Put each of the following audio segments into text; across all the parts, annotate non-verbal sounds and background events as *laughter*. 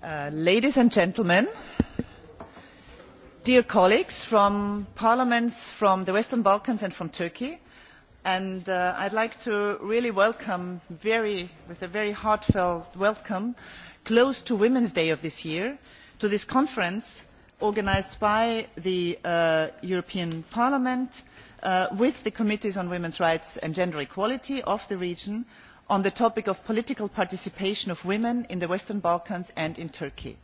Uh, ladies and gentlemen dear colleagues from parliaments from the western balkans and from turkey i would uh, like to really welcome with a very heartfelt welcome close to women's day of this year to this conference organised by the uh, european parliament with the committees on women's rights and gender equality of the region on the topic of political participation of women in the western balkans and in turkey.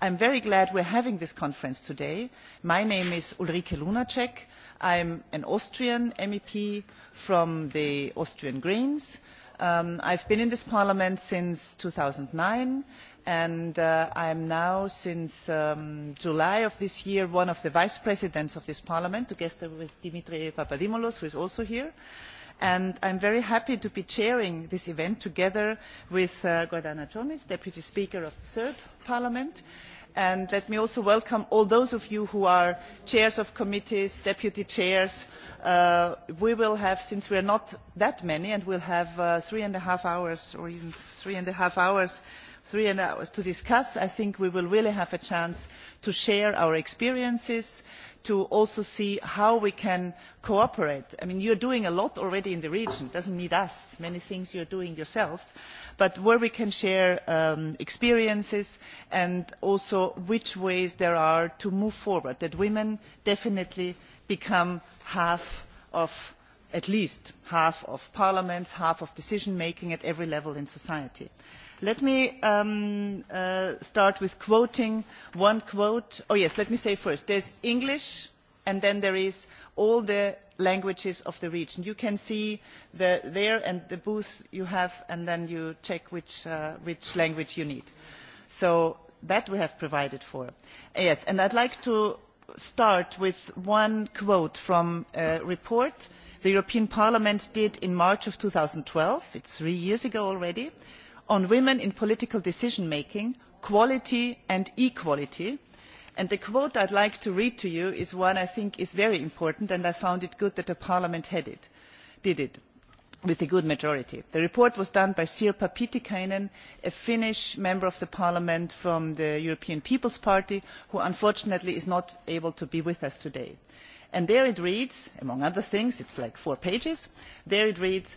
i am very glad we are having this conference today. my name is ulrike lunacek i am an austrian mep from the austrian greens. Um, i have been in this parliament since two thousand and nine and uh, i am now since um, july of this year one of the vice presidents of this parliament together with dimitris papadimoulis who is also here and i am very happy to be chairing this event together with uh, gordana comi deputy speaker of the serb parliament and let me also welcome all those of you who are chairs of committees deputy chairs. Uh, we will have since we are not that many and we will have uh, three and a half hours or even three and a half hours three hours to discuss i think we will really have a chance to share our experiences and to also see how we can cooperate. I mean, you are doing a lot already in the region it does not need us there are many things you are doing yourselves but where we can share um, experiences and also which ways there are to move forward that women definitely become half of at least half of parliaments half of decision making at every level in society let me um, uh, start with quoting one quote oh yes let me say first there is english and then there are all the languages of the region. you can see there and the booth you have and then you check which, uh, which language you need. so that we have provided for. yes and i would like to start with one quote from a report the european parliament did in march of two thousand and twelve it is three years ago already on women in political decision making quality and equality and the quote i would like to read to you is one i think is very important and i found it good that parliament it, did it with a good majority. the report was done by sirpa pietikinen a finnish member of parliament from the european people's party who unfortunately is not able to be with us today. And there it reads among other things it is like four pages there it reads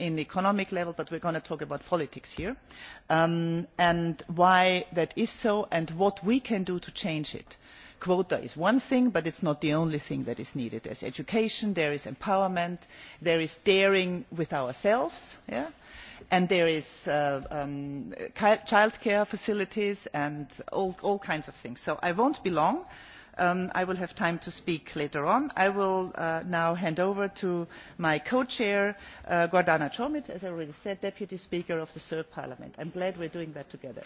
at economic level but we are going to talk about politics here um, and why that is so and what we can do to change it. quota is one thing but it is not the only thing that is needed. there is education there is empowerment there is daring with ourselves and there are uh, um, childcare facilities and all kinds of things. so i will not be long Um, I will have time to speak later on. I will uh, now hand over to my co-chair, uh, Gordana comi as I already said, Deputy Speaker of the Serb Parliament. i am glad we are doing that together.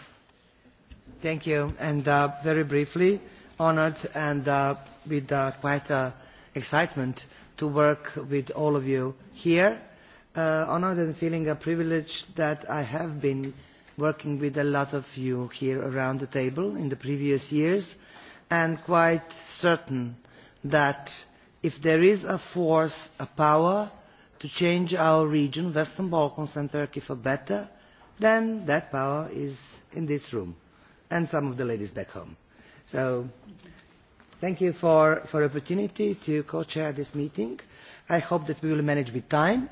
Thank you. And uh, very briefly, honoured and uh, with uh, quite uh, excitement to work with all of you here. Uh, honored and feeling a privilege that I have been working with a lot of you here around the table in the previous years. Uh, and quite certain that if there is a force, a power to change our region, Western Balkans and Turkey for better, then that power is in this room and some of the ladies back home. So thank you for the opportunity to co-chair this meeting. I hope that we will manage with time.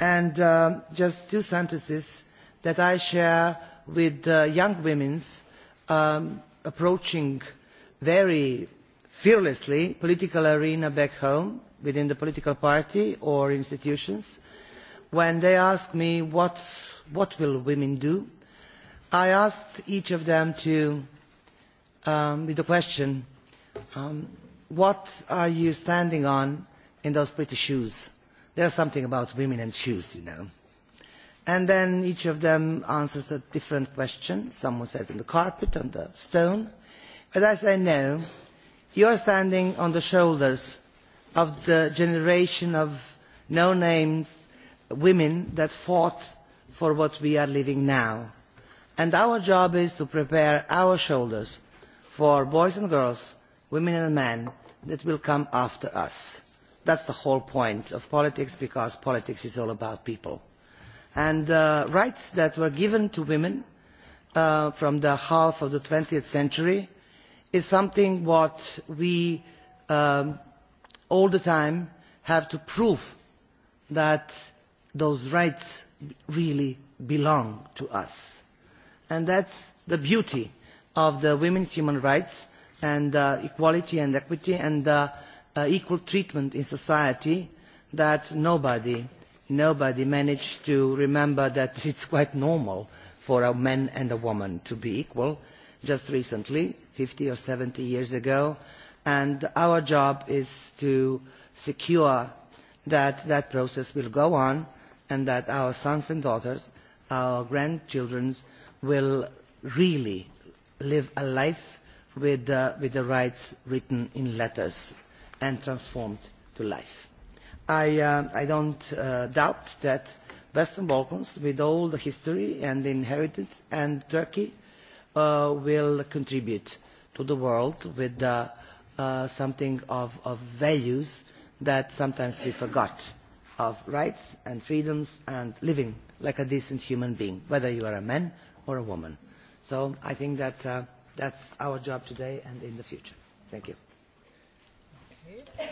And uh, just two sentences that I share with uh, young women um, approaching very fearlessly political arena back home within the political party or institutions when they asked me what, will women do i asked each of them to, um, with the question um, what are you standing on in those pretty shoes? there is something about women and shoes you know. and then each of them answers a different question. someone says on the carpet on the stone but as i know you are standing on the shoulders of the generation of no name women who fought for what we are living now and our job is to prepare our shoulders for boys and girls women and men who will come after us. that is the whole point of politics because politics is all about people. the uh, rights that were given to women uh, from the half of the twentieth century is something that we um, all the time have to prove that those rights really belong to us. And that's the beauty of the women's human rights and uh, equality and equity and uh, uh, equal treatment in society that nobody, nobody managed to remember that it's quite normal for a man and a woman to be equal just recently, fifty or seventy years ago, and our job is to ensure that that process will go on and that our sons and daughters, our grandchildren will really live a life with, uh, with the rights written in letters and transformed to life. I, uh, I don't uh, doubt that Western Balkans, with all the history and the inheritance, and Turkey Uh, will contribute to the world with uh, uh, something of, of values that sometimes we forgot of rights and freedoms and living like a decent human being, whether you are a man or a woman. So I think that uh, that's our job today and in the future. Thank you. Okay.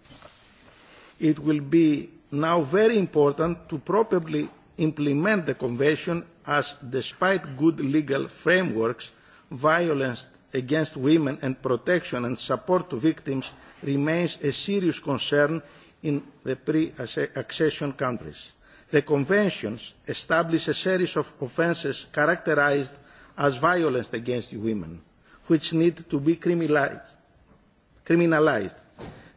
it will be now very important to properly implement the convention as despite good legal frameworks violence against women and protection and support to victims remains a serious concern in the pre accession countries. the convention establishes a series of offences characterised as violence against women which need to be criminalised.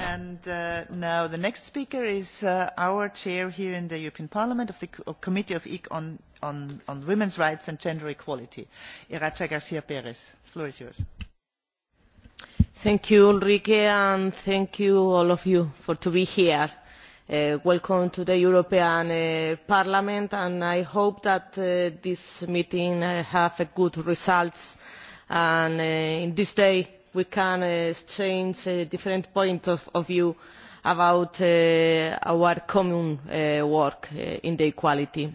Uh, now the next speaker is uh, our chair here in the European Parliament of the Committee on, Women's Rights and Gender Equality, Iracha Garcia Perez. The floor is yours. Thank you, Ulrike, and thank you all of you for to be here. Uh, welcome to the European Parliament, and I hope that this meeting uh, have a good results. And in this day, we can uh, exchange uh, different points of, of view about uh, our common work in the equality.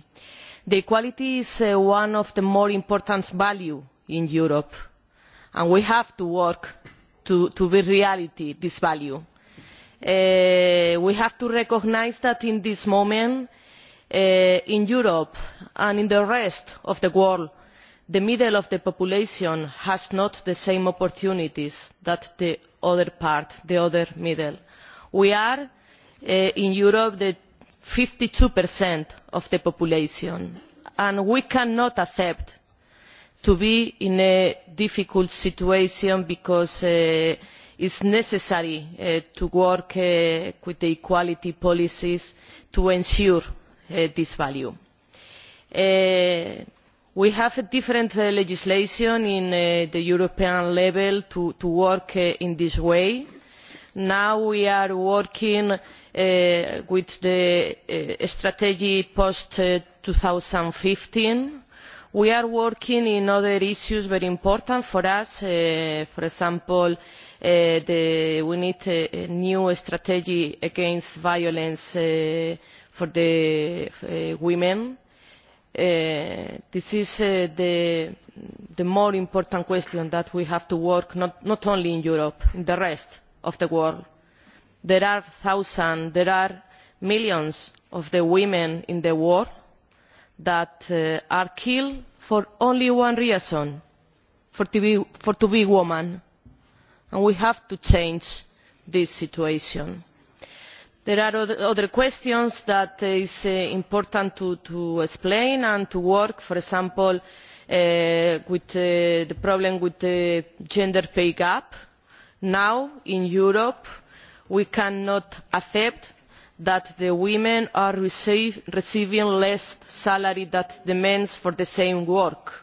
The equality is one of the more important values in europe and we have to work to, to be reality this value. Uh, we have to recognise that at this moment uh, in europe and in the rest of the world the middle of the population has not the same opportunities that the other part the other middle. we are uh, in europe the fifty two of the population and we cannot accept to be in a difficult situation because uh, it is necessary uh, to work with the equality policies to ensure this value we have different uh, legislation at uh, the european level to, work uh, in this way. now we are working with the strategy post two thousand and fifteen we are working on other issues very important for us for example we need a new strategy against violence against women this is uh, the, more important question that we have to work on not, only in europe but in the rest of the world. there are thousands there are millions of women in the world that uh, are killed for only one reason for being women and we have to change this situation there are other questions that it is uh, important to, explain and to work for example uh, with uh, the problem with the gender pay gap. now in europe we cannot accept that women are receiving less salary than men for the same work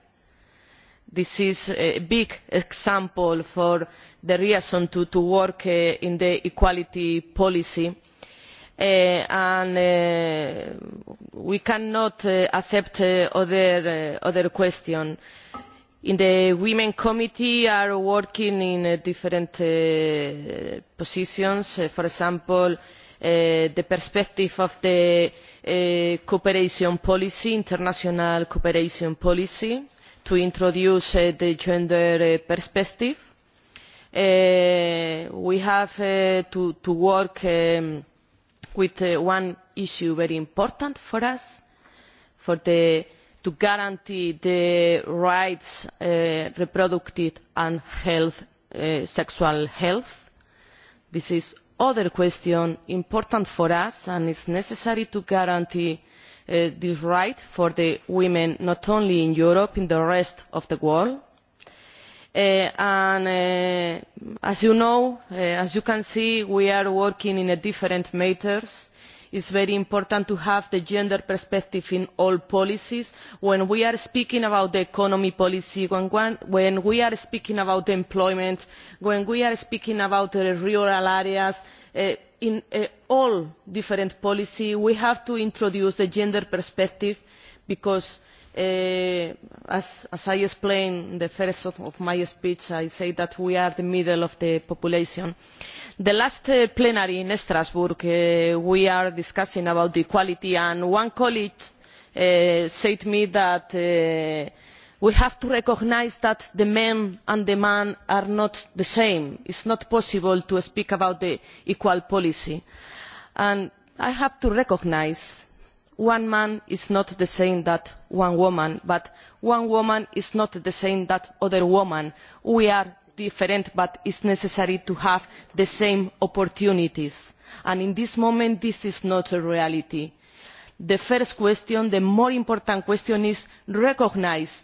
this is a big example for the reason to, work uh, in the equality policy uh, and uh, we cannot uh, accept other, other questions. in the women's committee we are working in different positions for example the perspective of the cooperation policy international cooperation policy to introduce uh, the gender uh, perspective. Uh, we have uh, to, to work um, with uh, one issue very important for us for the, to guarantee the rights uh, reproductive and health, uh, sexual health. this is another question important for us and it is necessary to guarantee Uh, this right for women not only in europe but in the rest of the world. Uh, uh, as you know and as you can see we are working on different matters it is very important to have the gender perspective in all policies when we are speaking about economic policy when, when we are speaking about employment when we are speaking about rural areas Eh, in eh, all different policies we have to introduce the gender perspective because eh, as, i explained in the first part of my speech i said that we are the middle of the population. in the last plenary in strasbourg we were discussing equality and one colleague said to me that we have to recognise that the men and the women are not the same. it is not possible to speak about the equal policy and i have to recognise that one man is not the same as one woman but one woman is not the same as another woman. we are different but it is necessary to have the same opportunities and at the moment this is not a reality. the first question the more important question is to recognise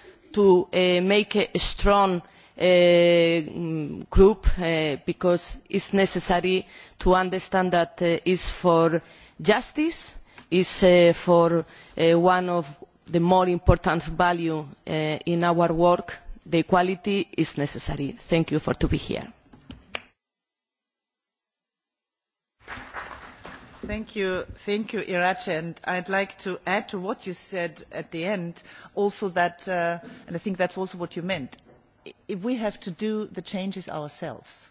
to uh, make a strong uh, group uh, because it is necessary to understand that it is for justice it is for one of the more important values in our work equality is necessary. thank you for being here. i would like to add to what you said at the end, uh, and I think that is also what you meant. If we have to do the changes ourselves,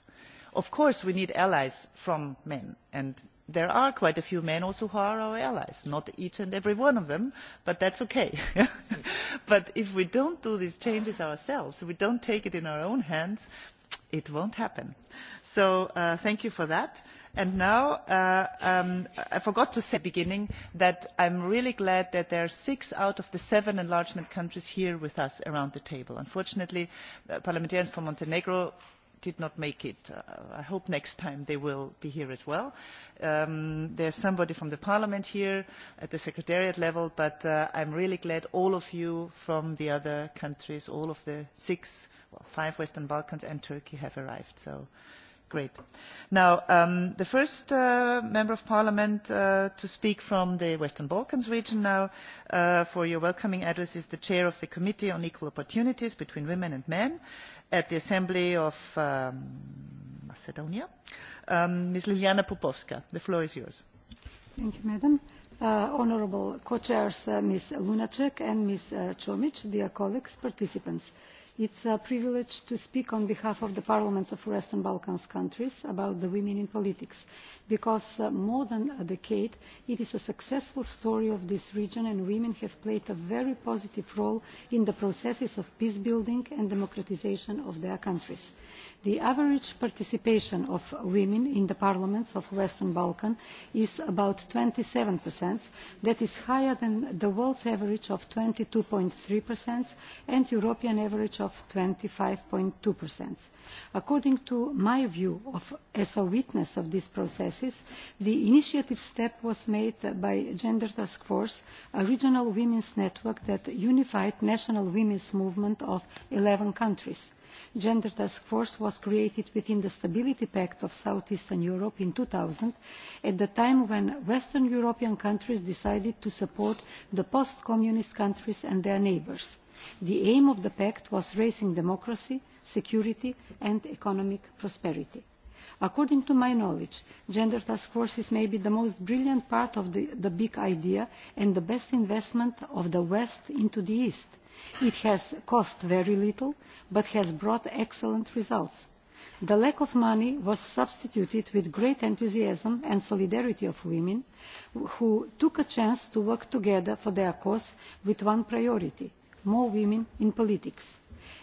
of course we need allies from men, and there are quite a few men also who are our allies not each and every one of them but that is ok. *laughs* but if we do not do these changes ourselves if we do not take it in our own hands it will not happen. so uh, thank you for that and now uh, um, i forgot to say at the beginning that i am really glad that there are six out of the seven enlargement countries here with us around the table. unfortunately uh, parliamentarians from montenegro did not make it. Uh, I hope next time they will be here as well. Um, there is somebody from the Parliament here at the Secretariat level, but uh, i am really glad all of you from the other countries, all of the six, five Western Balkans and Turkey have arrived. Great. Now, um, the first uh, member of parliament uh, to speak from the Western Balkans region now uh, for your welcoming address is the chair of the Committee on Equal Opportunities between Women and Men at the Assembly of um, Macedonia, um, Ms. Liliana Popovska. The floor is yours. Thank you, Madam. Uh, honorable co-chairs, uh, Ms. Lunacek and Ms. Uh, Chomic, dear colleagues, participants. Uh, it is a privilege to speak on behalf of the parliaments of the western balkan countries about women in politics because for uh, more than a decade it is a successful story of this region and women have played a very positive role in the processes of peace building and democratisation of their countries the average participation of women in the parliaments of the western balkans is about twenty seven that is higher than the world's average of twenty two three and the european average of. twenty five two according to my view as a witness of these processes the initiative step was made by the gender task force a regional women's network that unified national women's movements of eleven countries gender task force was created within the stability pact of south eastern europe in two thousand at the time when western european countries decided to support the post communist countries and their neighbours. the aim of the pact was raising democracy security and economic prosperity according to my knowledge gender task forces may be the most brilliant part of the, big idea and the best investment of the west into the east. it has cost very little but has brought excellent results. the lack of money was substituted with great enthusiasm and solidarity of women who took a chance to work together for their cause with one priority more women in politics.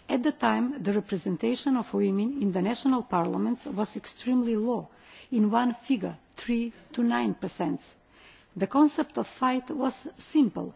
at the time the representation of women in the national parliaments was extremely low in one figure three to nine the concept of fight was simple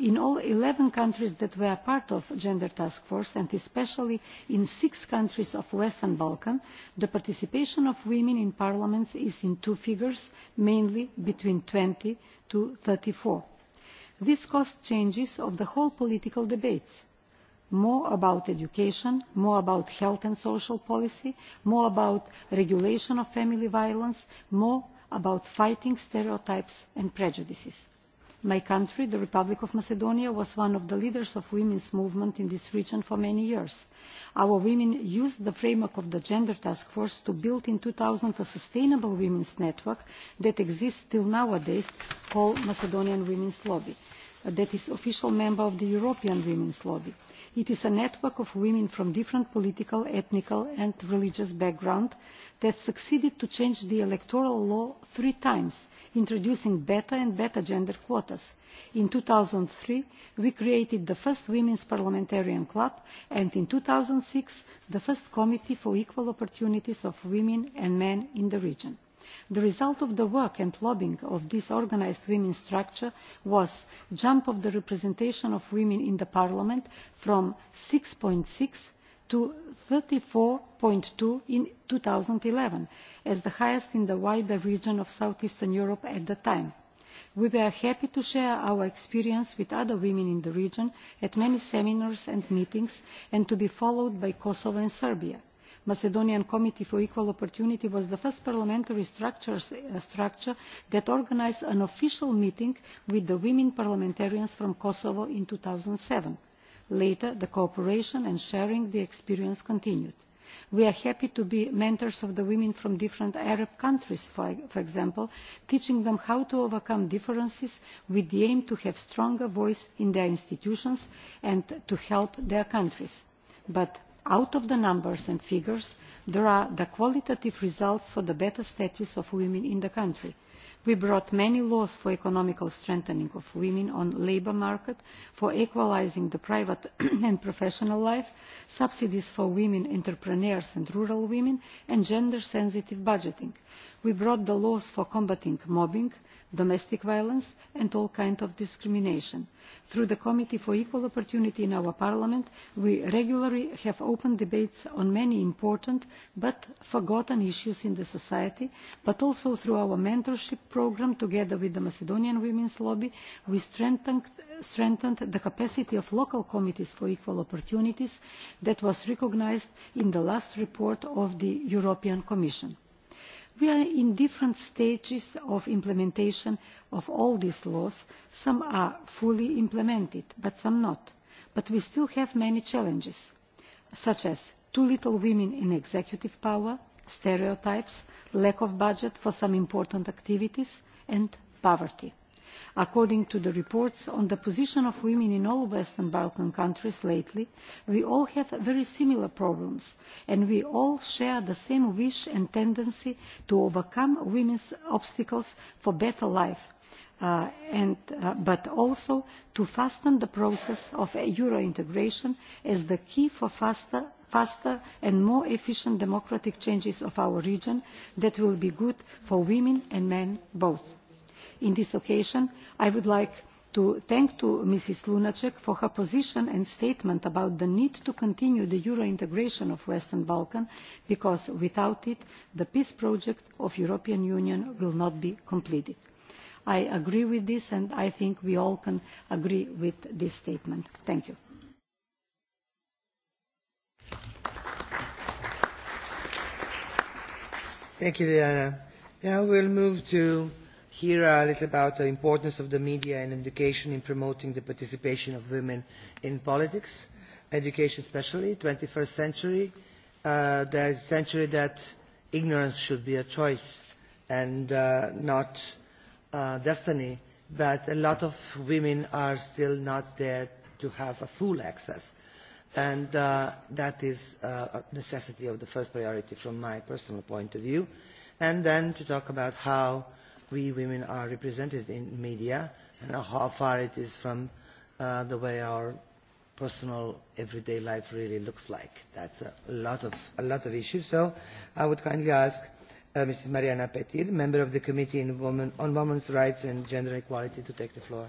in all eleven countries that were part of the gender task force and especially in six countries of the western balkans the participation of women in parliament is in two figures mainly between twenty to. thirty four this caused changes in the whole political debate more about education more about health and social policy more about regulation of family violence more about fighting stereotypes and prejudices my country the republic of macedonia was one of the leaders of the women's movement in this region for many years. our women used the framework of the gender task force to build in two thousand a sustainable women's network that exists still nowadays called the macedonian women's lobby uh, that is an official member of the european women's lobby. It is a network of women from different political, ethnic and religious backgrounds that succeeded to change the electoral law three times, introducing better and better gender quotas. In 2003, we created the first Women's Parliamentarian Club and in 2006, the first Committee for Equal Opportunities of Women and Men in the region the result of the work and lobbying of this organised women's structure was a jump of the representation of women in parliament from. six six to. thirty four two in two thousand and eleven as the highest in the wider region of south eastern europe at the time. we were happy to share our experience with other women in the region at many seminars and meetings and to be followed by kosovo and serbia macedonian committee for equal opportunity was the first parliamentary uh, structure that organised an official meeting with the women parliamentarians from kosovo in. two thousand and seven later the cooperation and sharing the experience continued we are happy to be mentors of the women from different arab countries for, example teaching them how to overcome differences with the aim to have a stronger voice in their institutions and to help their countries but out of the numbers and figures there are the qualitative results for the better status of women in the country. we brought many laws for the economic strengthening of women on the labour market for equalising the private *clears throat* and professional life subsidies for women entrepreneurs and rural women and gender sensitive budgeting. we brought the laws for combating mobbing domestic violence and all kinds of discrimination. through the committee for equal opportunity in our parliament we regularly have open debates on many important but forgotten issues in society but also through our mentorship programme together with the macedonian women's lobby we strengthened, strengthened the capacity of local committees for equal opportunities that was recognised in the last report of the european commission we are in different stages of implementation of all these laws some are fully implemented but some not but we still have many challenges such as too little women in executive power stereotypes lack of budget for some important activities and poverty according to the reports on the position of women in all western balkan countries lately we all have very similar problems and we all share the same wish and tendency to overcome women's obstacles for a better life uh, uh, but also to fasten the process of euro integration as the key for faster, faster and more efficient democratic changes of our region that will be good for women and men both on this occasion i would like to thank mrs lunacek for her position and statement about the need to continue the euro integration of the western balkans because without it the peace project of the european union will not be completed. i agree with this and i think we all can agree with this statement. thank you. Thank you, Diana. Now we'll move to here a little about the importance of the media and education in promoting the participation of women in politics education especially twenty first century uh, the century that ignorance should be a choice and uh, not uh, destiny but a lot of women are still not there to have a full access and uh, that is uh, a necessity of the first priority from my personal point of view and then to talk about how we women are represented in media and how far it is from uh, the way our personal everyday life really looks like. That's a lot of, a lot of issues. So I would kindly ask uh, Mrs. Mariana Petir, member of the Committee in Women, on Women's Rights and Gender Equality, to take the floor.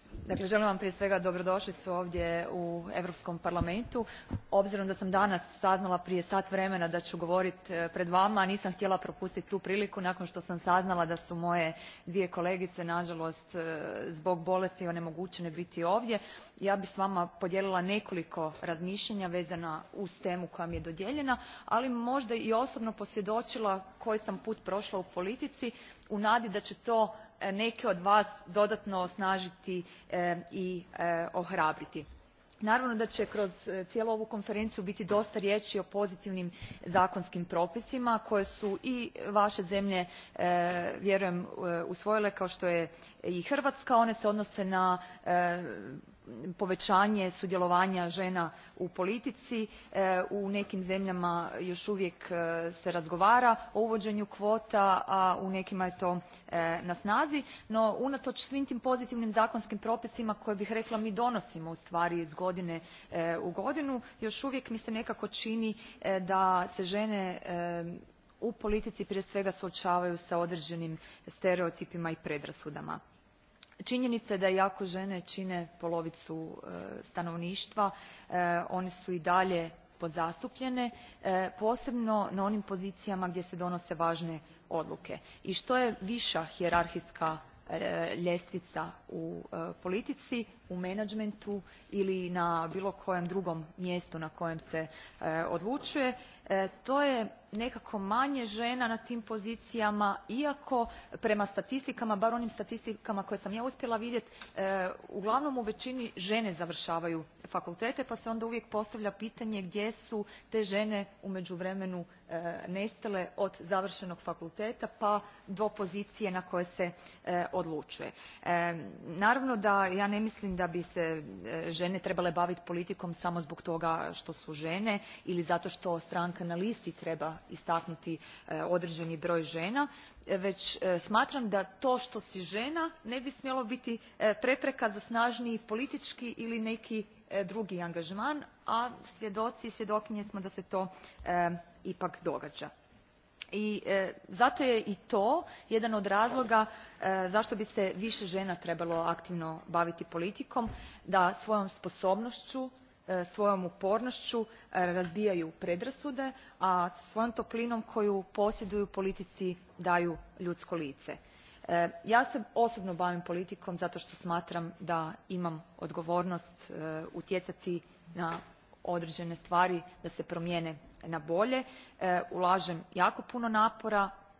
dakle želim vam prije svega dobrodošlicu ovdje u europskom parlamentu. obzirom da sam danas saznala prije sat vremena da ću govoriti e, pred vama nisam htjela propustiti tu priliku nakon što sam saznala da su moje dvije kolegice nažalost e, zbog bolesti onemogućene biti ovdje. ja bih s vama podijelila nekoliko razmišljanja vezana uz temu koja mi je dodijeljena ali možda i osobno posvjedočila koji sam put prošla u politici u nadi da će to neke od vas dodatno osnažiti e, i e, ohrabriti naravno da će kroz e, cijelu ovu konferenciju biti dosta riječi o pozitivnim zakonskim propisima koje su i vaše zemlje vjerujem usvojile kao što je i hrvatska one se odnose na poveanje sudjelovanja žena u politici eh, u nekim zemljama još uvijek eh, se razgovara o uvođenju kvota a u nekima je to eh, na snazi no unatoč svim tim pozitivnim zakonskim propisima koje bih rekla mi donosimo ustvari iz godine u godinu još uvijek mi se nekako čini da se žene u politici prije svega suoavaju s određenim stereotipima i predrasudama injenica je da iako ene ine polovicu e, stanovnitva e, one su i dalje podzastupljene e, posebno na onim pozicijama gdje se donose vane odluke i to je via hijerarhijska ljestvica u politici u menadžmentu ili na bilo kojem drugom mjestu na kojem se e, odlučuje e, to je nekako manje žena na tim pozicijama iako prema statistikama bar onim statistikama koje sam ja uspjela vidjeti e, uglavnom u većini žene završavaju fakultete pa se onda uvijek postavlja pitanje gdje su te žene u međuvremenu e, nestale od završenog fakulteta pa do pozicije na koje se odlučuje. naravno da ja ne mislim da bi se e, žene trebale baviti politikom samo zbog toga što su žene ili zato što stranka na listi treba istaknuti e, određeni broj žena e, već smatram da to što si žena ne bi smjelo biti prepreka za snažniji politički ili neki drugi angažman a svjedoci i svjedokinje smo da se to ipak događa i e, zato je i to jedan od razloga e, zašto bi se više žena trebalo aktivno baviti politikom da svojom sposobnošću e, svojom upornošću e, razbijaju predrasude a svojom toplinom koju posjeduju politici daju ljudsko lice. ja se osobno bavim politikom zato što smatram da imam odgovornost utjecati na određene stvari da se promijene na bolje. E, ulažem jako puno napora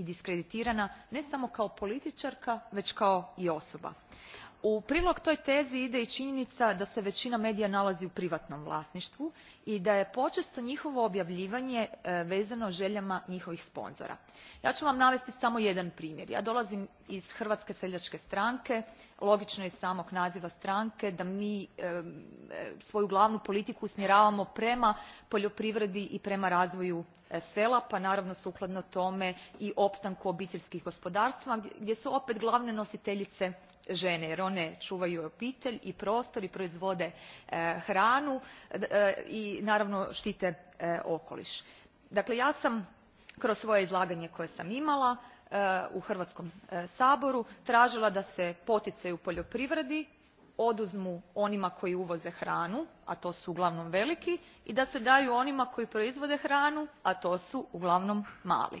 i diskreditirana ne samo kao ve kao i osoba u prilog toj tezi ide i injenica da se veina medija nalazi u privatnom vlasnitvu i da je poesto njihovo objavljivanje e, vezano eljama njihovih sponzora. ja u vam navesti samo jedan primjer. ja dolazim iz hrvatske seljake stranke logino je iz samog naziva stranke da mi e, e, svoju glavnu politiku usmjeravamo prema poljoprivredi i prema razvoju sela pa naravno sukladno tome i opstanku obiteljskih gospodarstava gdje su opet glavne nositeljice žene jer one čuvaju obitelj i prostor i proizvode e, hranu e, i naravno štite e, okoliš. dakle ja sam kroz svoje izlaganje koje sam imala u hrvatskom saboru tražila da se poticaji u poljoprivredi oduzmu onima koji uvoze hranu a to su uglavnom veliki i da se daju onima koji proizvode hranu a to su uglavnom mali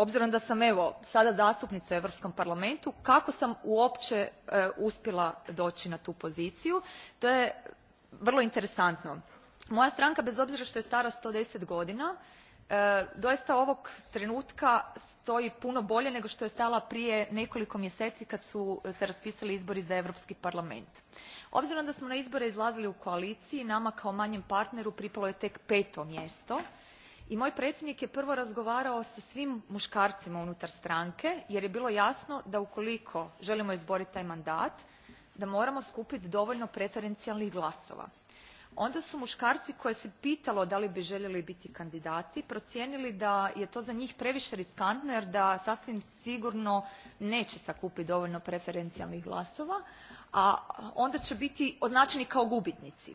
obzirom da sam evo sada zastupnica u europskom parlamentu kako sam uope e, uspjela doi na tu poziciju to je vrlo interesantno. moja stranka bez obzira to je stara one hundred and ten godina e, doista ovog trenutka stoji puno bolje nego to je stajala prije nekoliko mjeseci kad su se raspisali izbori za europski parlament. obzirom da smo na izbore izlazili u koaliciji nama kao manjem partneru pripalo je tek peto mjesto i moj predsjednik je prvo razgovarao sa svim muškarcima unutar stranke jer je bilo jasno da ukoliko želimo izboriti taj mandat da moramo skupiti dovoljno preferencijalnih glasova. onda su muškarci koje se pitalo da li bi željeli biti kandidati procijenili da je to za njih previše riskantno jer da sasvim sigurno neće sakupiti dovoljno preferencijalnih glasova a onda će biti označeni kao gubitnici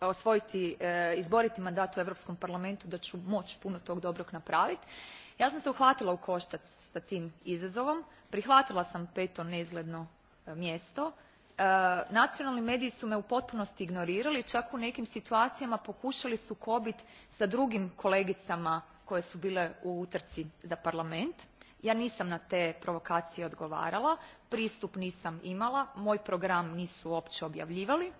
osvojiti e, izboriti mandat u europskom parlamentu da ću moći puno toga dobrog napraviti ja sam se uhvatila u koštac s tim izazovom prihvatila sam peto neizgledno e, mjesto e, nacionalni mediji su me u potpunosti ignorirali čak u nekim situacijama pokušali sukobiti s drugim kolegicama koje su bile u utrci za parlament ja nisam na te provokacije odgovarala pristup nisam imala moj program nisu uopće objavljivali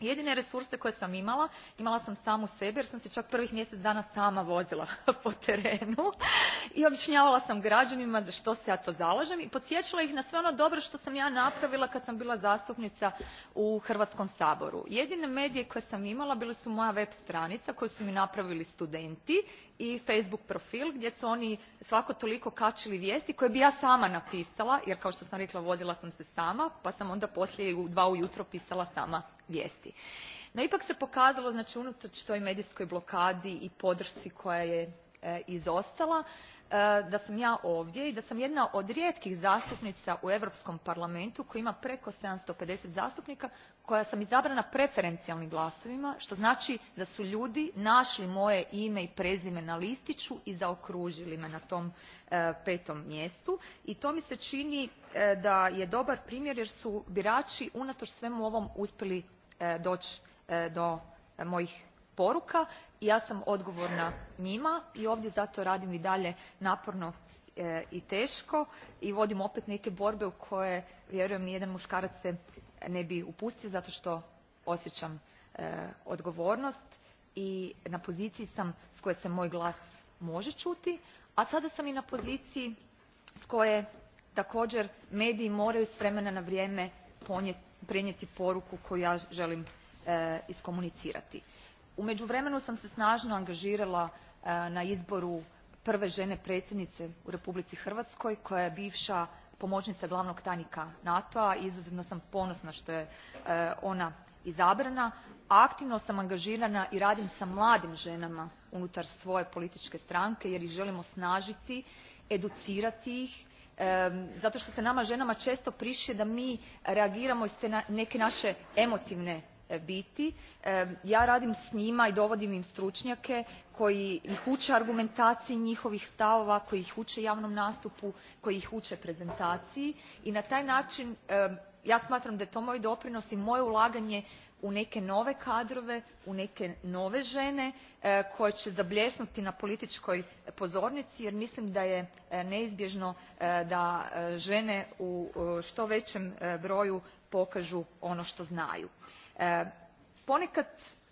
jedine resurse koje sam imala imala sam samu sebe jer sam se čak prvih mjesec dana sama vozila *laughs* po terenu i objašnjavala sam građanima za što se ja to zalažem i podsjećala ih na sve ono dobro što sam ja napravila kad sam bila zastupnica u hrvatskom saboru. jedine medije koje sam imala bili su moja web stranica koju su mi napravili studenti i facebook profil gdje su oni svako toliko kačili vijesti koje bih ja sama napisala jer kao što sam rekla vozila sam se sama pa sam onda poslije u dva ujutro pisala sama vijesti. no ipak se pokazalo znai unato toj medijskoj blokadi i podrci koja je e, izostala e, da sam ja ovdje i da sam jedna od rijetkih zastupnica u europskom parlamentu koji ima preko seven hundred and fifty zastupnika koja sam izabrana preferencijalnim glasovima to znai da su ljudi nali moje ime i prezime na listiu i zaokruili me na tom e, petom mjestu i to mi se ini da je dobar primjer jer su birai unato svemu ovom uspjeli E, doći e, do mojih poruka i ja sam odgovorna njima i ovdje zato radim i dalje naporno e, i teško i vodim opet neke borbe u koje vjerujem nijedan muškarac se ne bi upustio zato što osjećam odgovornost i na poziciji sam s koje se moj glas može čuti a sada sam i na poziciji s koje također mediji moraju s vremena na vrijeme ponijeti prenijeti poruku koju ja želim e, iskomunicirati. u međuvremenu sam se snažno angažirala e, na izboru prve žene predsjednice u republici hrvatskoj koja je bivša pomoćnica glavnog tajnika nato a i izuzetno sam ponosna što je e, ona izabrana aktivno sam angažirana i radim s mladim ženama unutar svoje političke stranke jer ih želim osnažiti educirati ih zato što se nama ženama često prišije da mi reagiramo iz te neke naše emotivne e, biti. ja radim s njima i dovodim im stručnjake koji ih uče argumentaciji njihovih stavova koji ih uče javnom nastupu koji ih uče prezentaciji i na taj način ja smatram da je to moj doprinos i moje ulaganje u neke nove kadrove u neke nove žene e, koje će zabljesnuti na političkoj pozornici jer mislim da je e, neizbježno e, da žene u što većem broju pokažu ono što znaju. ponekad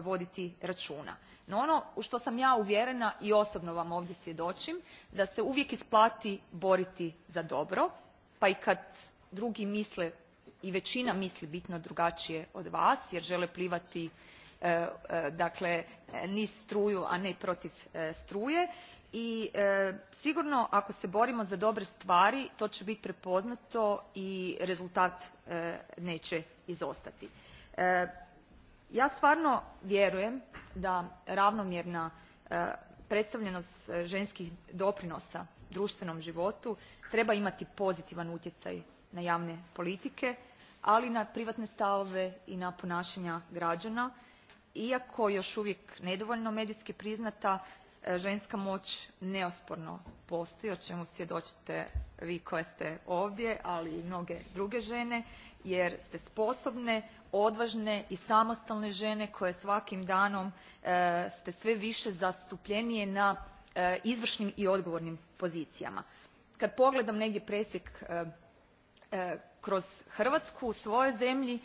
voditi računa. No ono u što sam ja uvjerena i osobno vam ovdje svjedočim, da se uvijek isplati boriti za dobro, pa i kad drugi misle i većina misli bitno drugačije od vas jer žele plivati e, e dakle niz struju a ne protiv e, struje i e, sigurno ako se borimo za dobre stvari to će biti prepoznato i rezultat e, neće izostati e, ja stvarno vjerujem da ravnomjerna e, predstavljenost ženskih doprinosa društvenom životu treba imati pozitivan utjecaj na javne politike ali i na privatne stavove i na ponašanja građana iako još uvijek nedovoljno medijski priznata e, ženska moć neosporno postoji o čemu svjedočite vi koja ste ovdje ali i mnoge druge žene jer ste sposobne odvažne i samostalne žene koje svakim danom e, ste sve više zastupljenije na e, izvršnim i odgovornim pozicijama. Kad pogledam negdje presjek e, kroz Hrvatsku, u svojoj zemlji,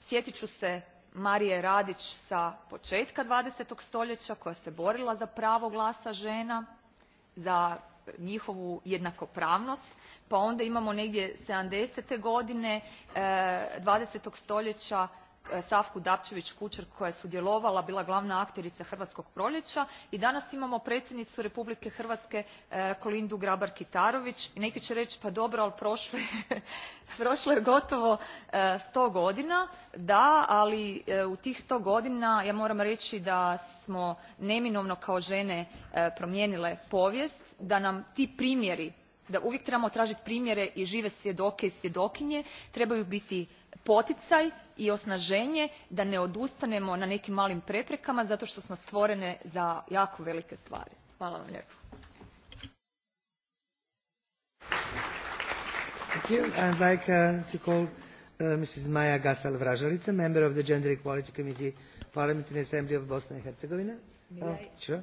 sjetit ću se Marije Radić sa početka dvadesetog stoljeća koja se borila za pravo glasa žena, za njihovu jednakopravnost pa onda imamo negdje sedamdesete godine e, dvadesetog stoljea e, savku dapčević kuar koja je sudjelovala bila glavna akterica hrvatskog proljea i danas imamo predsjednicu republike hrvatske e, kolindu grabar kitarović i neki e rei pa dobro ali prolo *laughs* je gotovo sto godina. da ali u tih sto godina ja moram reći da smo neminovno kao žene promijenile povijest da nam ti primjeri da uvijek trebamo tražiti primjere i žive svjedoke i svjedokinje trebaju biti poticaj i osnaženje da ne odustanemo na nekim malim preprekama zato što smo stvorene za jako velike stvari. hvala vam lijepo. Thank you. like uh, to call uh, Mrs. member of the Gender Equality Committee, Assembly of Bosnia and Herzegovina. Oh, sure,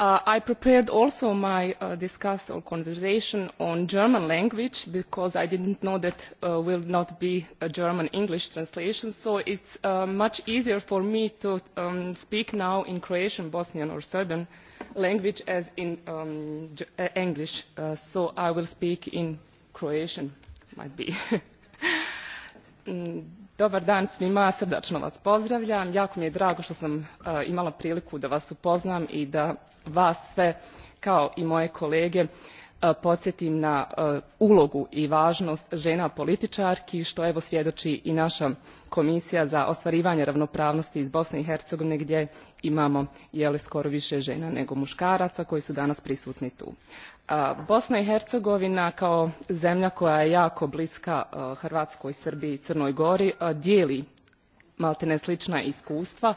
Uh, i prepared also my uh, discussion or conversation on the german language because i did not know that there uh, would will not be a german english translation so it is much easier for me to um, speak now in croatian bosnian or serbian language as in um, english so i will speak in croatian might be. *laughs* Mm, dobar dan svima srdačno vas pozdravljam jako mi je drago što sam e, imala priliku da vas upoznam i da vas sve kao i moje kolege E, podsjetim na e, ulogu i važnost žena političarki što evo svjedoči i naša komisija za ostvarivanje ravnopravnosti iz bosne i hercegovine gdje imamo skoro više žena nego muškaraca koji su danas prisutni tu. E, bosna i hercegovina kao zemlja koja je jako bliska hrvatskoj srbiji i crnoj gori dijeli maltene slična iskustva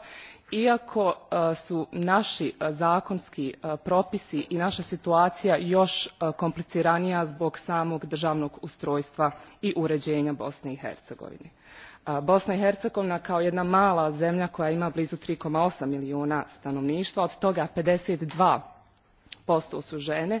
iako e, su naši e, zakonski e, propisi i naša situacija još kompliciranija zbog samog državnog ustrojstva i uređenja bosne i hercegovine. bosna i hercegovina kao jedna mala zemlja koja ima blizu three eight milijuna stanovništva od toga fifty two su žene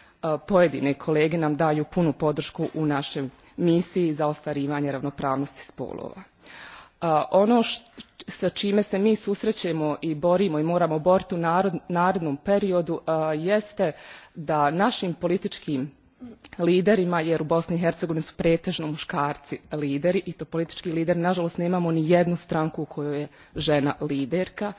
E, pojedine kolege nam daju punu podršku u našoj misiji za ostvarivanje ravnopravnosti spolova. E, ono sa čime se mi susrećemo i borimo i moramo boriti u narednom periodu e, jeste da našim političkim liderima jer u bosni i hercegovini su pretežno muškarci lideri i to politički lideri nažalost nemamo jednu stranku u kojoj je žena liderka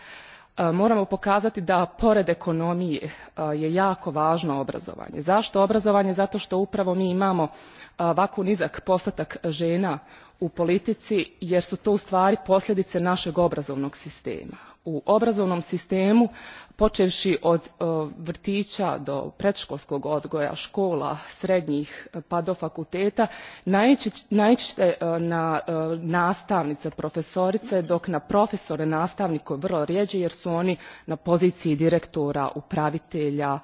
E, moramo pokazati da pored ekonomije e, je jako vano obrazovanje. zato obrazovanje? zato to upravo mi imamo e, ovako nizak postotak ena u politici jer su to ustvari posljedice naeg obrazovnog sistema u obrazovnom sistemu poevši od e, vrtia do predkolskog odgoja kola srednjih e, pa do fakulteta nai e, na nastavnice profesorice dok na profesore nastavnike vrlo rijee jer su oni na poziciji direktora upravitelja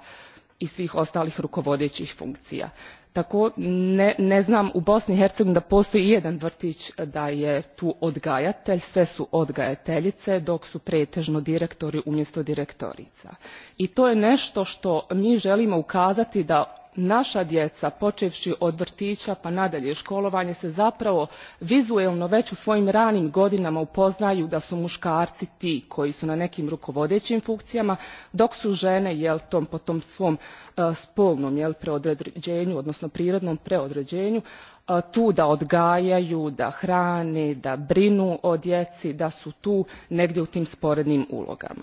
i svih ostalih rukovodeih funkcija tako ne, ne znam u bosni i hercegovini da postoji ijedan vrti e, da je tu odgajatelj sve su odgajateljice dok su pretežno direktori umjesto direktorica i to je nešto na što mi želimo ukazati da naša djeca počevši od vrtića pa nadalje školovanje se zapravo vizuelno već u svojim ranim godinama upoznaju da su muškarci ti koji su na nekim rukovodećim funkcijama dok su žene jel, tom, po tom svom uh, spolnom jel, preodređenju odnosno prirodnom preodređenju e, tu da odgajaju da hrane da brinu o djeci da su tu negdje u tim sporednim ulogama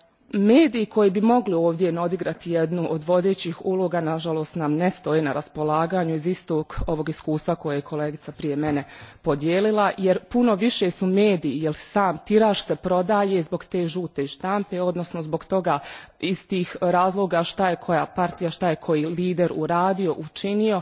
mediji koji bi mogli ovdje odigrati jednu od vodeih uloga naalost nam ne stoje na raspolaganju iz istog ovog iskustva koje je kolegica prije mene podijelila jer puno vie su mediji jer sam tira se prodaje zbog te ute tampe odnosno zbog toga iz tih razloga to je koja partija to je koji lider uradio uinio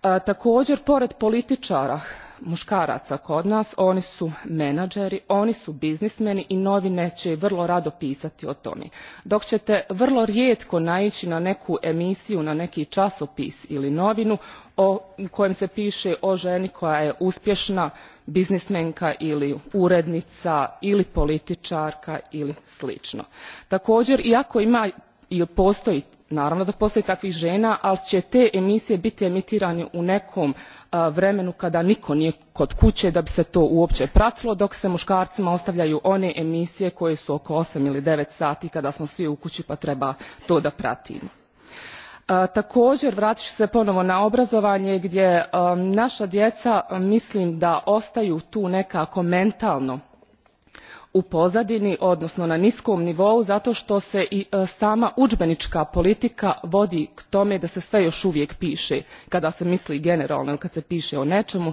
takoer pored politiara mukaraca kod nas oni su menadžeri oni su biznismeni i novine e vrlo rado pisati o tome dok ete vrlo rijetko naii na neku emisiju na neki časopis ili novinu o, u kojem se pie o eni koja je uspjena biznismenka ili urednica ili politiarka ili slino. takoer iako ima i postoji naravno da postoji takvih žena ali će te emisije biti emitirane u nekom vremenu kada nitko nije kod kuće da bi se to uopće pratilo dok se muškarcima ostavljaju one emisije koje su oko osam ili devet sati kada smo svi u kući pa treba to da pratimo. također vratit ću se ponovo na obrazovanje gdje naša djeca mislim da ostaju tu nekako mentalno u pozadini odnosno na niskom nivou zato što se i e, sama udžbenička politika vodi k tome da se sve još uvijek piše kada se misli generalno ili kad se piše o nečemu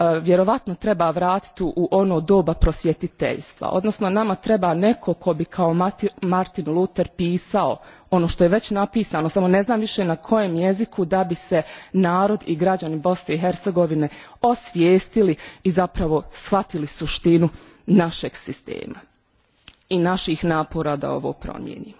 E, vjerojatno treba vratiti u ono doba prosvjetiteljstva odnosno nama treba neko tko bi kao martin luther pisao ono to je ve napisano samo ne znam vie na kojem jeziku da bi se narod i graani bosne i hercegovine osvijestili i zapravo shvatili sutinu naeg sistema i naih napora da ovo promijenimo.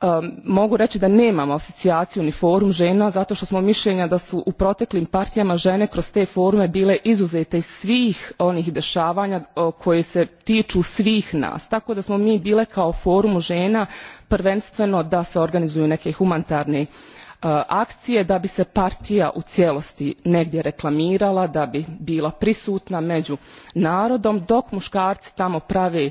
Ehm, mogu reći da nemamo asocijaciju ni forum žena zato što smo mišljenja da su u proteklim partijama žene kroz te forume bile izuzete iz svih onih dešavanja koje se tiču svih nas tako da smo mi bile kao forum žena prvenstveno da se organizuju neke humanitarne e, akcije da bi se partija u cijelosti negdje reklamirala da bi bila prisutna među narodom dok muškarci tamo prave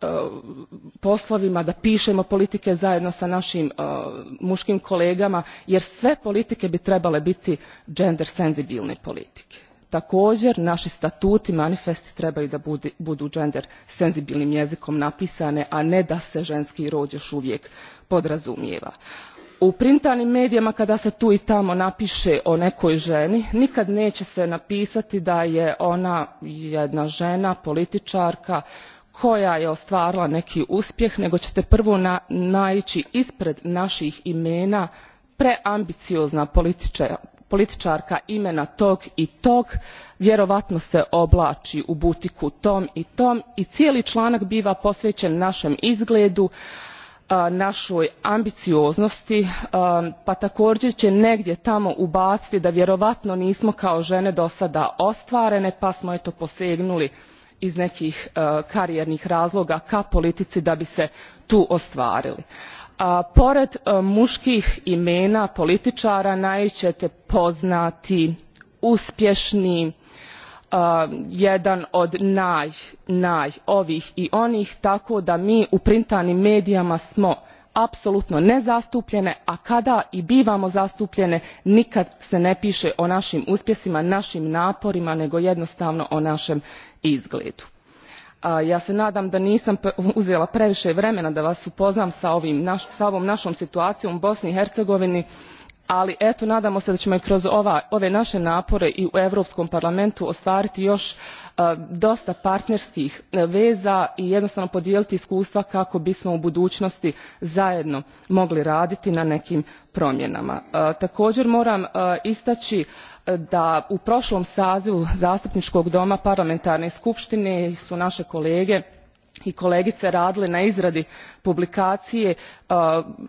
Eh, poslovima da pišemo politike zajedno sa našim eh, muškim kolegama jer sve politike bi trebale biti gender senzibilne politike. također naši statuti manifesti trebaju da budu gender senzibilnim jezikom napisane, a ne da se ženski rod još uvijek podrazumijeva u printanim medijima kada se tu i tamo napiše o nekoj ženi nikad neće se napisati da je ona jedna žena političarka koja je ostvarila neki uspjeh nego ćete prvo na, naići ispred naših imena preambiciozna političarka imena tog i tog vjerojatno se oblači u butiku tom i tom i cijeli članak biva posvećen našem izgledu našoj ambicioznosti pa također će negdje tamo ubaciti da vjerojatno nismo kao žene do sada ostvarene pa smo eto posegnuli iz nekih eh, karijernih razloga ka politici da bi se tu ostvarili. pored eh, muških imena političara naići ćete poznati uspješni a, eh, jedan od naj naj ovih i onih tako da mi u printanim medijima smo apsolutno nezastupljene a kada i bivamo zastupljene nikad se ne piše o našim uspjesima našim naporima nego jednostavno o našem izgledu. ja se nadam da nisam *laughs* uzela previše vremena da vas upoznam s ovom našom situacijom u bosni i hercegovini ali eto nadamo se da ćemo i kroz ove naše napore i u Evropskom parlamentu ostvariti još Eh, dosta partnerskih eh, veza i jednostavno podijeliti iskustva kako bismo u budućnosti zajedno mogli raditi na nekim promjenama. Eh, također moram istaći da u prošlom sazivu zastupničkog doma parlamentarne skupštine su naše kolege i kolegice radile na izradi publikacije uh,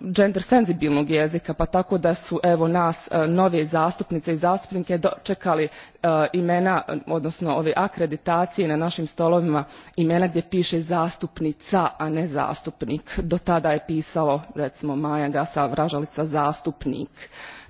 gender senzibilnog jezika pa tako da su evo nas uh, novije zastupnice i zastupnike dočekali uh, imena odnosno ove akreditacije na našim stolovima imena gdje piše zastupnica a ne zastupnik do tada je pisalo recimo maja gasa vražalica zastupnik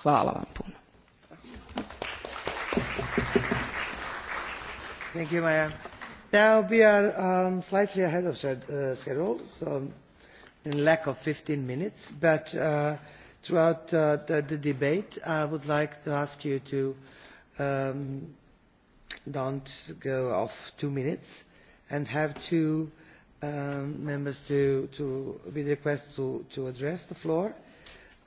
Hvala vam puno. Thank you, Maya. Now we are um, slightly ahead of uh, schedule, so in lack of 15 minutes, but uh, throughout uh, the, the debate, I would like to ask you to um, don't go off two minutes and have two um, members to, to be requested to, to address the floor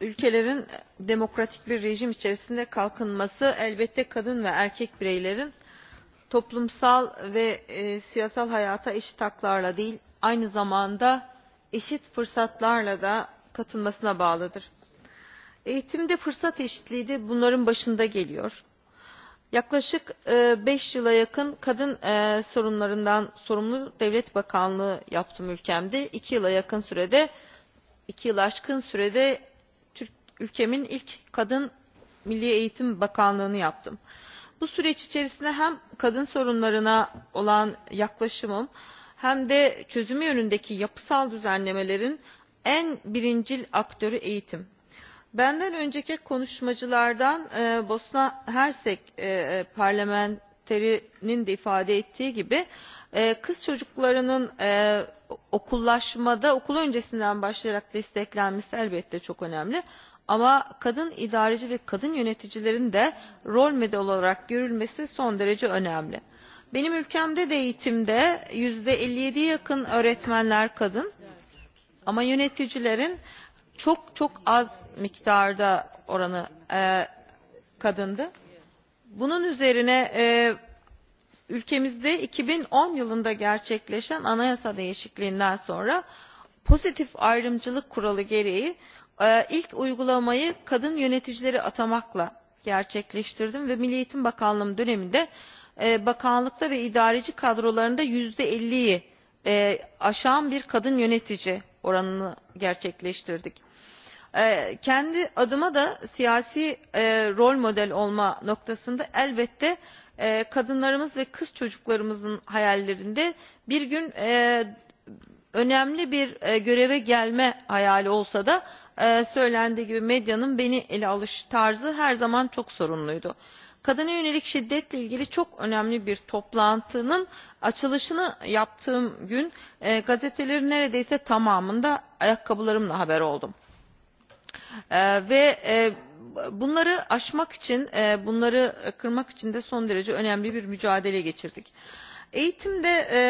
ülkelerin demokratik bir rejim içerisinde kalkınması elbette kadın ve erkek bireylerin toplumsal ve e, siyasal hayata eşit haklarla değil aynı zamanda eşit fırsatlarla da katılmasına bağlıdır. Eğitimde fırsat eşitliği de bunların başında geliyor. Yaklaşık 5 e, yıla yakın kadın e, sorunlarından sorumlu devlet bakanlığı yaptım ülkemde. 2 yıla yakın sürede, 2 yıl aşkın sürede ülkemin ilk kadın milli eğitim bakanlığını yaptım. bu süreç içerisinde hem kadın sorunlarına olan yaklaşımım hem de çözümü yönündeki yapısal düzenlemelerin en birincil aktörü eğitim. benden önceki konuşmacılardan e, bosna hersek e, parlamenterinin de ifade ettiği gibi e, kız çocuklarının e, okullaşmada okul öncesinden başlayarak desteklenmesi elbette çok önemli ama kadın idareci ve kadın yöneticilerin de rol model olarak görülmesi son derece önemli. Benim ülkemde de eğitimde %57'ye yakın öğretmenler kadın ama yöneticilerin çok çok az miktarda oranı e, kadındı. Bunun üzerine e, ülkemizde 2010 yılında gerçekleşen anayasa değişikliğinden sonra pozitif ayrımcılık kuralı gereği ilk uygulamayı kadın yöneticileri atamakla gerçekleştirdim ve milli eğitim bakanlığım döneminde e, bakanlıkta ve idareci kadrolarında yüzde elliyi e, aşan bir kadın yönetici oranını gerçekleştirdik. E, kendi adıma da siyasi rol model olma noktasında elbette kadınlarımız ve kız çocuklarımızın hayallerinde bir gün önemli bir göreve gelme hayali olsa da e, söylendiği gibi medyanın beni ele alış tarzı her zaman çok sorunluydu. Kadına yönelik şiddetle ilgili çok önemli bir toplantının açılışını yaptığım gün e, gazetelerin neredeyse tamamında ayakkabılarımla haber oldum. E, ve e, bunları aşmak için, e, bunları kırmak için de son derece önemli bir mücadele geçirdik. E, eğitimde e,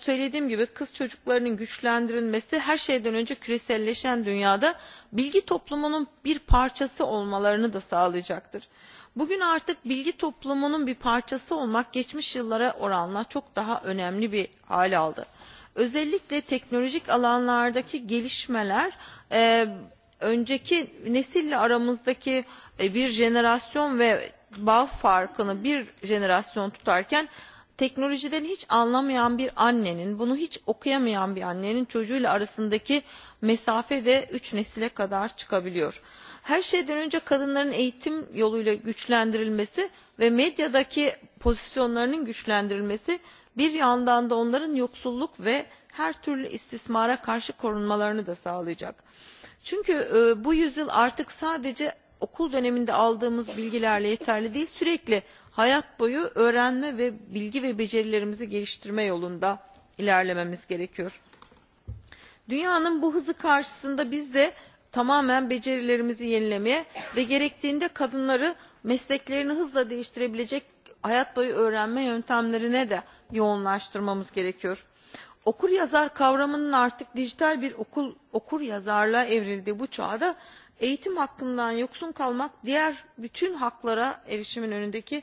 söylediğim gibi kız çocuklarının güçlendirilmesi her şeyden önce küreselleşen dünyada bilgi toplumunun bir parçası olmalarını da sağlayacaktır. bugün artık bilgi toplumunun bir parçası olmak geçmiş yıllara oranla çok daha önemli bir hal aldı. özellikle teknolojik alanlardaki gelişmeler e, önceki nesille aramızdaki e, bir jenerasyon ve bağ farkını bir jenerasyon tutarken teknolojiden hiç anlamayan bir annenin bunu hiç okuyamayan bir annenin çocuğuyla arasındaki mesafe de üç nesile kadar çıkabiliyor. her şeyden önce kadınların eğitim yoluyla güçlendirilmesi ve medyadaki pozisyonlarının güçlendirilmesi bir yandan da onların yoksulluk ve her türlü istismara karşı korunmalarını da sağlayacak. çünkü e, bu yüzyıl artık sadece okul döneminde aldığımız bilgilerle yeterli değil sürekli hayat boyu öğrenme ve bilgi ve becerilerimizi geliştirme yolunda ilerlememiz gerekiyor. dünyanın bu hızı karşısında biz de tamamen becerilerimizi yenilemeye ve gerektiğinde kadınları mesleklerini hızla değiştirebilecek hayat boyu öğrenme yöntemlerine de yoğunlaştırmamız gerekiyor. okur yazar kavramının artık dijital bir okul, okur yazarlığa evrildiği bu çağda eğitim hakkından yoksun kalmak diğer bütün haklara erişimin önündeki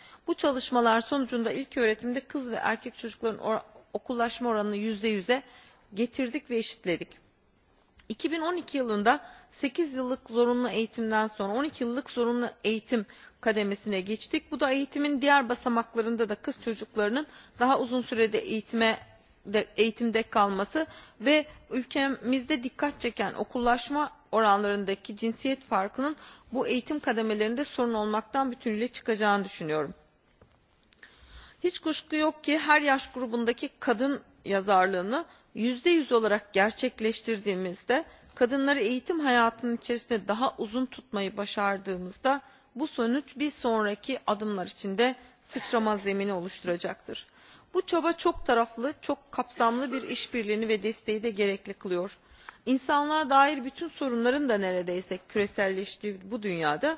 bu çalışmalar sonucunda ilk öğretimde kız ve erkek çocukların or okullaşma oranını yüzde yüze getirdik ve eşitledik. 2012 yılında 8 yıllık zorunlu eğitimden sonra 12 yıllık zorunlu eğitim kademesine geçtik. bu da eğitimin diğer basamaklarında da kız çocuklarının daha uzun sürede eğitime de, eğitimde kalması ve ülkemizde dikkat çeken okullaşma oranlarındaki cinsiyet farkının bu eğitim kademelerinde sorun olmaktan bütünüyle çıkacağını düşünüyorum hiç kuşku yok ki her yaş grubundaki kadın yazarlığını yüzde yüz olarak gerçekleştirdiğimizde kadınları eğitim hayatının içerisinde daha uzun tutmayı başardığımızda bu sonuç bir sonraki adımlar içinde sıçrama zemini oluşturacaktır. bu çaba çok taraflı çok kapsamlı bir işbirliğini ve desteği de gerekli kılıyor. İnsanlığa dair bütün sorunların da neredeyse küreselleştiği bu dünyada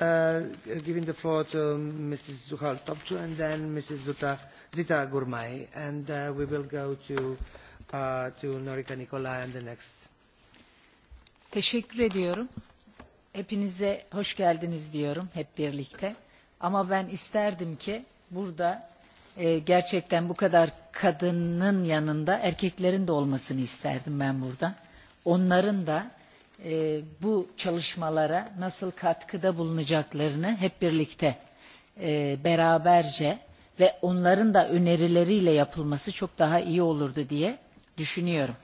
Uh, giving the floor to Mrs. Zuhal Topcu and then Mrs. Zuta, Zita Gurmai. And uh, we will go to, uh, to Norika Nikola and the next. Teşekkür ediyorum. Hepinize hoş geldiniz diyorum hep birlikte. Ama ben isterdim ki burada e, gerçekten bu kadar kadının yanında erkeklerin de olmasını isterdim ben burada. Onların da E, bu çalışmalara nasıl katkıda bulunacaklarını hep birlikte e, beraberce ve onların da önerileriyle yapılması çok daha iyi olurdu diye düşünüyorum.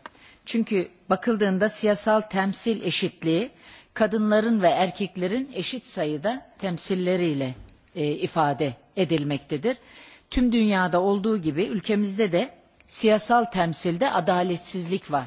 Çünkü bakıldığında siyasal temsil eşitliği kadınların ve erkeklerin eşit sayıda temsilleriyle e, ifade edilmektedir. Tüm dünyada olduğu gibi ülkemizde de siyasal temsilde adaletsizlik var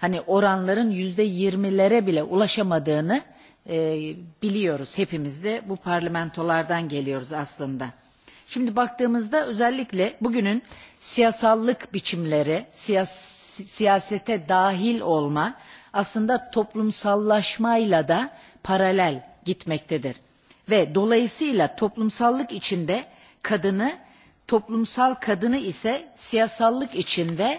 hani oranların yüzde yirmilere bile ulaşamadığını e, biliyoruz hepimiz de bu parlamentolardan geliyoruz aslında. Şimdi baktığımızda özellikle bugünün siyasallık biçimleri, siyas siyasete dahil olma aslında toplumsallaşmayla da paralel gitmektedir. Ve dolayısıyla toplumsallık içinde kadını, toplumsal kadını ise siyasallık içinde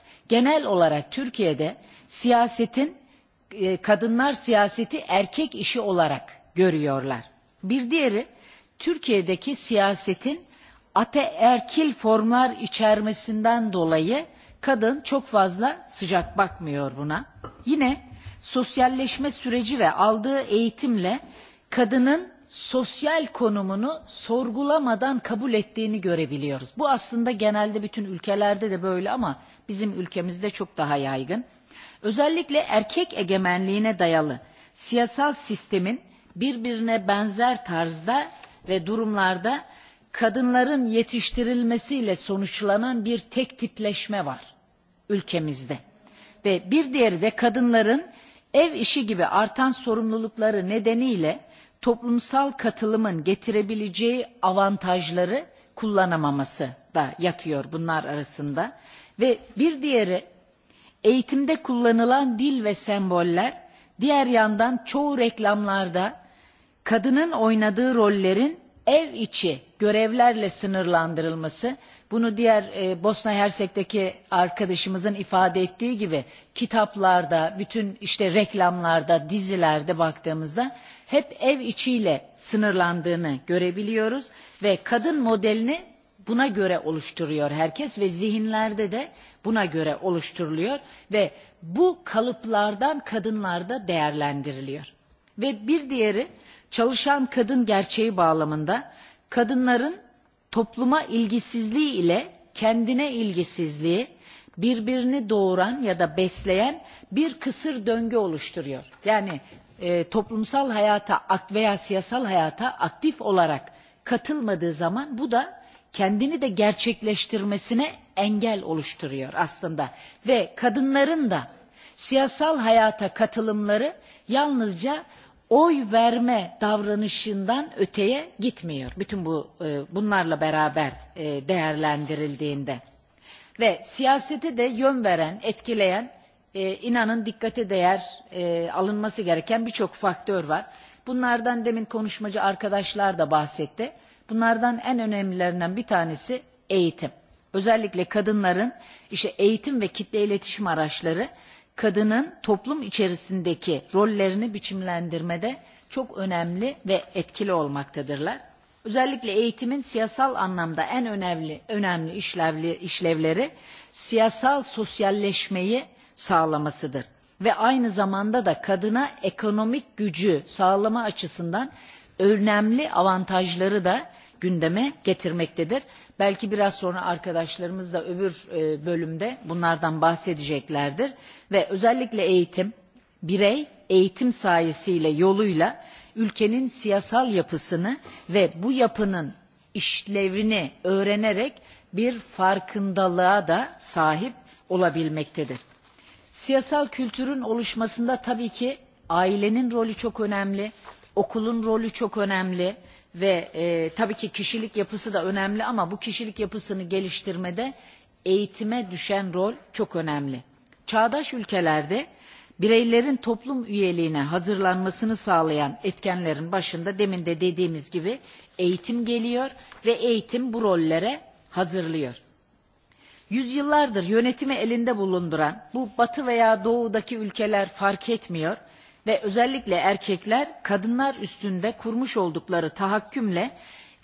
genel olarak Türkiye'de siyasetin e, kadınlar siyaseti erkek işi olarak görüyorlar. Bir diğeri Türkiye'deki siyasetin ateerkil formlar içermesinden dolayı kadın çok fazla sıcak bakmıyor buna. Yine sosyalleşme süreci ve aldığı eğitimle kadının sosyal konumunu sorgulamadan kabul ettiğini görebiliyoruz. Bu aslında genelde bütün ülkelerde de böyle ama bizim ülkemizde çok daha yaygın. Özellikle erkek egemenliğine dayalı siyasal sistemin birbirine benzer tarzda ve durumlarda kadınların yetiştirilmesiyle sonuçlanan bir tek tipleşme var ülkemizde. Ve bir diğeri de kadınların ev işi gibi artan sorumlulukları nedeniyle toplumsal katılımın getirebileceği avantajları kullanamaması da yatıyor bunlar arasında. Ve bir diğeri eğitimde kullanılan dil ve semboller diğer yandan çoğu reklamlarda kadının oynadığı rollerin ev içi görevlerle sınırlandırılması bunu diğer e, Bosna Hersek'teki arkadaşımızın ifade ettiği gibi kitaplarda, bütün işte reklamlarda, dizilerde baktığımızda hep ev içiyle sınırlandığını görebiliyoruz ve kadın modelini buna göre oluşturuyor herkes ve zihinlerde de buna göre oluşturuluyor ve bu kalıplardan kadınlar da değerlendiriliyor. Ve bir diğeri çalışan kadın gerçeği bağlamında kadınların topluma ilgisizliği ile kendine ilgisizliği birbirini doğuran ya da besleyen bir kısır döngü oluşturuyor. Yani e, toplumsal hayata veya siyasal hayata aktif olarak katılmadığı zaman bu da kendini de gerçekleştirmesine engel oluşturuyor aslında. Ve kadınların da siyasal hayata katılımları yalnızca oy verme davranışından öteye gitmiyor. Bütün bu e, bunlarla beraber e, değerlendirildiğinde ve siyasete de yön veren, etkileyen, e, inanın dikkate değer alınması gereken birçok faktör var. Bunlardan demin konuşmacı arkadaşlar da bahsetti. Bunlardan en önemlilerinden bir tanesi eğitim. Özellikle kadınların işte eğitim ve kitle iletişim araçları kadının toplum içerisindeki rollerini biçimlendirmede çok önemli ve etkili olmaktadırlar. Özellikle eğitimin siyasal anlamda en önemli önemli işlevli, işlevleri siyasal sosyalleşmeyi sağlamasıdır ve aynı zamanda da kadına ekonomik gücü sağlama açısından önemli avantajları da gündeme getirmektedir. Belki biraz sonra arkadaşlarımız da öbür e, bölümde bunlardan bahsedeceklerdir. Ve özellikle eğitim, birey eğitim sayesiyle yoluyla ülkenin siyasal yapısını ve bu yapının işlevini öğrenerek bir farkındalığa da sahip olabilmektedir. Siyasal kültürün oluşmasında tabii ki ailenin rolü çok önemli, okulun rolü çok önemli, ve e, tabii ki kişilik yapısı da önemli ama bu kişilik yapısını geliştirmede eğitime düşen rol çok önemli. Çağdaş ülkelerde bireylerin toplum üyeliğine hazırlanmasını sağlayan etkenlerin başında demin de dediğimiz gibi eğitim geliyor ve eğitim bu rollere hazırlıyor. Yüzyıllardır yönetimi elinde bulunduran bu batı veya doğudaki ülkeler fark etmiyor ve özellikle erkekler kadınlar üstünde kurmuş oldukları tahakkümle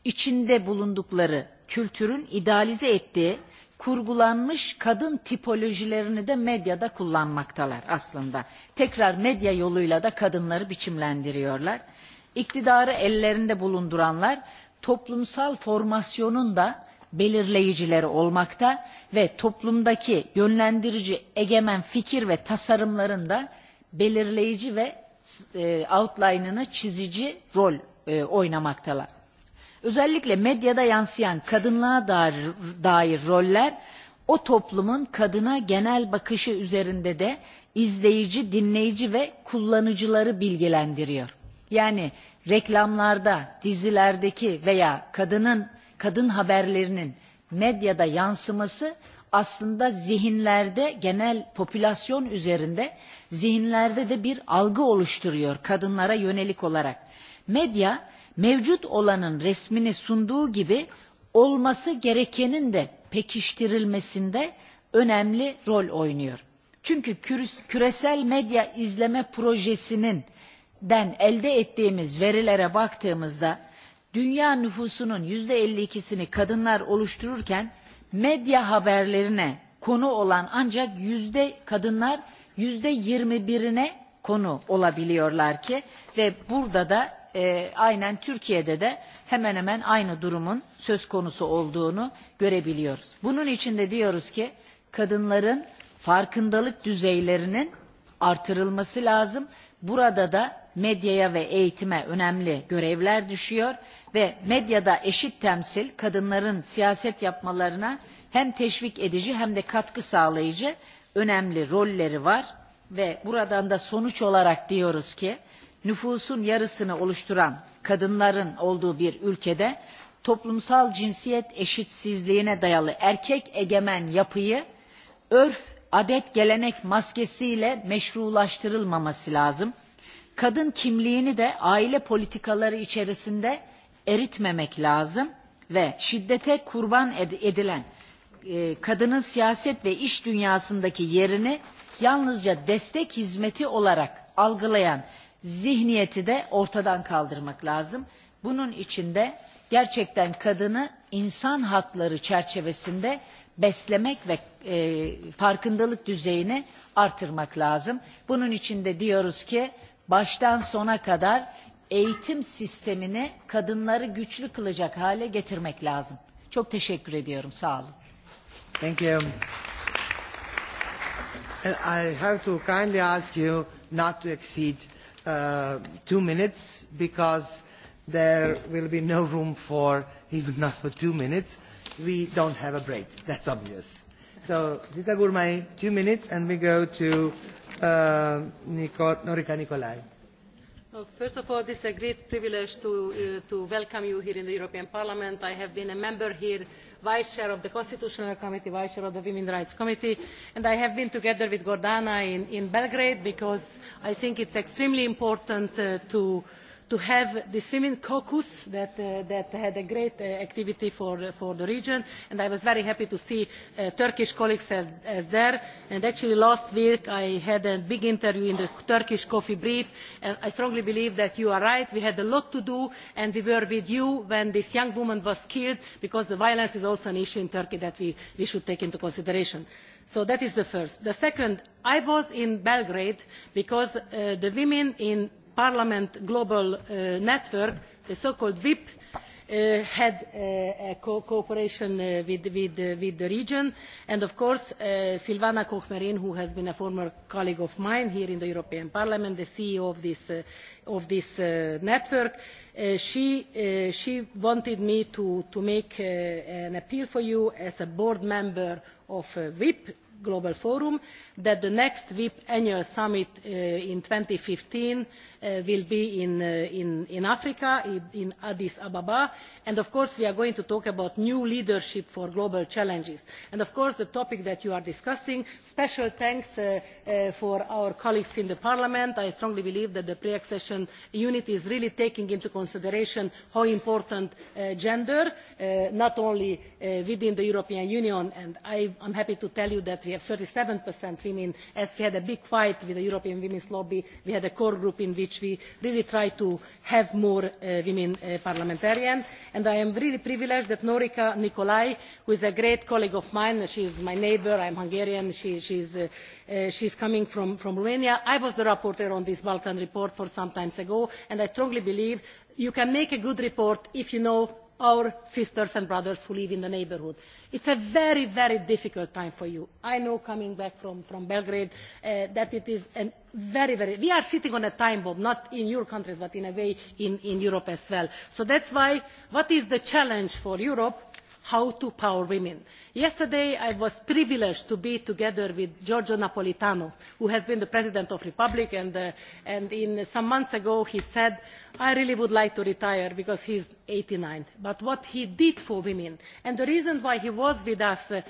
içinde bulundukları kültürün idealize ettiği kurgulanmış kadın tipolojilerini de medyada kullanmaktalar aslında. Tekrar medya yoluyla da kadınları biçimlendiriyorlar. İktidarı ellerinde bulunduranlar toplumsal formasyonun da belirleyicileri olmakta ve toplumdaki yönlendirici egemen fikir ve tasarımlarında da belirleyici ve e, outline'ını çizici rol e, oynamaktalar. Özellikle medyada yansıyan kadınlığa dair, dair roller o toplumun kadına genel bakışı üzerinde de izleyici, dinleyici ve kullanıcıları bilgilendiriyor. Yani reklamlarda, dizilerdeki veya kadının kadın haberlerinin medyada yansıması aslında zihinlerde genel popülasyon üzerinde zihinlerde de bir algı oluşturuyor kadınlara yönelik olarak. Medya mevcut olanın resmini sunduğu gibi olması gerekenin de pekiştirilmesinde önemli rol oynuyor. Çünkü küresel medya izleme projesinin den elde ettiğimiz verilere baktığımızda dünya nüfusunun %52'sini kadınlar oluştururken medya haberlerine konu olan ancak yüzde kadınlar yüzde yirmi birine konu olabiliyorlar ki ve burada da e, aynen Türkiye'de de hemen hemen aynı durumun söz konusu olduğunu görebiliyoruz. Bunun için de diyoruz ki kadınların farkındalık düzeylerinin artırılması lazım. Burada da medyaya ve eğitime önemli görevler düşüyor ve medyada eşit temsil kadınların siyaset yapmalarına hem teşvik edici hem de katkı sağlayıcı önemli rolleri var ve buradan da sonuç olarak diyoruz ki nüfusun yarısını oluşturan kadınların olduğu bir ülkede toplumsal cinsiyet eşitsizliğine dayalı erkek egemen yapıyı örf, adet, gelenek maskesiyle meşrulaştırılmaması lazım kadın kimliğini de aile politikaları içerisinde eritmemek lazım ve şiddete kurban edilen e, kadının siyaset ve iş dünyasındaki yerini yalnızca destek hizmeti olarak algılayan zihniyeti de ortadan kaldırmak lazım. Bunun için de gerçekten kadını insan hakları çerçevesinde beslemek ve e, farkındalık düzeyini artırmak lazım. Bunun için de diyoruz ki baştan sona kadar eğitim sistemini kadınları güçlü kılacak hale getirmek lazım. Çok teşekkür ediyorum. Sağ olun. Thank you. I have to kindly ask you not to exceed uh, two minutes because there will be no room for even not for two minutes. We don't have a break. That's obvious. So, Dita Gurmai, two minutes, and we go to Eh, first of all, it is a great privilege eh, to, welcome you here in the European Parliament. I have been a member here, Vice Chair of the Constitutional Committee, Vice Chair of the Women's Rights Committee, and I have been together with Gordana in, Belgrade because I think it is extremely important eh, to to have this women caucus uh, that, had a great uh, activity for, the region and i was very happy to see uh, turkish colleagues there and actually last week i had a big interview in the turkish coffee brief and i strongly believe that you are right we had a lot to do and we were with you when this young woman was killed because violence is also an issue in turkey that we, should take into consideration so that is the first. the second i was in belgrade because the women parliament global uh, network the so called vip uh, had uh, cooperation with, the region and of course silvana kohmarin who has been a former colleague of mine here in the european parliament the ceo of this, network she, wanted me to, make an appeal for you as a board member of vip global forum that the next vip annual summit in two thousand and fifteen Uh, will be in, uh, in africa in addis ababa and of course we are going to talk about new leadership for global challenges and of course the topic that you are discussing special thanks to uh, our colleagues in parliament i strongly believe that the pre accession unit is really taking into consideration how important gender is not only within the european union and i am happy to tell you that we have thirty seven women as we had a big fight with the european women's lobby we had a core group in which we really try to have more uh, women uh, parliamentarians and i am really privileged that norica nicolai who is a great colleague of mine she is my neighbour i am hungarian she uh, is coming from romania i was the rapporteur on this balkan report some time ago and i strongly believe you can make a good report if you know our sisters and brothers who live in the neighbourhood. it is a very very difficult time for you. i know coming back from, from belgrade uh, that it is a very very we are sitting on a time bomb not in your countries but in a way in, in europe as well. so that is why what is the challenge for europe? how to empower women. yesterday i was privileged to be together with giorgio napolitano who has been the president of the republic uh, and, in, some months ago he said i really would like to retire because he is eighty nine but what he did for women and the reason why he was with us uh, uh,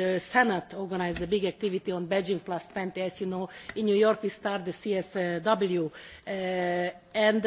the senate organised a big activity on beijing twenty as you know in new york we started the csw and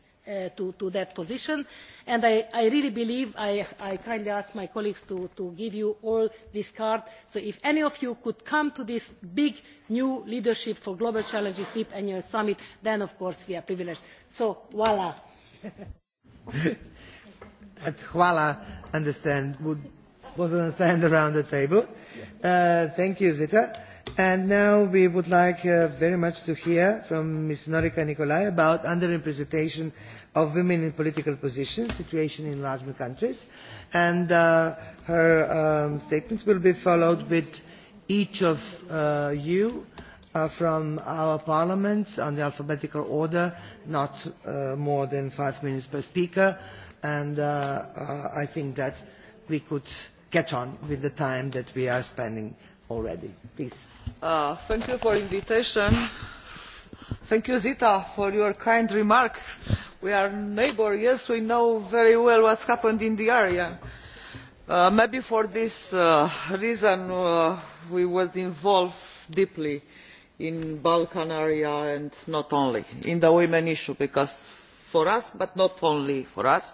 Uh, to, that position and i, really believe i, kindly ask my colleagues to, give you all this card so if any of you could come to this big new leadership for global challenges leap annual summit then of course we are privileged. so voil! and *laughs* voil understand, was understood around the table. Uh, thank you zita. And now we would like uh, very much to hear from Ms. Norika Nicolai about underrepresentation of women in political positions, situation in larger countries. And uh, her um, statements will be followed with each of uh, you uh, from our parliaments on the alphabetical order, not uh, more than five minutes per speaker. And uh, uh, I think that we could catch on with the time that we are spending already. Please. Uh, thank you for invitation. Thank you, Zita, for your kind remark. We are neighbors, yes, we know very well what's happened in the area. Uh, maybe for this uh, reason uh, we were involved deeply in the balkan area and not only in the women issue because for us but not only for us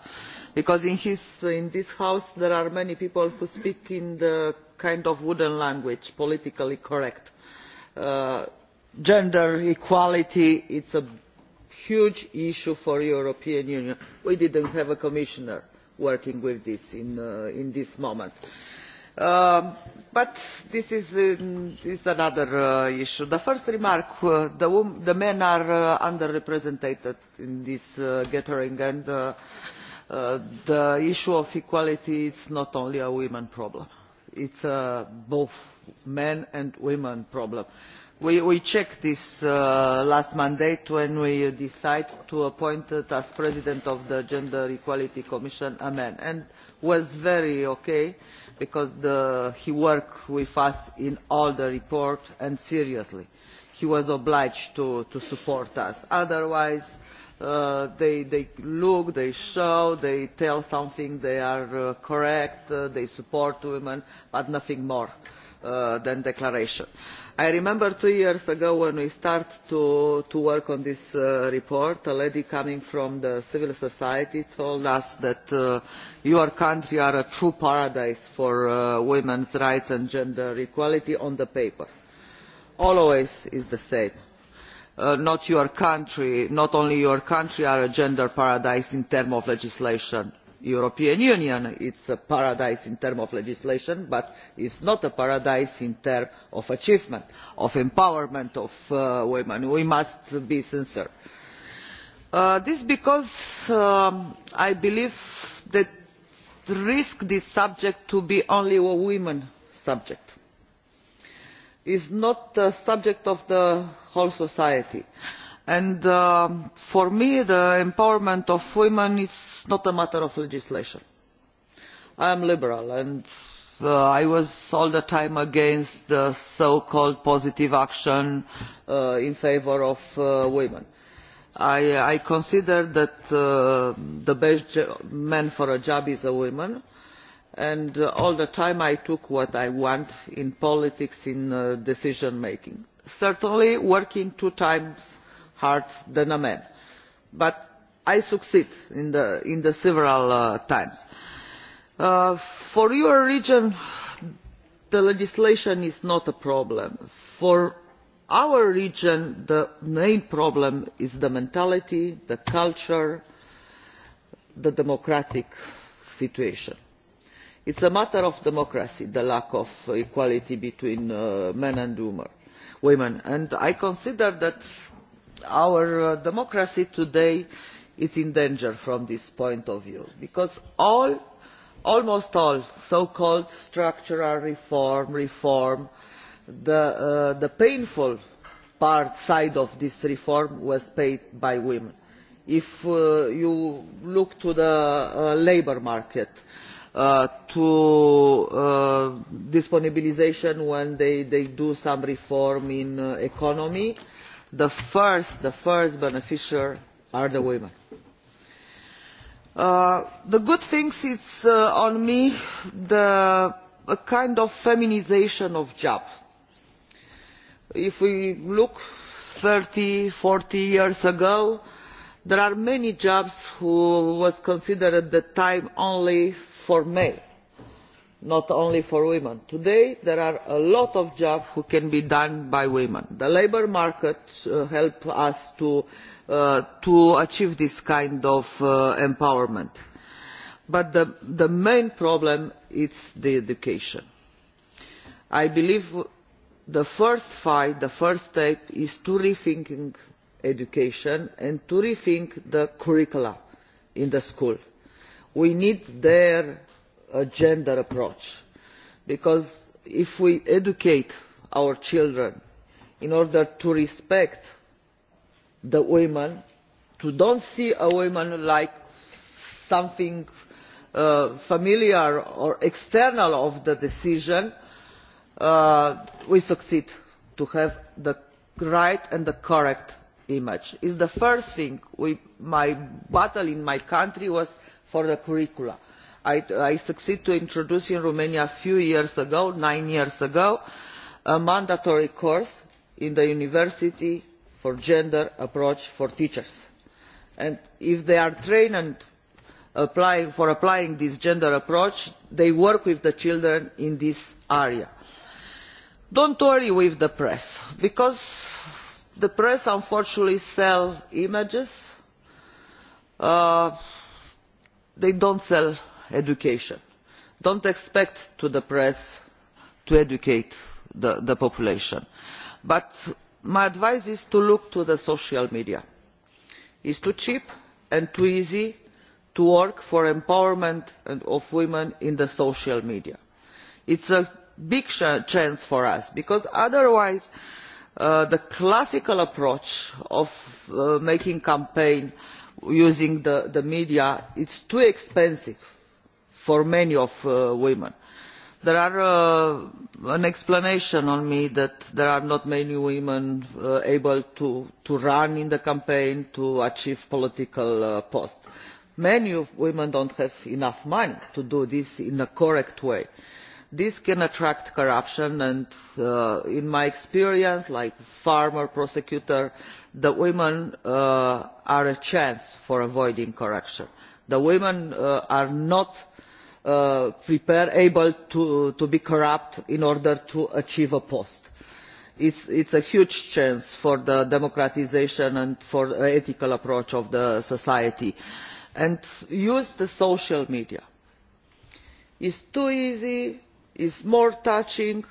because in, his, in this house there are many people who speak in the kind of wooden language politically correct. Uh, gender equality is a huge issue for the european union. we did not have a commissioner working with this at uh, this moment. Um, but this is, uh, another issue. the first remark the, the men are under represented in this gathering and the issue of equality is not only a women's problem it is both a men and women problem. we, checked this uh, last monday when we decided to appoint as president of the gender equality commission a man and it was very ok because he worked with us in all the reports and seriously. he was obliged to, to support us otherwise Uh, they, look they show they tell something they are uh, correct uh, they support women but nothing more than declarations. i remember two years ago when we started to, work on this report a lady coming from civil society told us that your country is a true paradise for women's rights and gender equality on the paper. always is the same Uh, not your country not only your country are a gender paradise in terms of legislation the european union is a paradise in terms of legislation but it is not a paradise in terms of achievement of empowerment of uh, women. we must be sincere. Uh, this is because um, i believe that we risk this subject to be only a women's subject is not the subject of the whole society and uh, for me the empowerment of women is not a matter of legislation. i am liberal and uh, i was all the time against the so called positive action uh, in favour of women. i consider that the best man for a job is a woman and all the time i took what i want in politics in uh, decision making certainly working two times harder than a man but i succeeded several uh, times. Uh, for your region the legislation is not a problem. for our region the main problem is the mentality the culture and the democratic situation it is a matter of democracy the lack of equality between uh, men and women and i consider that our uh, democracy today is in danger from this point of view because almost all so called structural reform reform the, uh, painful side of this reform was paid by women. if you look to the labour market Uh, to uh, disponibilization when they, they do some reform in uh, economy, the first, the first beneficiary are the women. Uh, the good things it's uh, on me the a kind of feminization of job. If we look 30, 40 years ago, there are many jobs who was considered at the time only for men not only for women. today there are a lot of jobs that can be done by women. the labour market uh, helps us uh, to, achieve this kind of uh, empowerment but the, main problem is education. i believe the first fight the first step is to rethink education and to rethink the curricula in schools we need their uh, gender approach because if we educate our children in order to respect the women to not see a woman like something uh, familiar or external to the decision uh, we succeed in having the right and the correct image. the first thing in my battle in my country was for the curricula. I, succeeded in introducing in Romania a few years ago, nine years ago, a mandatory course in the university for gender approach for teachers. And if they are trained and for applying this gender approach, they work with the children in this area. do not worry about the press, because the press unfortunately sells images, uh, they do not sell education. do not expect the press to educate the, population but my advice is to look to social media. it is too cheap and too easy to work for the empowerment of women in the social media. it is a big chance for us because otherwise uh, the classical approach of uh, making campaigns using the, media is too expensive for many of, uh, women. there is uh, an explanation on me that there are not many women uh, able to, to run in the campaign to achieve political post. many women do not have enough money to do this in a correct way this can attract corruption and uh, in my experience as a farmer prosecutor the women uh, are a chance for avoiding corruption. the women uh, are not prepared, or able to, be corrupt in order to achieve a post. it is a huge chance for the democratisation and for the ethical approach of the society use social media. it is too easy is more touching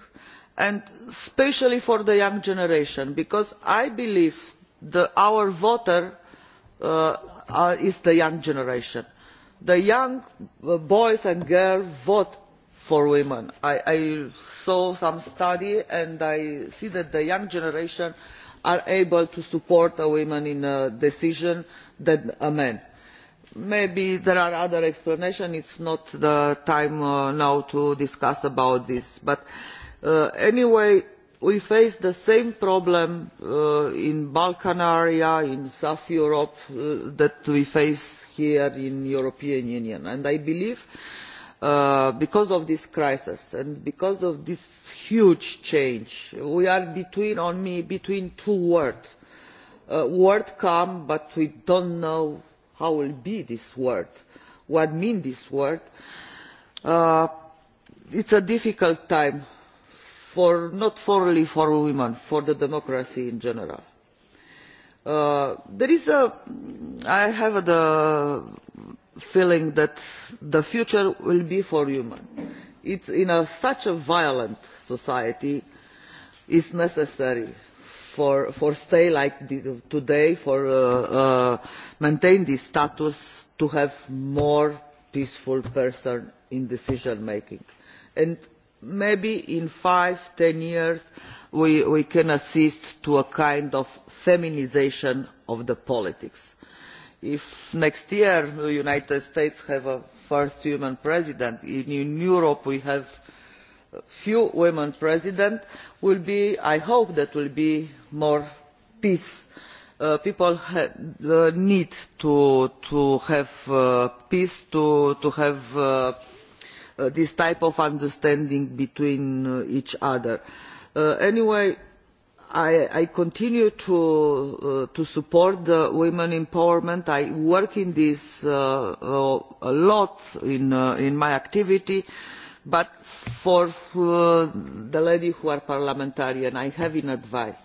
and especially for the young generation because i believe that our voter uh, is the young generation. the young uh, boys and girls vote for women. I, saw some study and i see that the young generation are able to support women in decisions more than men maybe there are other explanations it is not the time uh, now to discuss about this but uh, anyway we face the same problem uh, in the balkan area in south europe uh, that we face here in the european union and i believe uh, because of this crisis and because of this huge change we are between, on me, between two worlds a world uh, come but we do not know how will be this word what mean this word uh, it's a difficult time for not only for women for the democracy in general uh, there is a i have the feeling that the future will be for women it's in a, such a violent society is necessary for, for stay like today, to uh, uh, maintain this status to have more peaceful person in decision making. And maybe in five, or ten years we, can assist to a kind of feminisation of politics. If next year the United States has a first woman president, in, in Europe we have few women president will be i hope there will be more peace. Uh, people need to, have uh, peace to, have uh, this type of understanding between each other. anyway i, continue to, support women's empowerment. i work on this a lot in, my activity but for uh, the lady who is a parliamentarian i have an advice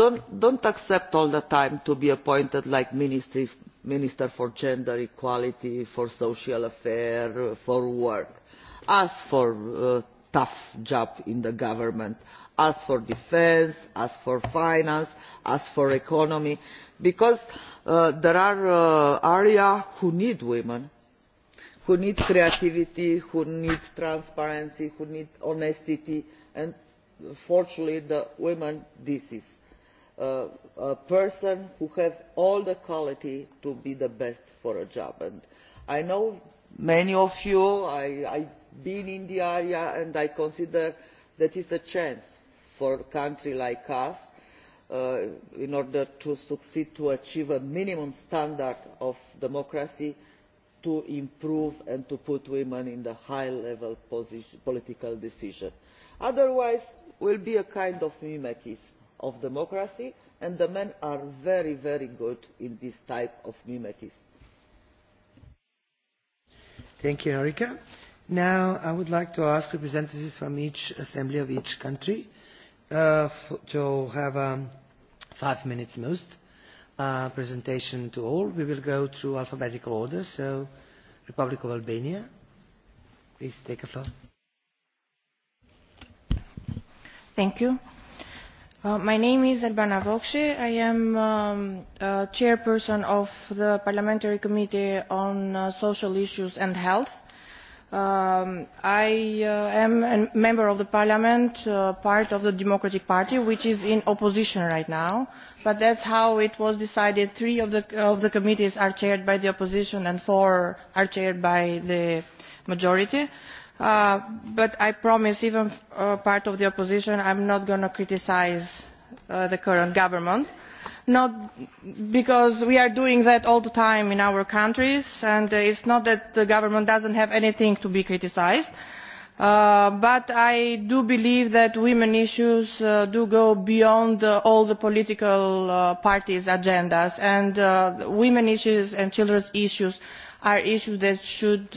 do not accept all the time to be appointed like minister, for gender equality for social affairs for work ask for a uh, tough job in the government ask for defence ask for finance ask for economy because uh, there are areas that need women who need creativity who need transparency who need honesty and fortunately the women this is uh, a person who has all the qualities to be the best for a job i know many of you i have been in the area and i consider that it is a chance for a country like ours uh, in order to succeed to achieve a minimum standard of democracy to improve and to put women in the high level position, political decision. otherwise it will be a kind of mimetism of democracy and the men are very very good at this type of mimetism. now i would like to ask representatives from each assembly of each country uh, to have um, five minutes at most Uh, presentation to all. We will go through alphabetical order, so Republic of Albania, please take the floor. Thank you. Uh, my name is Albana Vokshi. I am um, uh, chairperson of the Parliamentary Committee on uh, Social Issues and Health Um, i uh, am a member of the parliament uh, part of the democratic party which is in opposition right now but that is how it was decided three of the, committees are chaired by the opposition and four are chaired by the majority uh, but i promise even as part of the opposition i am not going to criticise the current government not because we are doing that all the time in our countries and it is not that the government does not have anything to be criticised uh, but i do believe that women's issues uh, do go beyond all the political uh, parties' agendas and women's issues and children's issues are issues that should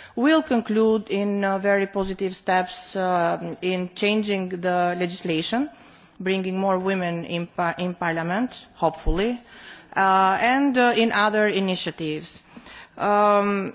will conclude in uh, very positive steps um, in changing the legislation bringing more women in, parliament hopefully uh, and uh, in other initiatives. Um,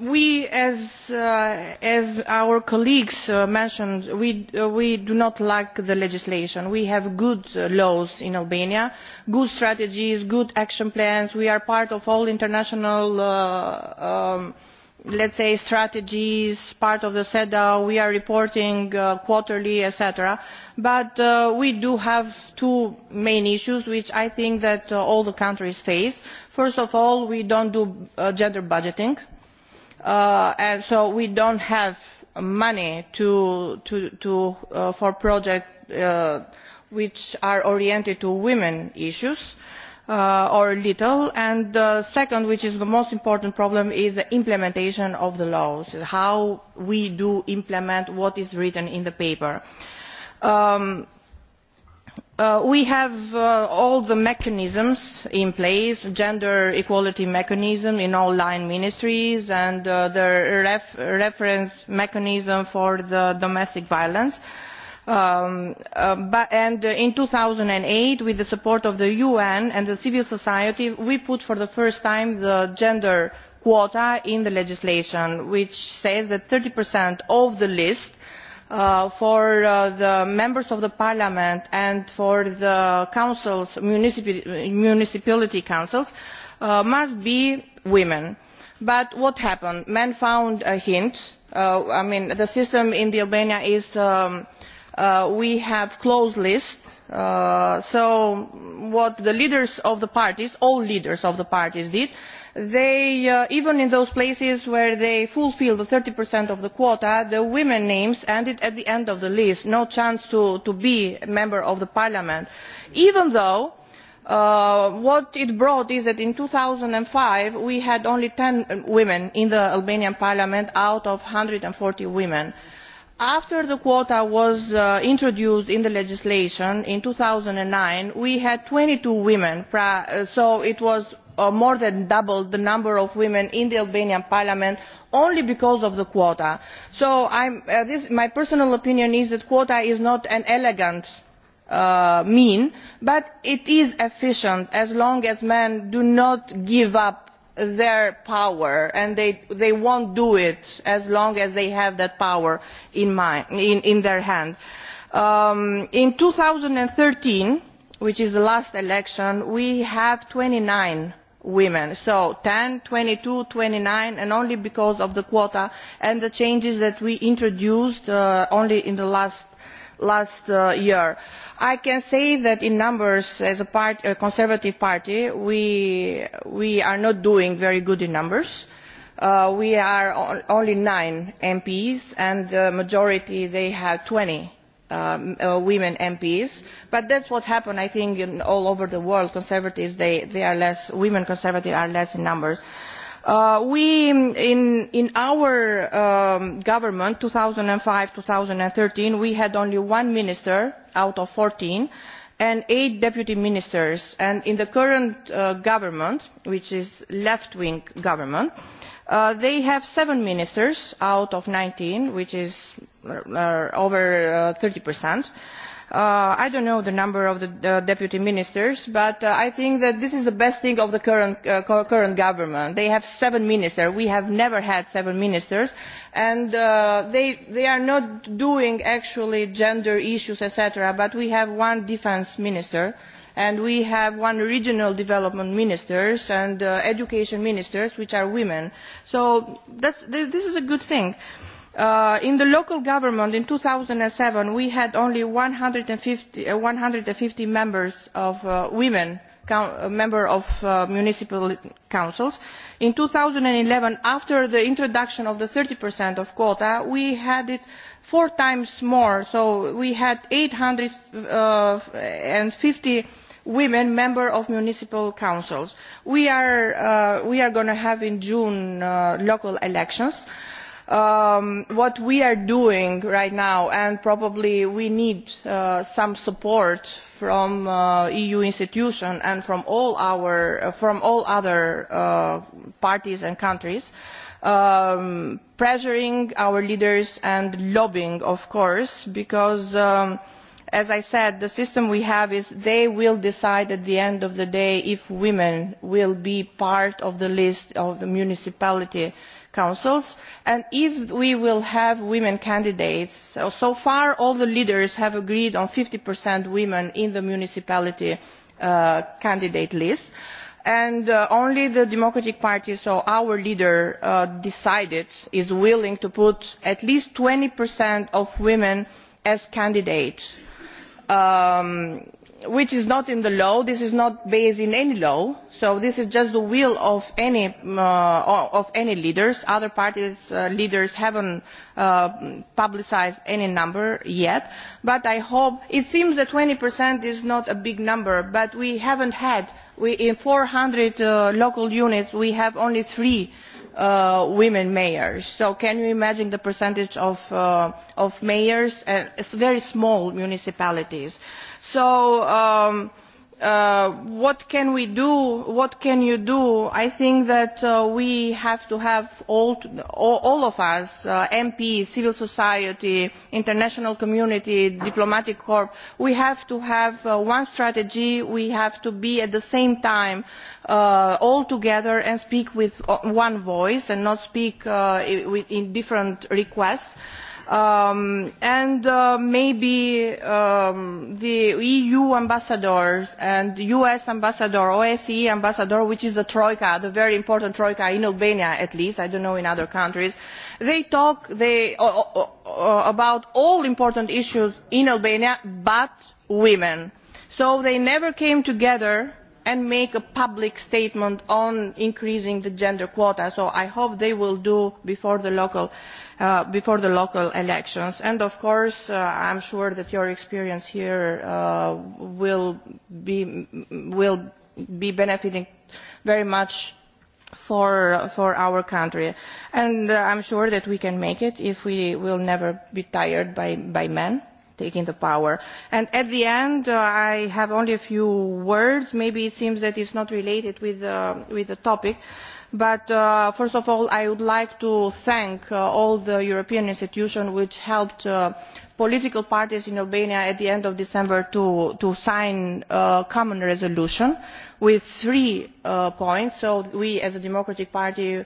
we as, uh, as our colleagues uh, mentioned we, uh, we do not lack the legislation. we have good uh, laws in albania good strategies good action plans we are part of all international uh, um, let us say strategies part of the cedaw we are reporting uh, quarterly etc. but uh, we do have two main issues which i think that uh, all the countries face. first of all we do not uh, do gender budgeting Uh, and so we do not have money uh, for projects uh, which are oriented to women's issues or little the second which is the most important problem is the implementation of the laws and how we implement what is written in the paper. Um, Uh, we have uh, all the mechanisms in place the gender equality mechanism in all line ministries and uh, the reference mechanism for domestic violence um, and in two thousand and eight with the support of the un and civil society we put for the first time the gender quota in the legislation which says that thirty of the list Uh, for uh, the members of the parliament and for the councils, municipality councils uh, must be women. but what happened? men found a hint. i mean the system in albania is um, Uh, we have closed lists uh, so what the leaders of the parties all the leaders of the parties did uh, even in those places where they fulfilled the thirty of the quota the women's names ended at the end of the list no chance to, be a member of the parliament even though what it brought is that in two thousand and five we had only ten women in the albanian parliament out of one hundred and forty women after the quota was uh, introduced in the legislation in two thousand and nine we had twenty two women uh, so it was uh, more than double the number of women in the albanian parliament only because of the quota. so my personal opinion is that quota is not an elegant means but it is efficient as long as men do not give up their power and they, will not do it as long as they have that power in, their hand. Um, in two thousand and thirteen which is the last election we had twenty nine women so ten twenty two twenty nine and only because of the quota and the changes that we introduced uh, only in the last last uh, year. i can say that in numbers as a, conservative party we, are not doing very good in numbers. Uh, we are only nine mps and the majority they have twenty um, uh, women mps but that is what happens i think all over the world conservatives they are less women conservatives are less in numbers Uh, we in, our um, government two thousand and five two thousand and thirteen we had only one minister out of fourteen and eight deputy ministers and in the current uh, government which is a left wing government uh, they have seven ministers out of nineteen which is over thirty Uh, i do not know the number of the deputy ministers but uh, i think that this is the best thing about the uh, current, government they have seven ministers we have never had seven ministers and they, are not dealing actually with gender issues etc. but we have one defence minister and we have one regional development minister and education ministers which are women so this is a good thing. Uh, in the local government in two thousand and seven we had only one hundred and fifty members uh, women members of uh, municipal councils. in two thousand and eleven after the introduction of the thirty quota we had it four times more so we had eight hundred and fifty women members of municipal councils. we are, are going to have in june local elections and Um, what we are doing right now and probably we need uh, some support from the uh, eu institutions and from all, uh, other parties and countries um, pressuring our leaders and lobbying of course because um, as i said the system we have is that they will decide at the end of the day if women will be part of the list of the municipality councils and if we have women candidates so far all the leaders have agreed on fifty women in the municipality uh, candidate list and uh, only the democratic party so our leader uh, decided is willing to put at least twenty of women as candidates. Um, which is not in the law this is not based in any law so this is just the will of any, uh, leaders other parties' uh, leaders have not uh, publicised any number yet but i hope it seems that twenty is not a big number but we have not had in four hundred local units we have only three women mayors so can you imagine the percentage of, mayors in very small municipalities? so um, uh, what can we do what can you do? i think that uh, we have to have all, to, all, all of us uh, mps civil society international community diplomatic corp, we have to have uh, one strategy we have to be at the same time uh, all together and speak with uh, one voice and not speak uh, in different requests um, and uh, maybe um, the eu ambassador and the us ambassador osce ambassador which is the troika the very important troika in albania at least i do not know in other countries they talk they, uh, uh, about all important issues in albania but women so they never came together and make a public statement on increasing the gender quota so i hope they will do that before the local elections Uh, before the local elections. And of course, uh, I am sure that your experience here uh, will be will be benefiting very much for for our country. And I am sure that we can make it if we will never be tired by by men taking the power. And at the end, I have only a few words. Maybe it seems that it is not related with with the topic but uh, first of all i would like to thank uh, all the european institutions which helped uh, political parties in albania at the end of december to, sign a common resolution with three uh, points so we as a democratic party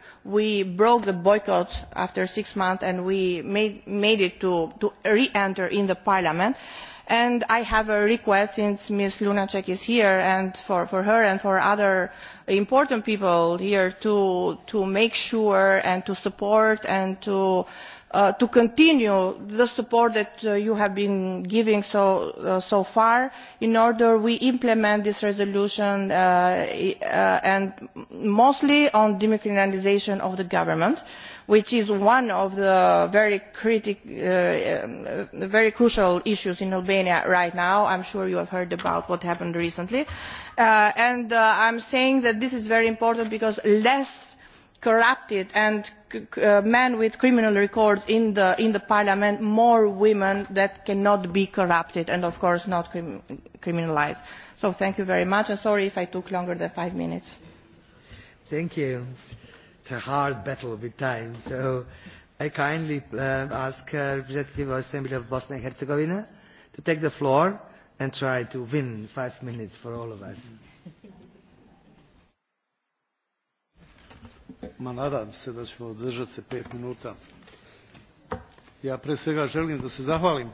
broke the boycott after six months and we made, it to, re enter the parliament and i have a request since ms lunacek is here and for, for her and for other important people here to, make sure and to support and to, uh, continue the support that uh, you have been giving uh, so, far in order we implement this resolution and mostly on decriminalisation of the government which is one of the uh, um, uh, very, crucial issues in albania right now i am sure you have heard about what happened recently uh, and i am saying that this is very important because less corrupted and men with criminal records in the, the parliament more women that cannot be corrupted and of course not criminalised. so thank you very much and sorry if i took longer than five minutes. thank you it's a hard battle with time. So I kindly uh, ask uh, Representative of Assembly of Bosnia and Herzegovina to take the floor and try to win five minutes for all of us. Ma nadam se da ćemo održati se pet minuta. Ja pre svega želim da se zahvalim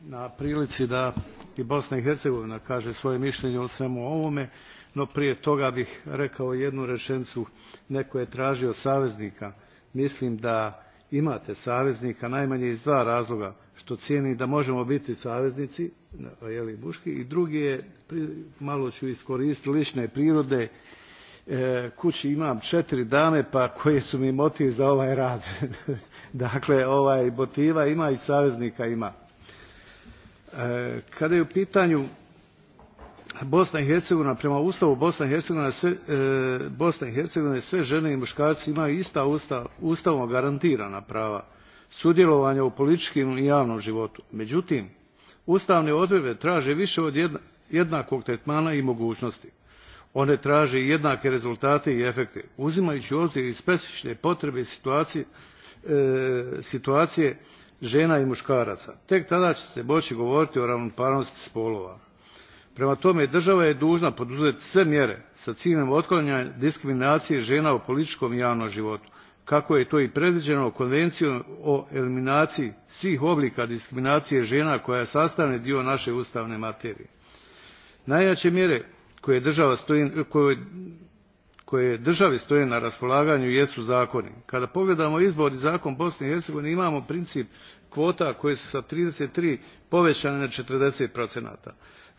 na prilici da i Bosna i Hercegovina kaže svoje mišljenje o svemu ovome no prije toga bih rekao jednu rečenicu neko je tražio saveznika mislim da imate saveznika najmanje iz dva razloga što cijenim da možemo biti saveznici jeli muški i drugi je malo ću iskoristiti lične prirode e, kući imam četiri dame pa koje su mi motiv za ovaj rad *laughs* dakle ovaj motiva ima i saveznika ima e, kada je u pitanju Bosna i Hercegovina, prema Ustavu Bosna i Hercegovina, sve, e, Bosna i Hercegovina sve žene i muškarci imaju ista ustav, ustavom garantirana prava sudjelovanja u političkim i javnom životu. Međutim, ustavne odredbe traže više od jedna, jednakog tretmana i mogućnosti. One traže jednake rezultate i efekte, uzimajući u obzir i specifične potrebe situacije, e, situacije žena i muškaraca. Tek tada će se moći govoriti o ravnopravnosti spolova prema tome država je dužna poduzeti sve mjere s ciljem otklanjanja diskriminacije ena u politikom i javnom ivotu kako je to i predvieno konvencijom o eliminaciji svih oblika diskriminacije ena koja je sastavni dio nae ustavne materije. najjae mjere koje država stoji, koje, koje državi stoje na raspolaganju jesu zakoni. Kada pogledamo izborni zakon Bosne i Hercegovine imamo princip kvota koje su sa 33 povećane na 40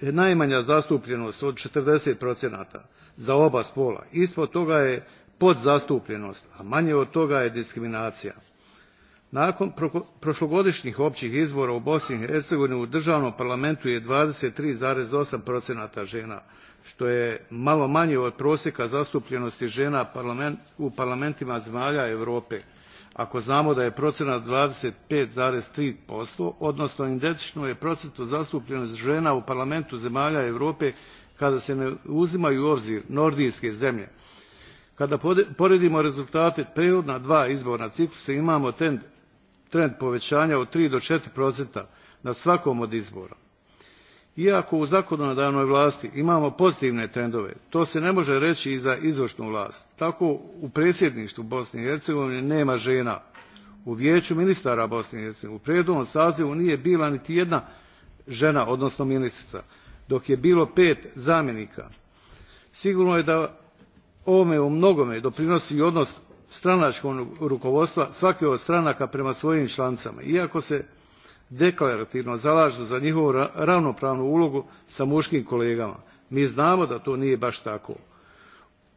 najmanja zastupljenost od 40 za oba spola ispod toga je podzastupljenost a manje od toga je diskriminacija. nakon prošlogodišnjih općih izbora u bosni i hercegovini u državnom parlamentu je 23,8 žena, što je malo manje od prosjeka zastupljenosti žena u parlamentima zemalja europe ako znamo da je procenat 25,3%, odnosno identično je procentu zastupljenost žena u parlamentu zemalja Europe kada se ne uzimaju u obzir nordijske zemlje. Kada poredimo rezultate prethodna dva izborna ciklusa imamo trend, trend povećanja od 3 do 4 na svakom od izbora iako u zakonodavnoj vlasti imamo pozitivne trendove to se ne moe rei i za izvrnu vlast tako u predsjednitvu bosne i hercegovine nema žena u vijeu ministara bosne i hercegovine u prethodnom sazivu nije bila niti jedna žena odnosno ministrica dok je bilo pet zamjenika sigurno je da ovome u mnogome doprinosi i odnos stranakog rukovodstva svake od stranaka prema svojim lanicama iako se deklarativno zalažu za njihovu ravnopravnu ulogu sa muškim kolegama. Mi znamo da to nije baš tako.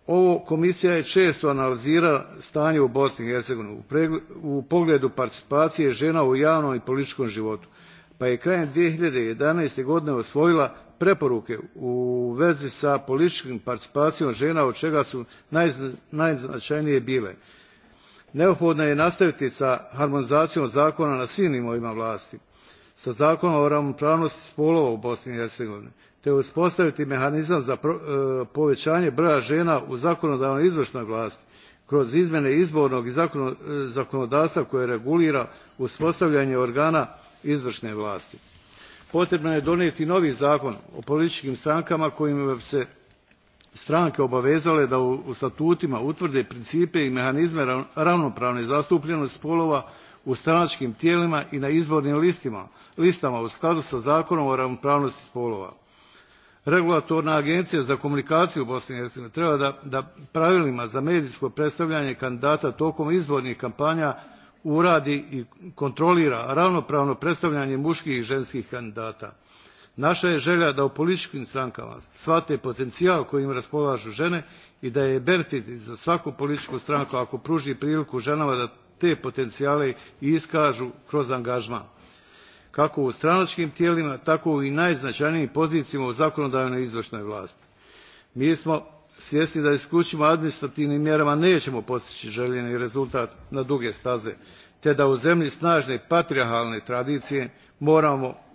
Ovo komisija je često analizirala stanje u Bosni i Hercegovini u pogledu participacije žena u javnom i političkom životu, pa je krajem 2011. godine osvojila preporuke u vezi sa političkom participacijom žena od čega su najznačajnije bile neophodno je nastaviti s harmonizacijom zakona na svim nivoima vlasti sa zakonom o ravnopravnosti spolova u bosni i hercegovini te uspostaviti mehanizam za e, povećanje broja žena u zakonodavnoj i izvršnoj vlasti kroz izmjene izbornog i e, zakonodavstva koje regulira uspostavljanje organa izvršne vlasti. potrebno je donijeti novi zakon o političkim strankama kojim bi se stranke obavezale da u statutima utvrde principe i mehanizme ravnopravne zastupljenosti spolova u stranačkim tijelima i na izbornim listima, listama u skladu sa zakonom o ravnopravnosti spolova. Regulatorna agencija za komunikaciju u Bosni i Hercegovini treba da, da pravilima za medijsko predstavljanje kandidata tokom izbornih kampanja uradi i kontrolira ravnopravno predstavljanje muških i ženskih kandidata. Naša je želja da u političkim strankama shvate potencijal kojim raspolažu žene i da je benefit za svaku političku stranku ako pruži priliku ženama da te potencijale i iskažu kroz angažman kako u stranačkim tijelima tako i najznačajnijim pozicijama u zakonodavnoj izvršnoj vlasti. Mi smo svjesni da isključimo administrativnim mjerama nećemo postići željeni rezultat na duge staze te da u zemlji snažne patriarhalne tradicije moramo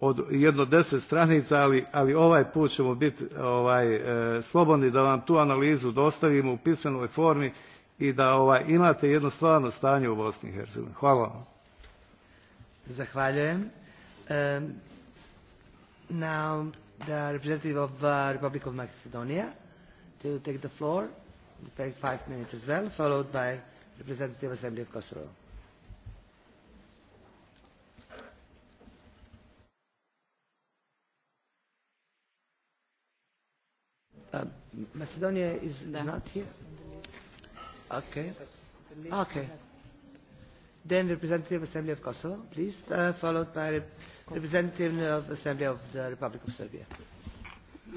od jedno deset stranica, ali, ali ovaj put ćemo biti ovaj, e, slobodni da vam tu analizu dostavimo u pisanoj formi i da ovaj, imate jedno stvarno stanje u Bosni i Hercegovini. Hvala vam. Zahvaljujem. Um, now the representative of the uh, Republic of Macedonia to take the floor, take five minutes as well, followed by representative Assembly of Kosovo. Uh, Macedonia is no. not here? Okay. Okay. Then representative Assembly of Kosovo, please, uh, followed by rep representative of Assembly of the Republic of Serbia.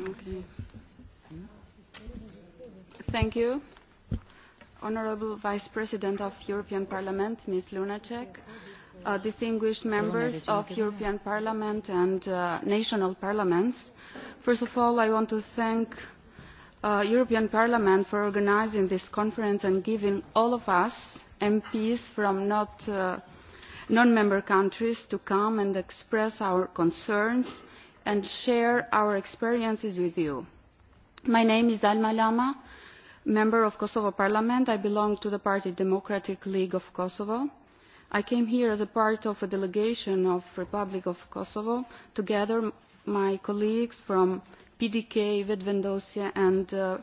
Okay. Hmm? Thank you. Honorable Vice President of European Parliament, Ms. Lunacek, uh, distinguished members of European Parliament and uh, national parliaments, first of all, I want to thank Uh, European Parliament for organising this conference and giving all of us MPs from uh, non-member countries to come and express our concerns and share our experiences with you. My name is Alma Lama, member of Kosovo Parliament. I belong to the party Democratic League of Kosovo. I came here as a part of a delegation of Republic of Kosovo together with my colleagues from PDK, with vendosia and uh,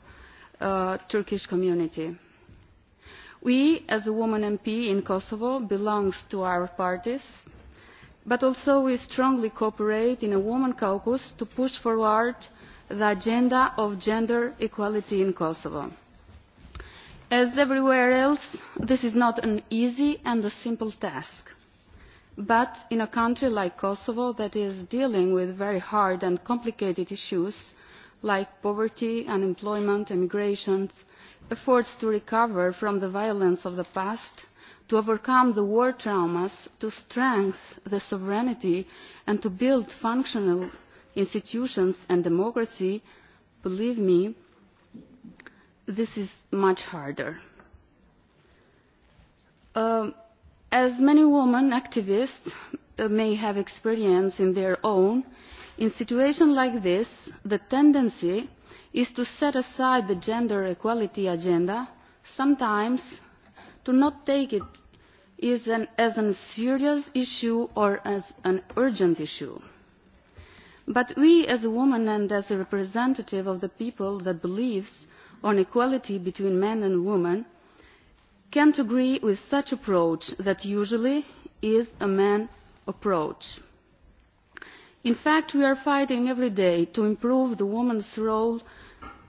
uh, Turkish community. We, as a woman MP in Kosovo, belongs to our parties, but also we strongly cooperate in a woman caucus to push forward the agenda of gender equality in Kosovo. As everywhere else, this is not an easy and a simple task but in a country like kosovo that is dealing with very hard and complicated issues like poverty unemployment and immigration efforts to recover from the violence of the past to overcome the war traumas to strengthen sovereignty and to build functional institutions and democracy believe me this is much harder. Uh, as many women activists uh, may have experience in their own in situation like this the tendency is to set aside the gender equality agenda sometimes to not take it as an, as a serious issue or as an urgent issue. But we as a woman and as a representative of the people that believes on equality between men and women cannot agree with such an approach that usually is a man approach. In fact, we are fighting every day to improve the woman's role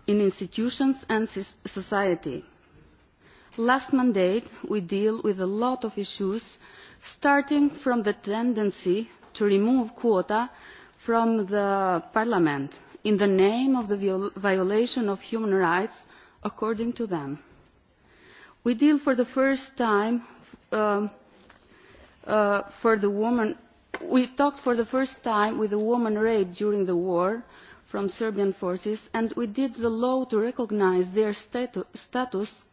in institutions and society. Last mandate, we dealt with a lot of issues, starting from the tendency to remove quotas from the parliament in the name of the violation of human rights, according to them we deal for the first time um, uh, for the woman we talked for the first time with a woman raped during the war from serbian forces and we did the law to recognise their status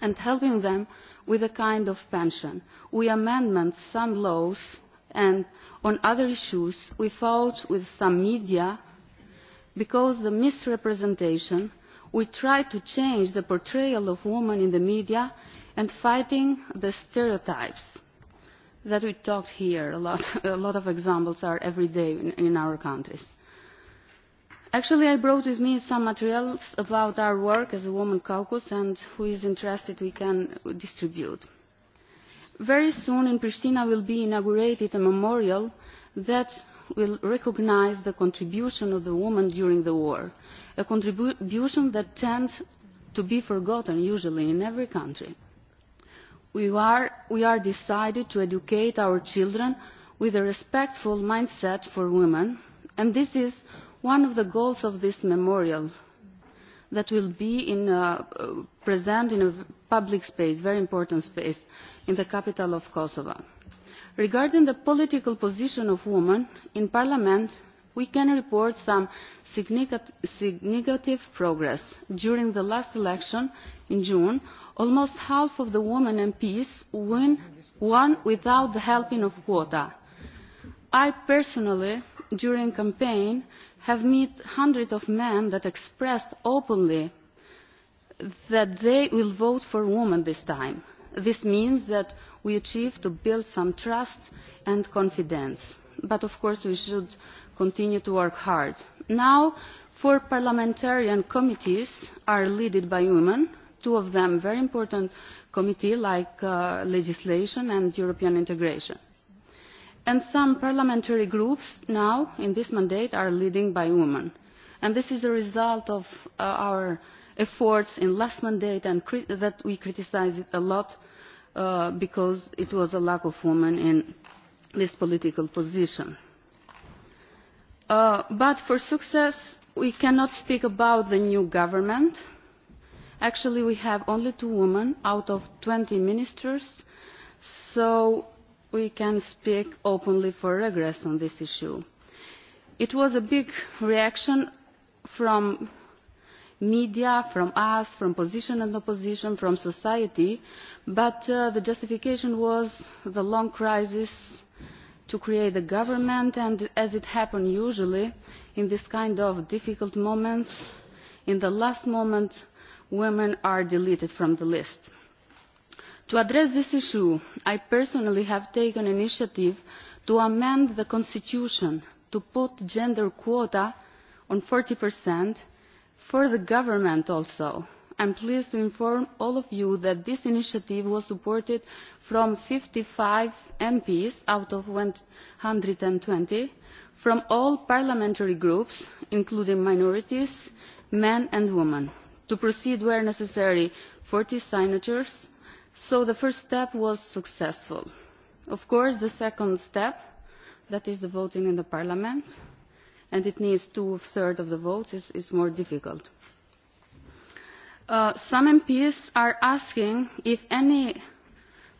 and helping them with a kind of pension. we amended some laws and on other issues we fought with some media because the misrepresentation we try to change the portrayal of women in the media and fighting the stereotypes that we talked here a lot, *laughs* a lot of examples are every day in, in our countries. Actually, I brought with me some materials about our work as a woman Caucus and who is interested we can distribute. Very soon in Pristina will be inaugurated a memorial that will recognise the contribution of the woman during the war a contribution that tends to be forgotten usually in every country. We are, we are decided to educate our children with a respectful mindset for women and this is one of the goals of this memorial that will be in, uh, present in a public space, very important space, in the capital of Kosovo regarding the political position of women in parliament we can report some significant progress. during the last election in june almost half of the women mps won without the help of quotas. i personally during the campaign have met hundreds of men who expressed openly that they will vote for women this time. this means we achieved to build some trust and confidence but of course we should continue to work hard. now four parliamentarian committees are led by women two of them very important committees like uh, legislation and european integration and some parliamentary groups now in this mandate are led by women and this is a result of uh, our efforts in the last mandate and that we criticised a lot Uh, because it was a lack of women in this political position. Uh, but for success, we cannot speak about the new government. Actually, we have only two women out of 20 ministers, so we can speak openly for regress on this issue. It was a big reaction from media, from us, from position and opposition, from society, but uh, the justification was the long crisis to create the government and as it happens usually in this kind of difficult moments, in the last moment women are deleted from the list. To address this issue, I personally have taken initiative to amend the constitution to put gender quota on For the government also, I am pleased to inform all of you that this initiative was supported from 55 MPs out of 120 from all parliamentary groups, including minorities, men and women, to proceed where necessary 40 signatures, so the first step was successful. Of course, the second step, that is the voting in the parliament, and it needs two-thirds of the vote is, is more difficult. Uh, some meps are asking if any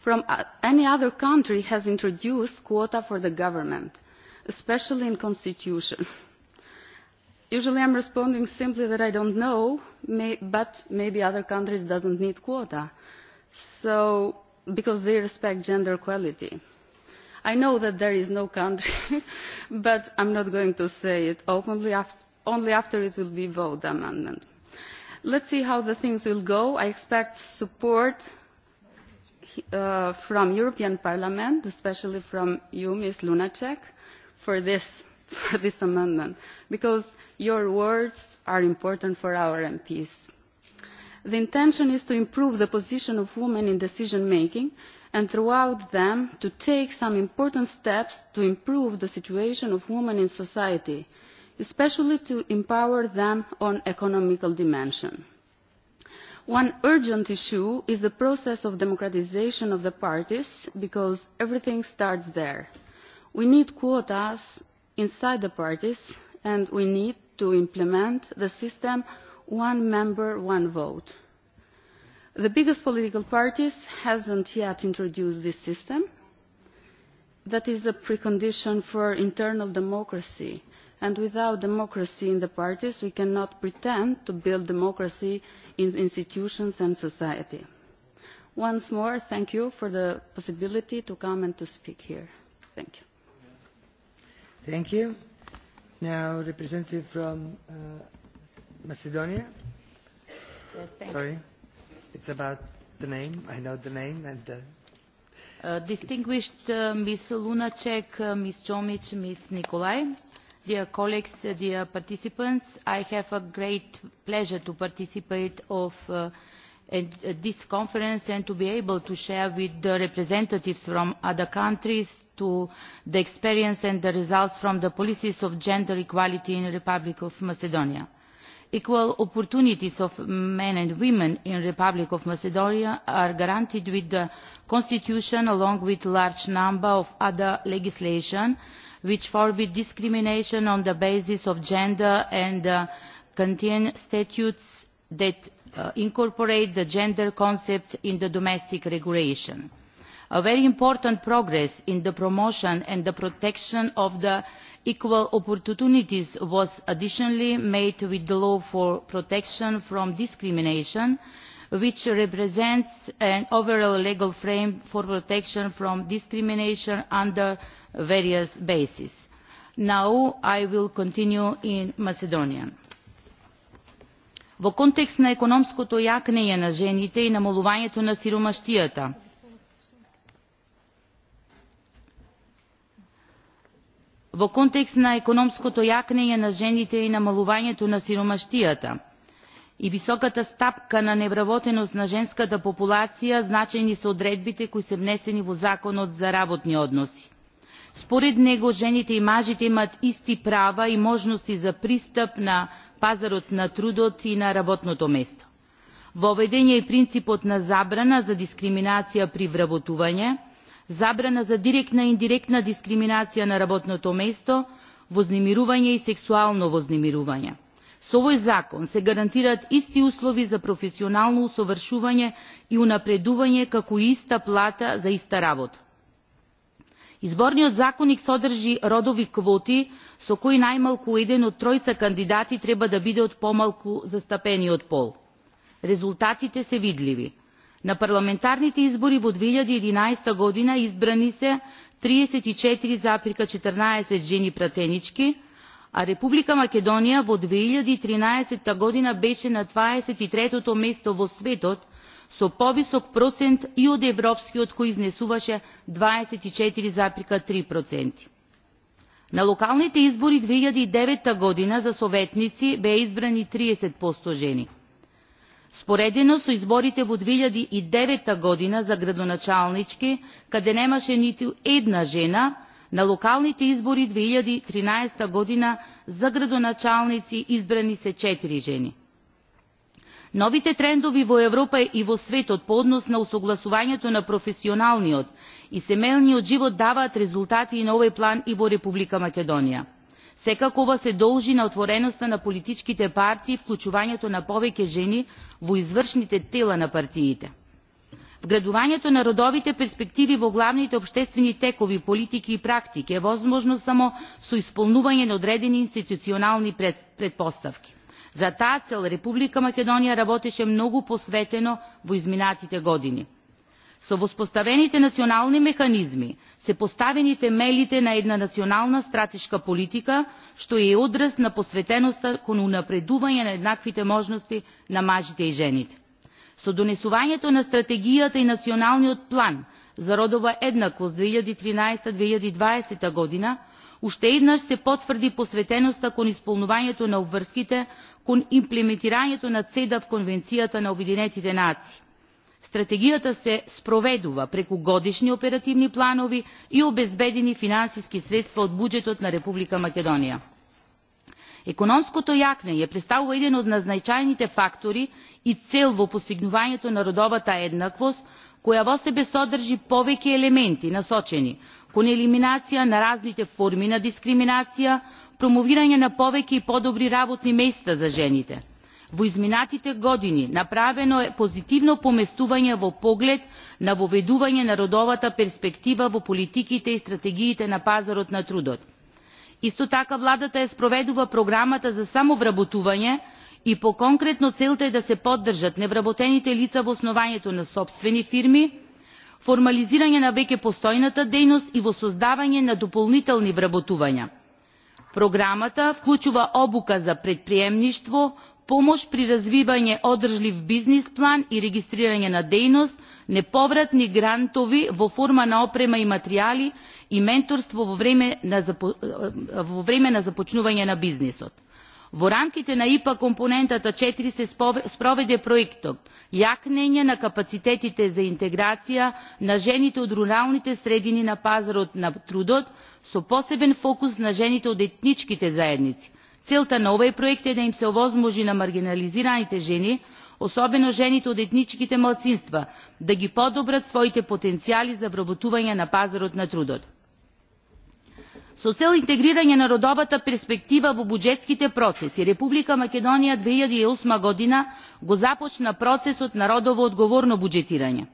from uh, any other country has introduced quota for the government, especially in the constitution. *laughs* Usually i am responding simply that I do not know, but maybe other countries do not need quota, because they respect gender equality i know that there is no country *laughs* but i am not going to say it openly only after it will be voted on the amendment. let us see how things will go. i expect support uh, from the european parliament especially from you ms lunacek *laughs* for this amendment because your words are important for our mps. the intention is to improve the position of women in decision making and throughout them to take some important steps to improve the situation of women in society especially to empower them on the economic dimension. one urgent issue is the process of democratisation of the parties because everything starts there. we need quotas inside the parties and we need to implement the system one member one vote' the biggest political parties hasn't yet introduced this system. That is a precondition for internal democracy, and without democracy in the parties, we cannot pretend to build democracy in institutions and society. Once more, thank you for the possibility to come and to speak here. Thank you. Thank you. Now, representative from uh, Macedonia. Yes, thank Sorry. You It's about the name. I know the name and the. Uh, uh, distinguished uh, Ms. Lunacek, uh, Ms. Chomic, Ms. Nikolai, dear colleagues, uh, dear participants, I have a great pleasure to participate of uh, and, uh, this conference and to be able to share with the representatives from other countries to the experience and the results from the policies of gender equality in the Republic of Macedonia equal opportunities of men and women in the republic of macedonia are guaranteed with the constitution along with a large number of other legislation which forbids discrimination on the basis of gender and uh, contain statutes that uh, incorporate the gender concept in the domestic regulation. a very important progress in the promotion and the protection of the equal opportunities was additionally made with the law for protection from discrimination which represents an overall legal frame for protection from discrimination under various bases. now i will continue in macedonian. во контекст на економското јакнење на жените и намалувањето на сиромаштијата во контекст на економското јакнење на жените и намалувањето на сиромаштијата и високата стапка на невработеност на женската популација значајни се одредбите кои се внесени во законот за работни односи. според него жените и мажите имаат исти права и можности за пристап на пазарот на трудот и на работното место. воведен е и принципот на забрана за дискриминација при вработување забрана за директна и индиректна дискриминација на работното место, вознемирување и сексуално вознемирување. Со овој закон се гарантираат исти услови за професионално усовршување и унапредување како и иста плата за иста работа. Изборниот законник содржи родови квоти со кои најмалку еден од тројца кандидати треба да биде од помалку застапениот пол. Резултатите се видливи на парламентарните избори во 2011 година избрани се 34,14 жени пратенички, а Република Македонија во 2013 година беше на 23-то место во светот со повисок процент и од европскиот кој изнесуваше 24,3%. На локалните избори 2009 година за советници беа избрани 30% жени – споредено со изборите во 2009 година за градоначалнички каде немаше ниту една жена на локалните избори 2013 година за градоначалници избрани се 4 жени новите трендови во европа и во светот по однос на усогласувањето на професионалниот и семејниот живот даваат резултати и на овој план и во република македонија секакова се должи на отвореността на политичките партии и включването на повеќе жени во извршните тела на партиите. вградувањето на родовите перспективи во главните обштествени текови политики и практики е возможно само со исполнување на одредени институционални предпоставки. за таа цел република македонија работеше многу посветено во изминатите години. Со воспоставените национални механизми се поставени темелите на една национална стратешка политика, што е и одраз на посветеността кон унапредување на еднаквите можности на мажите и жените. Со донесувањето на стратегијата и националниот план за родова еднаквост 2013-2020 година, уште еднаш се потврди посветеността кон исполнувањето на обврските кон имплементирањето на цеда в Конвенцијата на Обединетите нации стратегијата се спроведува преку годишни оперативни планови и обезбедени финансиски средства од буџетот на република македонија економското јакнење представува еден од најзначајните фактори и цел во постигнувањето на родовата еднаквост која во себе содржи повеќе елементи насочени кон елиминација на разните форми на дискриминација промовирање на повеќе и подобри работни места за жените во изминатите години направено е позитивно поместување во поглед на воведување на родовата перспектива во политиките и стратегиите на пазарот на трудот. исто така владата ја спроведува програмата за самовработување и по конкретно целта е да се поддржат невработените лица во основањето на собствени фирми формализирање на веќе постојната дејност и во создавање на дополнителни вработувања. програмата вклучува обука за предприемништво помощ при развивање одржлив бизнис план и регистрирање на дејност, неповратни грантови во форма на опрема и материјали и менторство во време на, во време на започнување на бизнисот. Во рамките на ИПА компонентата 4 се спроведе проектот јакнење на капацитетите за интеграција на жените од руралните средини на пазарот на трудот со посебен фокус на жените од етничките заедници – целта на овој проект е да им се овозможи на маргинализираните жени особено жените од етничките малцинства да ги подобрат своите потенцијали за вработување на пазарот на трудот со цел интегрирање на родовата перспектива во буџетските процеси република македонија 2008 година го започна процесот на родово одговорно буџетирање.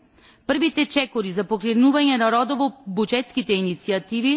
првите чекори за покренување на родово буџетските иницијативи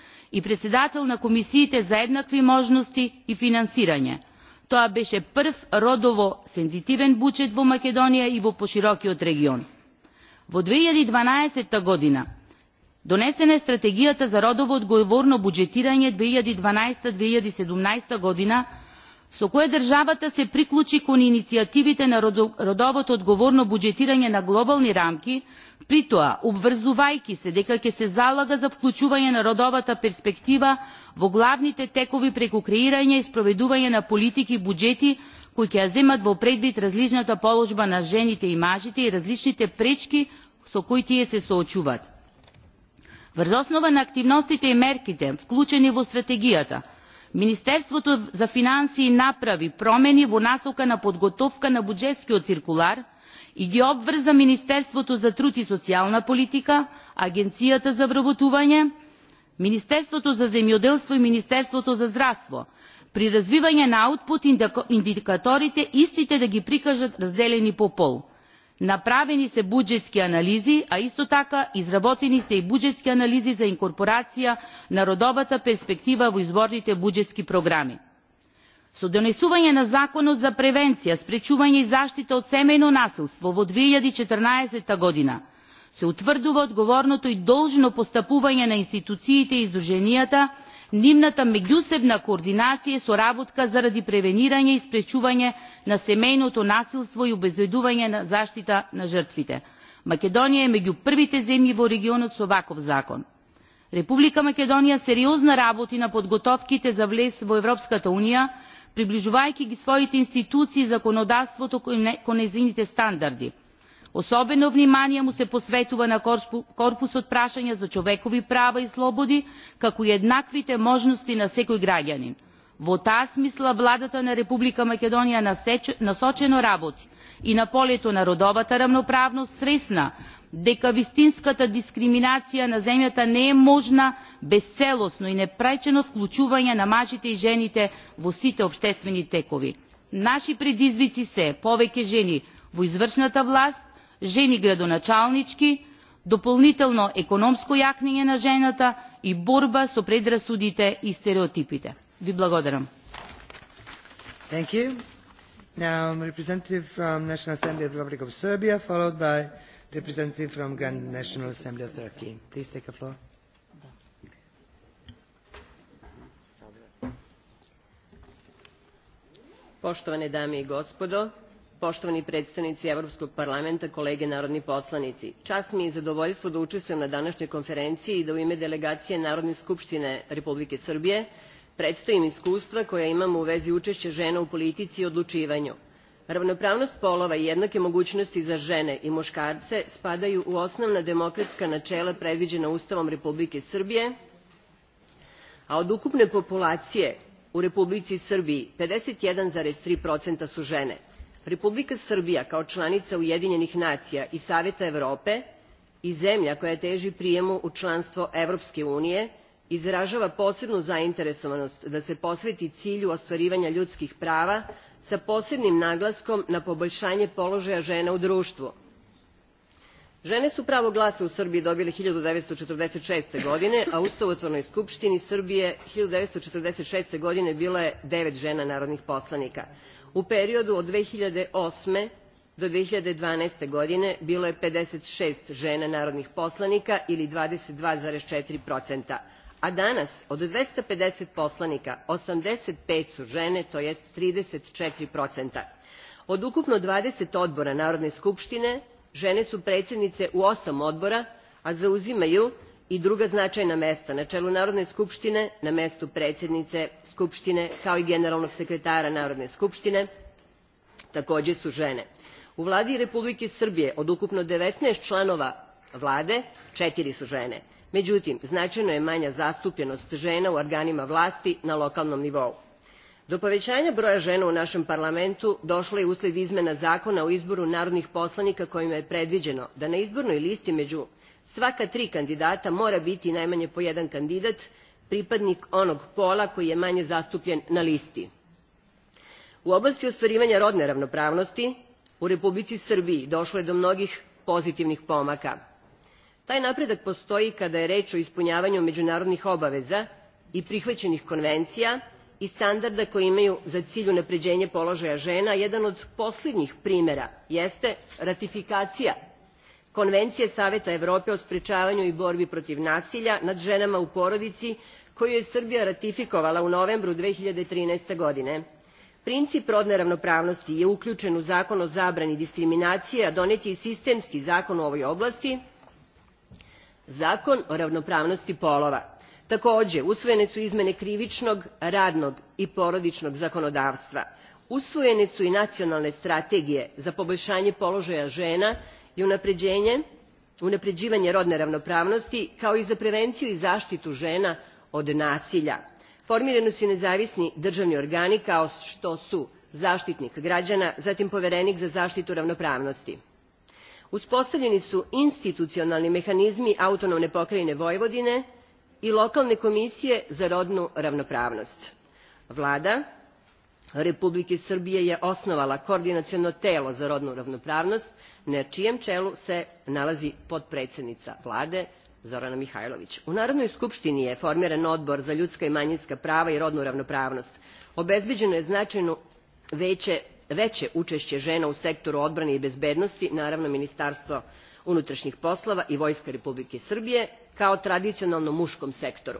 и председател на комисиите за еднакви можности и финансирање. тоа беше прв родово сензитивен буџет во македонија и во поширокиот регион. во 2012 година донесена е стратегијата за родово одговорно буџетирање 2012-2017 година со кое државата се приклучи кон иницијативите на родовото одговорно буџетирање на глобални рамки притоа обврзувајќи се дека ќе се залага за вклучување на родовата перспектива во главните текови преку креирање и спроведување на политики и буџети кои ќе ја земат во предвид различната положба на жените и мажите и различните пречки со кои тие се соочуваат. врз основа на активностите и мерките вклучени во стратегијата министерството за финансии направи промени во насока на подготовка на буџетскиот циркулар и ги обврза министерството за труд и социјална политика агенцијата за вработување министерството за земјоделство и министерството за здравство при развивање на аутпут индикаторите истите да ги прикажат разделени по пол направени се буџетски анализи а исто така изработени се и буџетски анализи за инкорпорација на родовата перспектива во изборните буџетски програми со донесување на законот за превенција спречување и заштита од семејно насилство во 2014 година се утврдува одговорното и должно постапување на институциите и издруженијата, нивната меѓусебна координација и соработка заради превенирање и спречување на семејното насилство и обезбедување на заштита на жртвите. македонија е меѓу првите земји во регионот со ваков закон. република македонија сериозно работи на подготовките за влез во европската унија приближувајќи ги своите институции и законодавството кон нејзините стандарди особено внимание му се посветува на корпус од прашања за човекови права и слободи како и еднаквите можности на секој граѓанин. во таа смисла владата на република македонија насочено работи и на полето на родовата рамноправност свесна дека вистинската дискриминација на земјата не е можна без целосно и непречено вклучување на мажите и жените во сите обштествени текови. наши предизвици се повеќе жени во извршната власт жени градоначалнички дополнително економско јакнење на жената и борба со предрасудите и стереотипите. ви благодарам. Thank you. Now, um, representative from National Assembly of the Republic of Serbia, followed by representative from Grand National Assembly of Turkey. Please take the floor. Poštovane dame i gospodo, poštovani predstavnici Evropskog parlamenta, kolege narodni poslanici. Čast mi je i zadovoljstvo da učestvujem na današnjoj konferenciji i da u ime delegacije Narodne skupštine Republike Srbije predstavim iskustva koja imamo u vezi učešća žena u politici i odlučivanju. Ravnopravnost polova i jednake mogućnosti za žene i muškarce spadaju u osnovna demokratska načela predviđena Ustavom Republike Srbije, a od ukupne populacije u Republici Srbiji 51,3% su žene republika srbija kao članica ujedinjenih nacija i saveta evrope i zemlja koja teži prijemu u članstvo evropske unije izražava posebnu zainteresovanost da se posveti cilju ostvarivanja ljudskih prava sa posebnim naglaskom na poboljšanje položaja žena u društvu. žene su pravo glasa u srbiji dobile 1946. godine a u ustavotvornoj skupštini srbije 1946. godine bilo je devet žena narodnih poslanika. U periodu od 2008. do 2012. godine bilo je 56 žena narodnih poslanika ili 22,4%, a danas od 250 poslanika 85 su žene, to jest 34%. Od ukupno 20 odbora Narodne skupštine žene su predsednice u 8 odbora, a zauzimaju i druga značajna mesta na čelu Narodne skupštine, na mestu predsjednice Skupštine, kao i generalnog sekretara Narodne skupštine, takođe su žene. U vladi Republike Srbije od ukupno 19 članova vlade, četiri su žene. Međutim, značajno je manja zastupljenost žena u organima vlasti na lokalnom nivou. Do povećanja broja žena u našem parlamentu došlo je usled izmena zakona o izboru narodnih poslanika kojima je predviđeno da na izbornoj listi među svaka tri kandidata mora biti najmanje po jedan kandidat pripadnik onog pola koji je manje zastupljen na listi. u oblasti ostvarivanja rodne ravnopravnosti u republici srbiji došlo je do mnogih pozitivnih pomaka. taj napredak postoji kada je reč o ispunjavanju međunarodnih obaveza i prihvaćenih konvencija i standarda koji imaju za cilj unapređenje položaja žena jedan od posljednjih primera jeste ratifikacija konvencije saveta evrope o sprječavanju i borbi protiv nasilja nad ženama u porodici koju je srbija ratifikovala u novembru. two thousand and thirteen godine princip rodne ravnopravnosti je uključen u zakon o zabrani diskriminacije a donet je i sistemski zakon u ovoj oblasti zakon o ravnopravnosti polova. takođe usvojene su izmene krivičnog radnog i porodičnog zakonodavstva usvojene su i nacionalne strategije za poboljšanje položaja žena je unapređivanje rodne ravnopravnosti kao i za prevenciju i zaštitu žena od nasilja. formirani su i nezavisni državni organi kao što su zaštitnik građana zatim poverenik za zaštitu ravnopravnosti. uspostavljeni su institucionalni mehanizmi autonomne pokrajine vojvodine i lokalne komisije za rodnu ravnopravnost. vlada Republike Srbije je osnovala koordinaciono telo za rodnu ravnopravnost, na čijem čelu se nalazi potpredsednica vlade Zorana Mihajlović. U Narodnoj skupštini je formiran odbor za ljudska i manjinska prava i rodnu ravnopravnost. Obezbeđeno je značajno veće, veće učešće žena u sektoru odbrane i bezbednosti, naravno Ministarstvo unutrašnjih poslova i Vojska Republike Srbije, kao tradicionalno muškom sektoru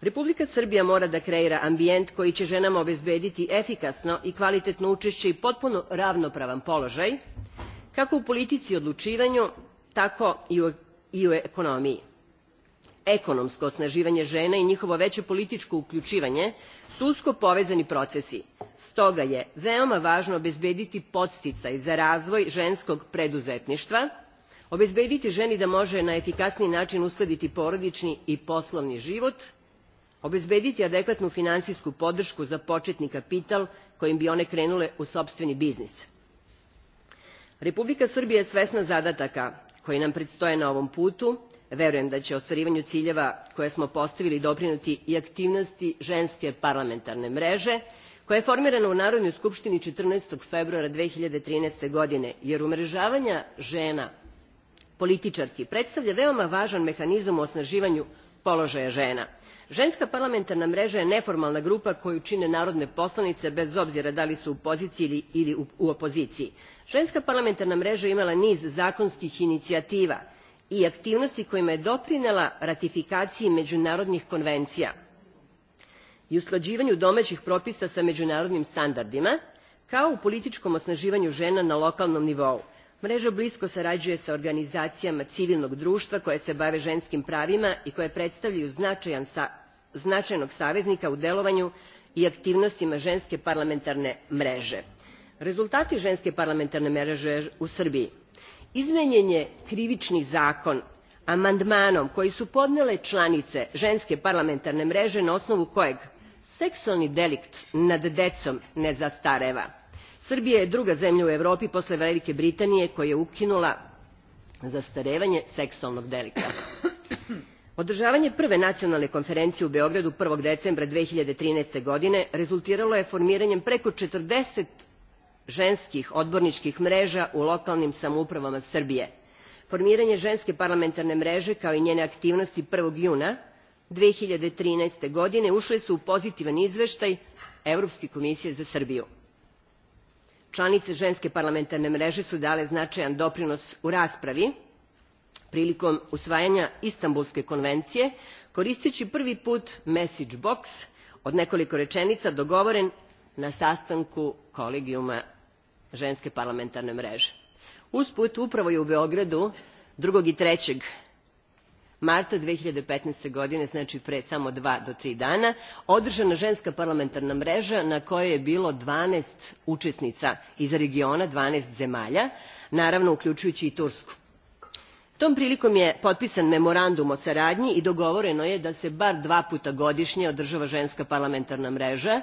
republika srbija mora da kreira ambijent koji će ženama obezbediti efikasno i kvalitetno učešće i potpuno ravnopravan položaj kako u politici i odlučivanju tako e, i u ekonomiji. ekonomsko osnaživanje žena i njihovo veće političko uključivanje su usko povezani procesi stoga je veoma važno obezbediti podsticaj za razvoj ženskog preduzetništva obezbediti ženi da može na efikasniji način uskladiti porodični i poslovni život obezbediti adekvatnu finansijsku podršku za početni kapital kojim bi one krenule u sopstveni biznis. Republika Srbija je svesna zadataka koji nam predstoje na ovom putu. Verujem da će ostvarivanju ciljeva koje smo postavili doprinuti i aktivnosti ženske parlamentarne mreže, koja je formirana u Narodnoj skupštini 14. februara 2013. godine, jer umrežavanja žena političarki predstavlja veoma važan mehanizam u osnaživanju položaja žena – ženska parlamentarna mreža je neformalna grupa koju čine narodne poslanice bez obzira da li su u poziciji ili u opoziciji. ženska parlamentarna mreža imala je niz zakonskih inicijativa i aktivnosti kojima je doprinela ratifikaciji međunarodnih konvencija i usklađivanju domaćih propisa sa međunarodnim standardima kao i u političkom osnaživanju žena na lokalnom nivou mreža blisko sarađuje sa organizacijama civilnog društva koje se bave ženskim pravima i koje predstavljaju značajan sa, značajnog saveznika u delovanju i aktivnostima ženske parlamentarne mreže. Rezultati ženske parlamentarne mreže u Srbiji izmenjen je krivični zakon amandmanom koji su podnele članice ženske parlamentarne mreže na osnovu kojeg seksualni delikt nad decom ne zastareva srbija je druga zemlja u evropi posle velike britanije koja je ukinula zastarevanje seksualnog delikta. održavanje prve nacionalne konferencije u beogradu. 1. decembra. 2013. godine rezultiralo je formiranjem preko 40 ženskih odborničkih mreža u lokalnim samoupravama srbije. formiranje ženske parlamentarne mreže kao i njene aktivnosti. 1. juna. 2013. godine ušle su u pozitivan izveštaj evropske komisije za srbiju. Članice ženske parlamentarne mreže su dale značajan doprinos u raspravi prilikom usvajanja Istanbulske konvencije, koristeći prvi put message box od nekoliko rečenica dogovoren na sastanku kolegijuma ženske parlamentarne mreže. Usput, upravo je u Beogradu 2. i 3 marta. 2015. godine znači pre samo dva do tri dana održana ženska parlamentarna mreža na kojoj je bilo 12 učesnica iz regiona 12 zemalja naravno uključujući i tursku. tom prilikom je potpisan memorandum o saradnji i dogovoreno je da se bar dva puta godišnje održava ženska parlamentarna mreža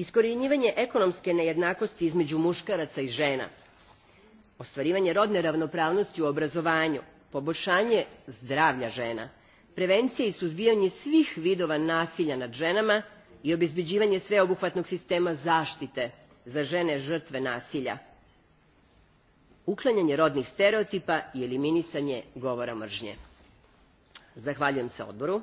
iskorjenjivanje ekonomske nejednakosti između muškaraca i žena ostvarivanje rodne ravnopravnosti u obrazovanju poboljšanje zdravlja žena prevencija i suzbijanje svih vidova nasilja nad ženama i obezbeđivanje sveobuhvatnog sistema zaštite za žene žrtve nasilja uklanjanje rodnih stereotipa i eliminisanje govora mržnje. Zahvaljujem se odboru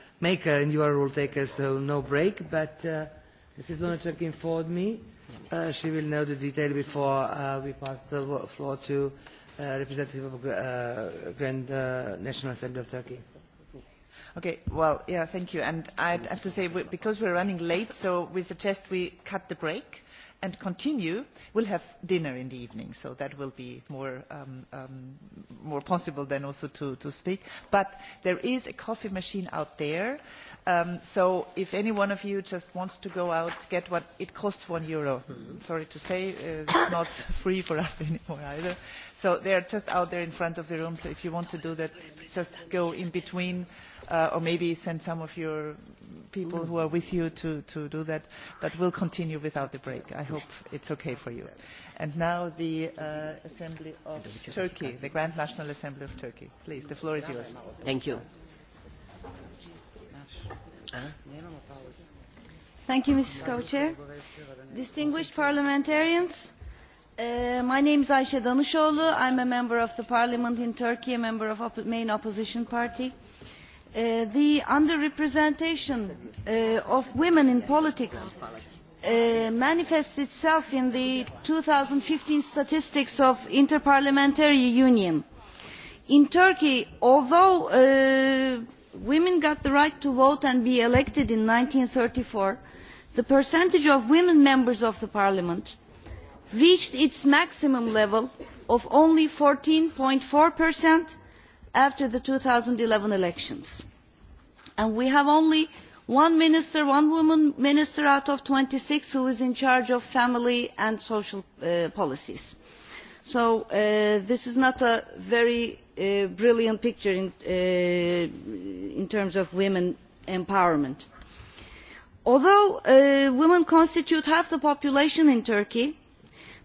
maker and you are a rule taker, so no break. But uh, Mrs. Lunacek informed me uh, she will know the detail before uh, we pass the floor to uh, representative of uh, Grand uh, National Assembly of Turkey. Okay, well, yeah, thank you. And I have to say, we, because we're running late, so we suggest we cut the break and continue we will have dinner in the evening so that will be more, um, um, possible then also to, speak but there is a coffee machine out there um, so if any one of you just wants to go out get one it costs one euro mm-hmm. sorry to say uh, it's *coughs* not free for us *laughs* anymore either so they are just out there in front of the room so if you want to do that just go in between uh, or maybe send some of your people who are with you to, to do that. That will continue without the break. I hope it's okay for you. And now the uh, Assembly of Turkey, the Grand National Assembly of Turkey. Please, the floor is yours. Thank you. Thank you, Mrs. Co-Chair. Distinguished parliamentarians, Uh, my name is Ayşe Danışoğlu. I'm a member of the parliament in Turkey, a member of the op main opposition party. Uh, Uh, the under representation uh, of women in politics uh, manifests itself in the two thousand and fifteen statistics of the interparliamentary union. in turkey although women got the right to vote and be elected in one thousand nine hundred and thirty four the percentage of women members of the parliament reached its maximum level of only fourteen four percent after the two thousand and eleven elections and we have only one minister one woman minister out of twenty six who is in charge of family and social uh, policies so uh, this is not a very uh, brilliant picture in terms of women empowerment. although women constitute half the population in turkey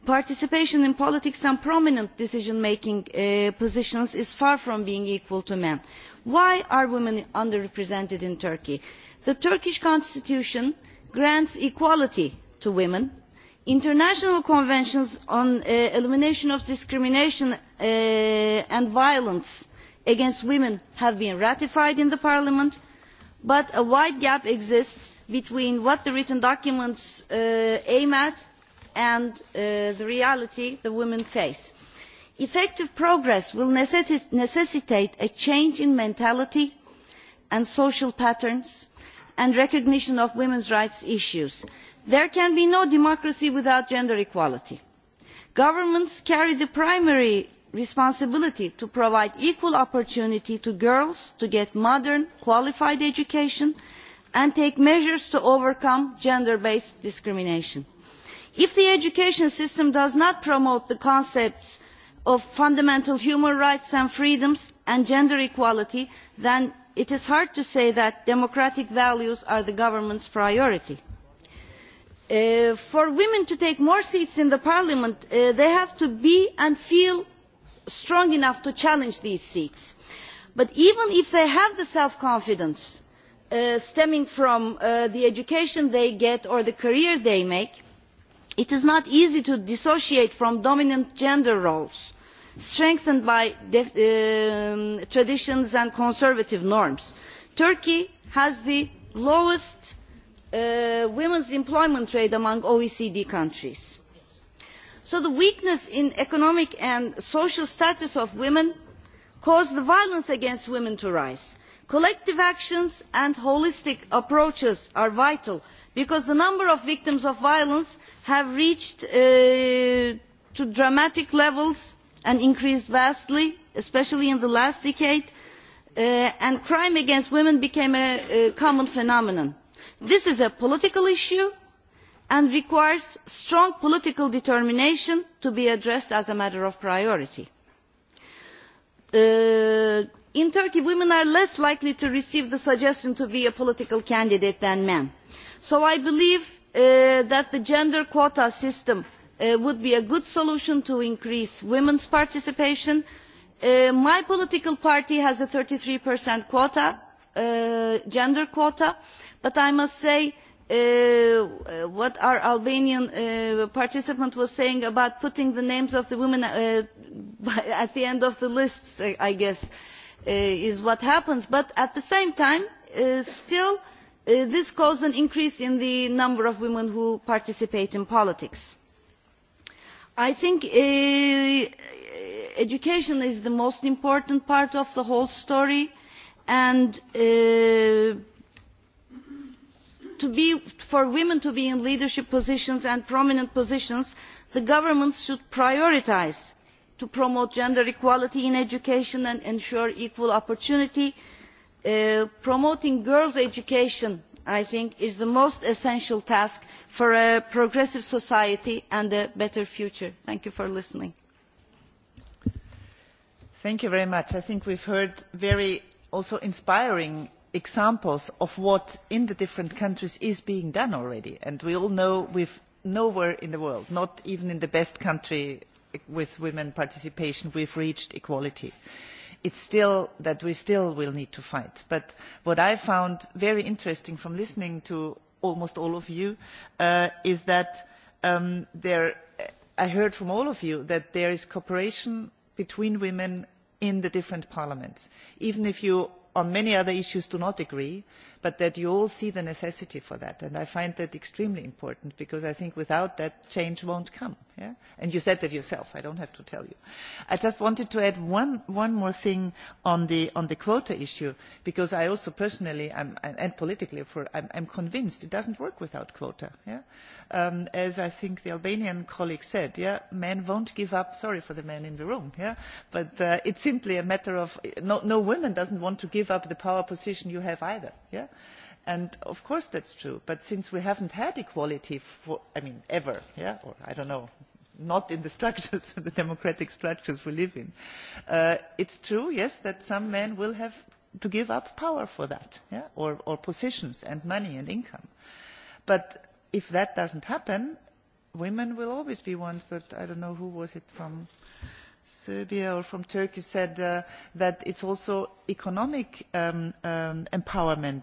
participation in politics and prominent decision making uh, positions is far from being equal to men. why are women under represented in turkey? the turkish constitution grants equality to women international conventions on uh, elimination of discrimination uh, and violence against women have been ratified in the parliament but a wide gap exists between what the written documents aim at and uh, the reality that women face. effective progress will necessitate a change in mentality and social patterns and recognition of women's rights issues. there can be no democracy without gender equality. governments carry the primary responsibility to provide equal opportunity to girls to get modern qualified education and take measures to overcome gender based discrimination if the education system does not promote the concepts of fundamental human rights and freedoms and gender equality then it is hard to say that democratic values are the government's priority. Uh, for women to take more seats in the parliament uh, they have to be and feel strong enough to challenge these seats but even if they have the self confidence uh, stemming from the education they get or the career they make it is not easy to dissociate from dominant gender roles strengthened by um, traditions and conservative norms. turkey has the lowest uh, women's employment rate among oecd countries. so the weakness in economic and social status of women caused the violence against women to rise collective actions and holistic approaches are vital because the number of victims of violence has reached uh, dramatic levels and increased vastly especially in the last decade uh, and crime against women became a, a common phenomenon. this is a political issue and requires strong political determination to be addressed as a matter of priority. Uh, in turkey women are less likely to receive the suggestion to be a political candidate than men so i believe uh, that the gender quota system uh, would be a good solution to increase women's participation. Uh, my political party has a thirty three quota uh, gender quota but i must say Uh, what our albanian uh, participant was saying about putting the names of the women uh, *laughs* at the end of the lists i guess is what happens but at the same time still this caused an increase in the number of women who participate in politics. i think education is the most important part of the whole story and for women to be in leadership positions and prominent positions the governments should prioritise to promote gender equality in education and ensure equal opportunity. Uh, promoting girls' education i think is the most essential task for a progressive society and a better future. thank you for listening. thank you very much. i think we have heard very also inspiring examples of what in the different countries is being done already and we all know we are nowhere in the world not even in the best country with women's participation we have reached equality. it is still that we still will need to fight but what i found very interesting from listening to almost all of you uh, is that um, there, i heard from all of you that there is cooperation between women in the different parliaments even if you on many other issues do not agree but that you all see the necessity for that and i find that extremely important because i think without that change will not come and you said that yourself i do not have to tell you. i just wanted to add one, one more thing on the, on the quota issue because i also personally and politically am convinced it does not work without quota. Um, as i think the albanian colleague said men will not give up sorry for the men in the room but uh, it is simply a matter of no, no woman does not want to give give up the power position you have either. Yeah? And of course that is true but since we have not had equality I mean, ever yeah? or i do not know not in the *laughs* structures the democratic structures we live in uh, it is true yes that some men will have to give up power for that yeah? or, or positions and money and income but if that does not happen women will always be ones that i do not know who was it from serbia or from turkey said uh, that it is also economic um, um, empowerment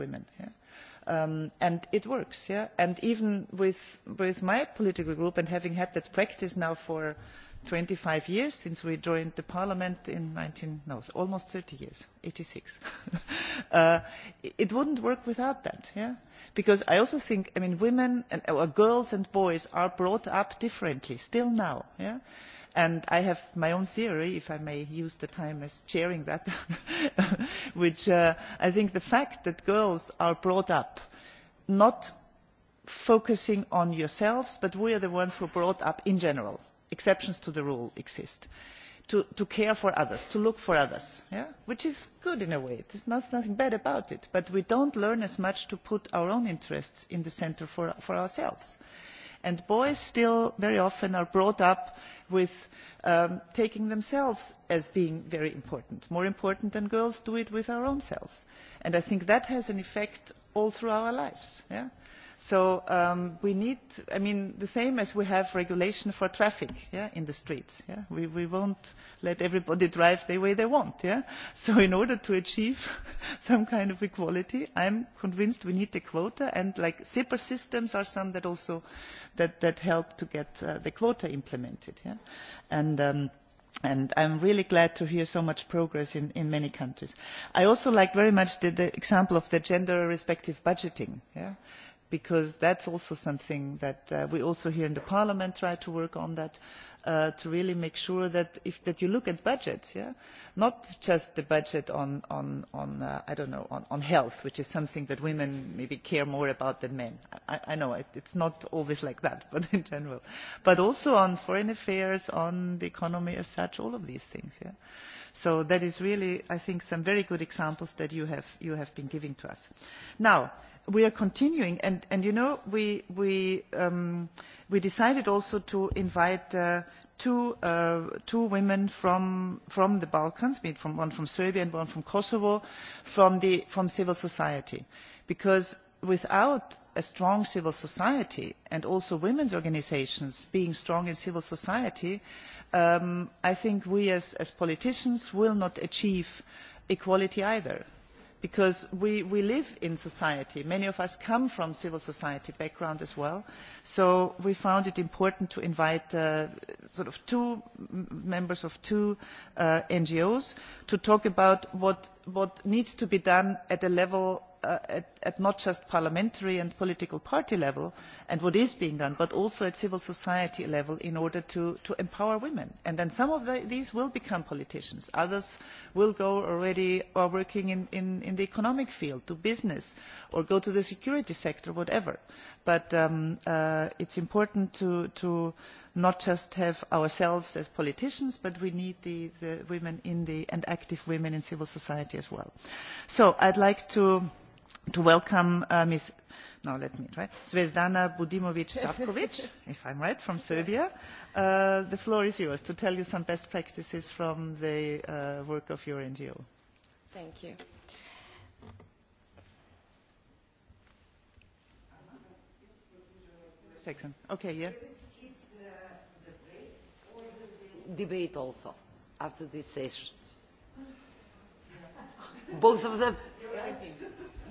women. Yeah? Um, and it works. Yeah? And even with, with my political group and having had that practice now for twenty five years since we joined the parliament in 19, no, almost thirty years, eighty six. *laughs* uh, it wouldn't work without that. Yeah? Because I also think, I mean, women and or girls and boys are brought up differently still now. Yeah? and i have my own theory if i may use the time as chairing that *laughs* which uh, i think the fact that girls are brought up not focusing on yourselves but we are the ones who are brought up in general exceptions to the rule exist to, care for others to look for others which is good in a way there is nothing bad about it but we do not learn as much to put our own interests in the centre for, for ourselves and boys still very often are brought up with um, taking themselves as being very important more important than girls do it with our own selves and i think that has an effect all through our lives. yes? so um, we need i mean the same as we have regulation for traffic in the streets we, will not let everybody drive the way they want so in order to achieve *laughs* some kind of equality i am convinced we need a quota and like zipper systems are some that also that, help to get uh, the quota implemented and i um, am really glad to hear so much progress in, many countries. i also like very much the, example of the gender respective budgeting because that is also something that uh, we also here in the parliament try to work on that, uh, to really make sure that, if, that you look at budgets yeah? not just the budget on, on, on uh, i don't know on, on health which is something that women maybe care more about than men i, I know it, it's not always like that *laughs* but in general but also on foreign affairs on the economy as such all of these things yeah? So that is really, I think, some very good examples that you have, been giving to us. Now, we are continuing, and, you know, um, we, decided also to invite uh, uh, two, women from, the Balkans, one from Serbia and one from Kosovo, from civil society, because without a strong civil society and also women's organisations being strong in civil society um, i think we as, politicians will not achieve equality either because we, live in society many of us come from a civil society background as well so we found it important to invite uh, sort of two members of two uh, ngos to talk about what, what needs to be done at the level uh, at, at not just parliamentary and political party level and what is being done but also at civil society level in order to, empower women and then some of these will become politicians others will go already or working in, in, in the economic field do business or go to the security sector whatever but um, uh, it is important to, not just have ourselves as politicians but we need the, women and active women in civil society as well so i would like to welcome uh, Ms. No, let me try. Svetlana Budimovic Savkovic, *laughs* if I'm right, from Serbia. Uh, the floor is yours to tell you some best practices from the uh, work of your NGO. Thank you. Section. Okay, yeah. Debate also after this session. Both of them.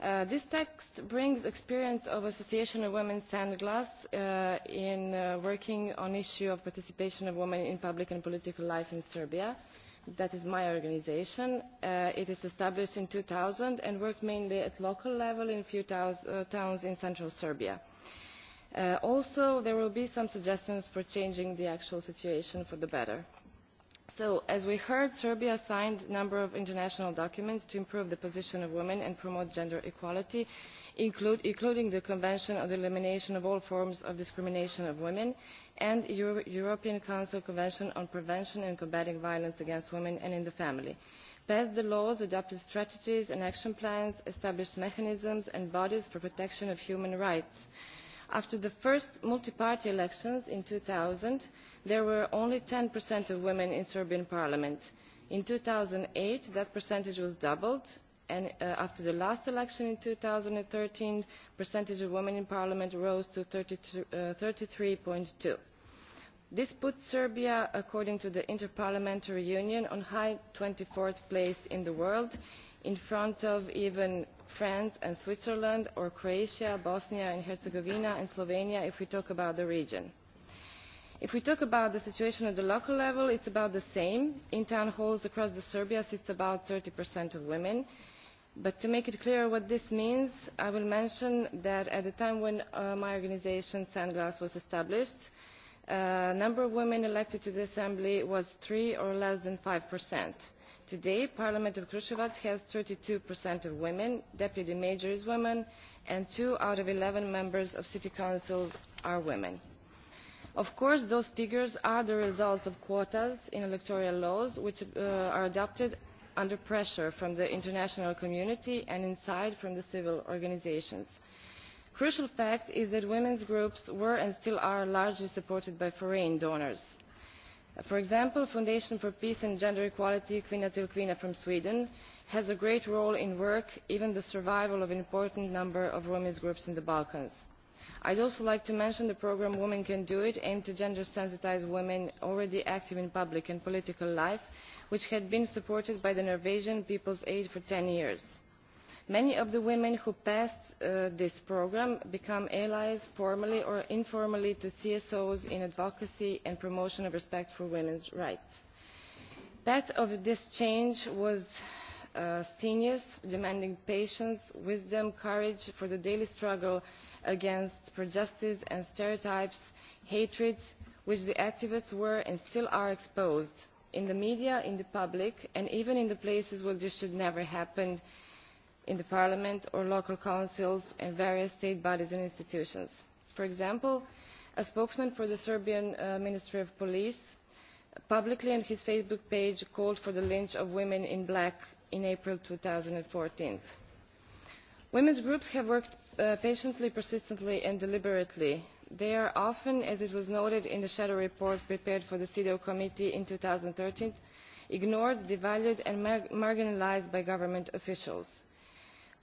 Uh, this text brings experience of Association of Women Sandglass uh, in uh, working on issue of participation of women in public and political life in Serbia. That is my organization. Uh, it is established in 2000 and worked mainly at local level in a few towns, uh, towns in central Serbia. Uh, also, there will be some suggestions for changing the actual situation for the better as we heard, Serbia signed a number of international documents to improve the position of women and promote gender equality, including the Convention on the Elimination of All Forms of Discrimination against Women and the European Council Convention on Prevention and Combating Violence Against Women and in the Family passed the laws adopted strategies and action plans established mechanisms and bodies for protection of human rights and after the first multi party elections in two thousand there were only ten of women in the serbian parliament. in two thousand and eight that percentage was doubled and uh, after the last election in two thousand and thirteen the percentage of women in parliament rose to. thirty uh, three two this puts serbia according to the interparliamentary union on high twenty fourth place in the world in front of even france and switzerland or croatia bosnia and herzegovina and slovenia if we talk about the region. if we talk about the situation at the local level it is about the same in town halls across serbia it is about thirty of women but to make it clear what this means i will mention that at the time when uh, my organisation sandglass was established the uh, number of women elected to the assembly was three or less than five percent today the parliament of krusev has thirty two of women deputy mayor is a woman and two out of eleven members of city council are women. of course those figures are the result of quotas in electoral laws which uh, are adopted under pressure from the international community and inside from the civil organisations. a crucial fact is that women's groups were and still are largely supported by foreign donors for example foundation for peace and gender equality kvinna till kvinna from sweden has a great role in work even the survival of an important number of women's groups in the balkans. i would also like to mention the programme women can do it aimed to gender sensitise women already active in public and political life which had been supported by the norwegian people's aid for ten years many of the women who passed uh, this programme become allies formally or informally to csos in advocacy and promotion of respect for women's rights. part of this change was uh, strenuous demanding patience wisdom courage for the daily struggle against prejudices and stereotypes hatred which the activists were and still are exposed in the media in the public and even in the places where this should never happen in the parliament or local councils and various state bodies and institutions. for example a spokesman for the serbian uh, ministry of police publicly on his facebook page called for the lynch of women in black in april. two thousand and fourteen women's groups have worked uh, patiently persistently and deliberately. they are often as was noted in the shadow report prepared for the cedaw committee in two thousand and thirteen ignored devalued and mar marginalised by government officials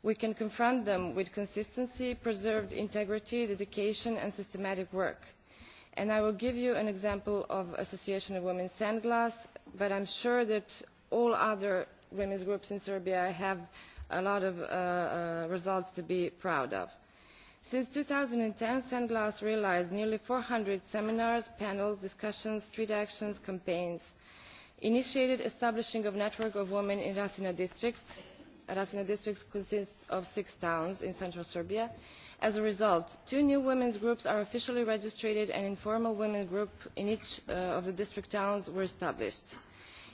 we can confront them with consistency preserved integrity dedication and systematic work. i will give you an example of the association of women sandglass but i am sure that all other women's groups in serbia have a lot of uh, uh results to be proud of. since two thousand and ten sandglass realised nearly four hundred seminars panels discussions street actions campaigns initiated the establishment of a network of women in rasina district Rasina district consists of six towns in central Serbia. As a result, two new women's groups are officially registered and informal women's groups in each uh, of the district towns were established.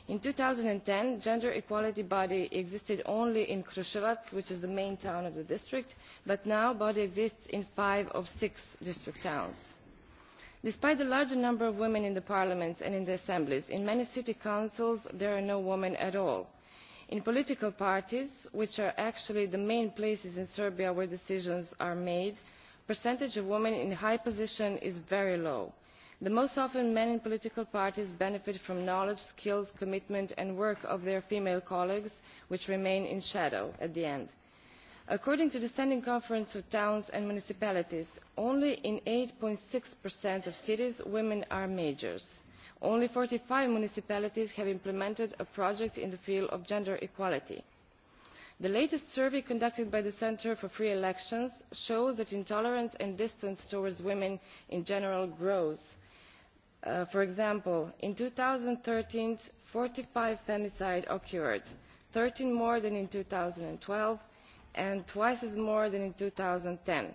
In two thousand and ten 2010, gender equality body existed only in Kruševac, which is the main town of the district, but now body exists in five of six district towns despite the larger number of women in the parliaments and in the assemblies in many city councils there are no women at all in political parties which are actually the main places in serbia where decisions are made the percentage of women in high positions is very low. The most often men in political parties benefit from the knowledge skills commitment and work of their female colleagues which remain in shadow at the end. according to the standing conference of towns and municipalities only in eight six of cities women are majors only forty five municipalities have implemented a project in the field of gender equality. the latest survey conducted by the centre for free elections shows that intolerance and distance towards women in general grows. Uh, for example in two thousand and thirteen forty five femicides occurred thirteen more than in two thousand and twelve and twice as more than in. two thousand and ten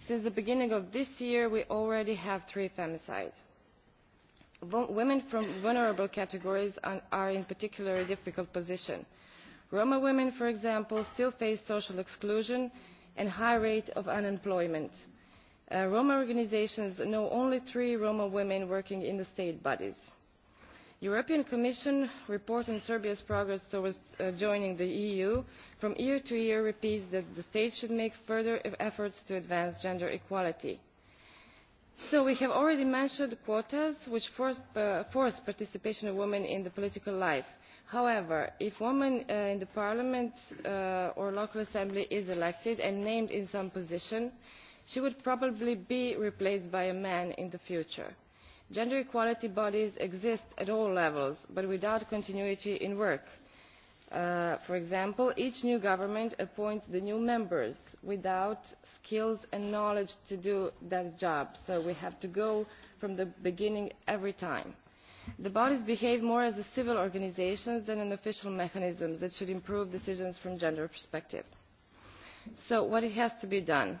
since the beginning of this year we already have three femicides women from vulnerable categories are in a particularly difficult position. roma women for example still face social exclusion and a high rate of unemployment. Uh, roma organisations know only three roma women working in the state bodies. the european commission report on serbia's progress towards uh, joining the eu from year to year repeats that the state should make further e-, efforts to advance gender equality So we have already mentioned quotas which uh, force, participation of women in the political life. However, if a woman uh, in parliament uh, or local assembly is elected and named in some position, she would probably be replaced by a man in the future. Gender equality bodies exist at all levels, but without continuity in work Uh, for example each new government appoints the new members without skills and knowledge to do that job so we have to go from the beginning every time. the bodies behave more as civil organisations than an official mechanism that should improve decisions from a gender perspective. so what has to be done?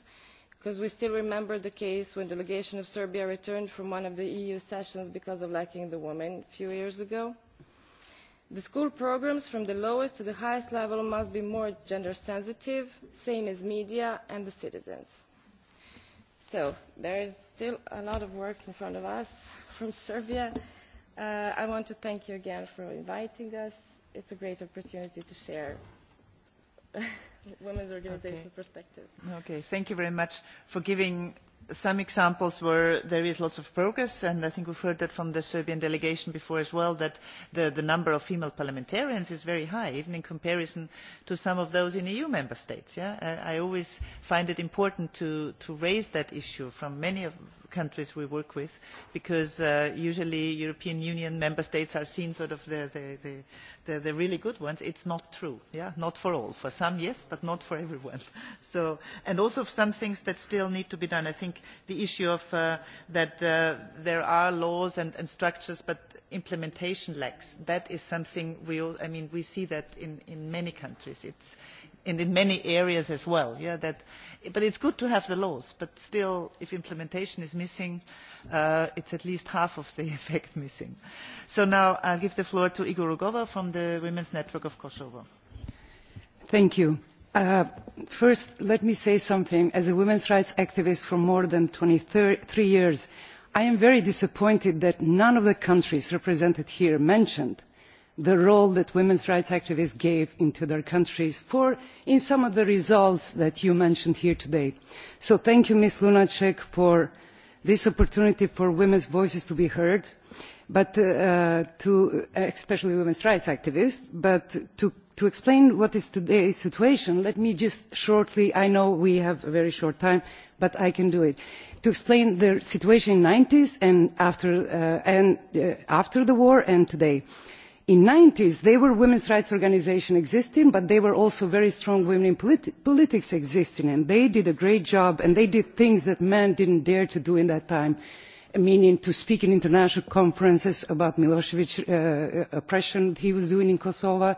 because we still remember the case when a delegation of serbia returned from one of the eu sessions because of lacking the women a few years ago. the school programmes from the lowest to the highest level must be more gender sensitive same as media and the citizens. so there is still a lot of work in front of us *laughs* from serbia. Uh, i want to thank you again for inviting us. it's a great opportunity to share *laughs* women's organization okay. perspective. Okay, thank you very much for giving some examples where there is lots of progress and i think we've heard that from the serbian delegation before as well that the, the number of female parliamentarians is very high even in comparison to some of those in eu member states. Yeah? I, i always find it important to, to raise that issue from many of, countries we work with because uh, usually european union member states are seen as sort of the, really good ones. it is not true yeah? not for all. for some yes but not for everyone. *laughs* So, and also some things that still need to be done. i think the issue of uh, that uh, there are laws and, and structures but implementation lacks that is something we, all, I mean, we see that in, in many countries. It's, and in many areas as well. but it but it's good to have the laws, but still, if implementation is missing, it uh, it's at least half of the *laughs* effect missing. So now I'll give the floor to Igor Rugova from the Women's Network of Kosovo. Thank you. Uh, first, let me say something. As a women's rights activist for more than 23 years, I am very disappointed that none of the countries represented here mentioned the role that women's rights activists gave to their countries for in some of the results that you mentioned here today. so thank you ms lunacek for this opportunity for women's voices to be heard but, uh, to, especially women's rights activists but to, to explain what is today's situation let me just shortly i know we have a very short time but i can do it to explain the situation in the one thousand nine hundred and ninety s and, after, uh, and uh, after the war and today in the one thousand nine hundred and ninety s there were women's rights organisations existing but there were also very strong women in politics existing and they did a great job and they did things that men did not dare to do at that time meaning to speak in international conferences about miloevi's uh, uh, oppression that he was doing in kosovo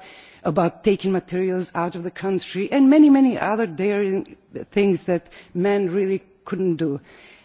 about taking materials out of the country and many many other daring things that men really could not do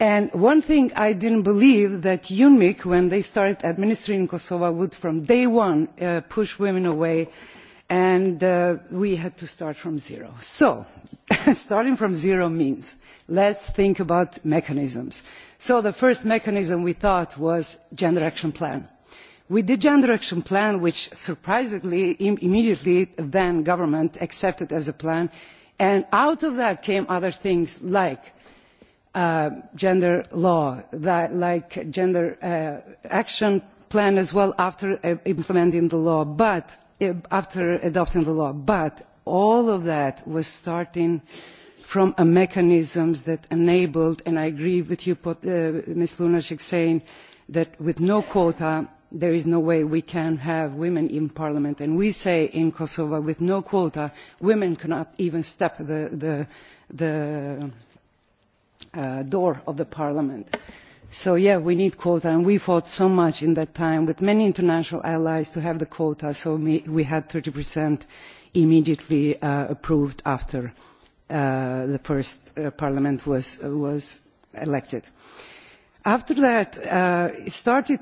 And one thing i did not believe that unmic when they started administering kosovo would from day one uh, push women away and uh, we had to start from zero. so *laughs* starting from zero means let us think about mechanisms. so the first mechanism we thought was the gender action plan. with the gender action plan which surprisingly immediately the then government accepted as a plan and out of that came other things like uh, gender law, that, like gender uh, action plan as well after uh, implementing the law, but uh, after adopting the law. But all of that was starting from a mechanisms that enabled, and I agree with you, uh, Ms. Lunacek, saying that with no quota, there is no way we can have women in parliament. And we say in Kosovo, with no quota, women cannot even step the, the, the Uh, door of the parliament. so yes we need quotas and we fought so much in that time with many international allies to have the quota so we, had thirty immediately uh, approved after uh, the first parliament was elected. after that it started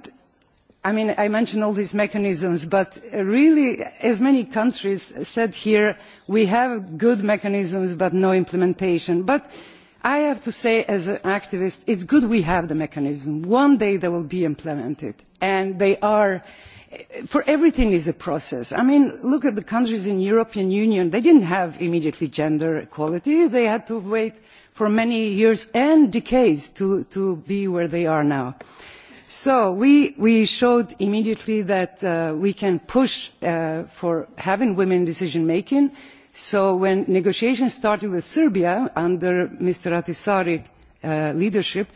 I, mean, i mentioned all these mechanisms but really as many countries said here we have good mechanisms but no implementation. but i have to say as an activist that it is good we have the mechanism. one day they will be implemented and everything is a process. look at the countries in the european union they did not have immediate gender equality they had to wait for many years and decades to, be where they are now. so we, showed immediately that uh, we can push uh, for having women in decision making so when negotiations started with serbia under mr ahtisaari's uh, leadership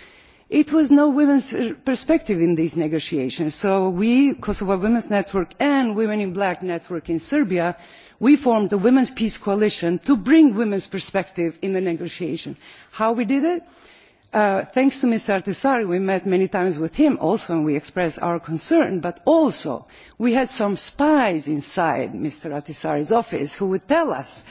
it was no women's perspective in these negotiations so we kosovo women's network and women in black network in serbia we formed a women's peace coalition to bring women's perspective in the negotiations. how we did it? Uh, thanks to mr ahtisaari we met many times with him also and we expressed our concern but also we had some spies inside mr ahtisaari's office who would tell us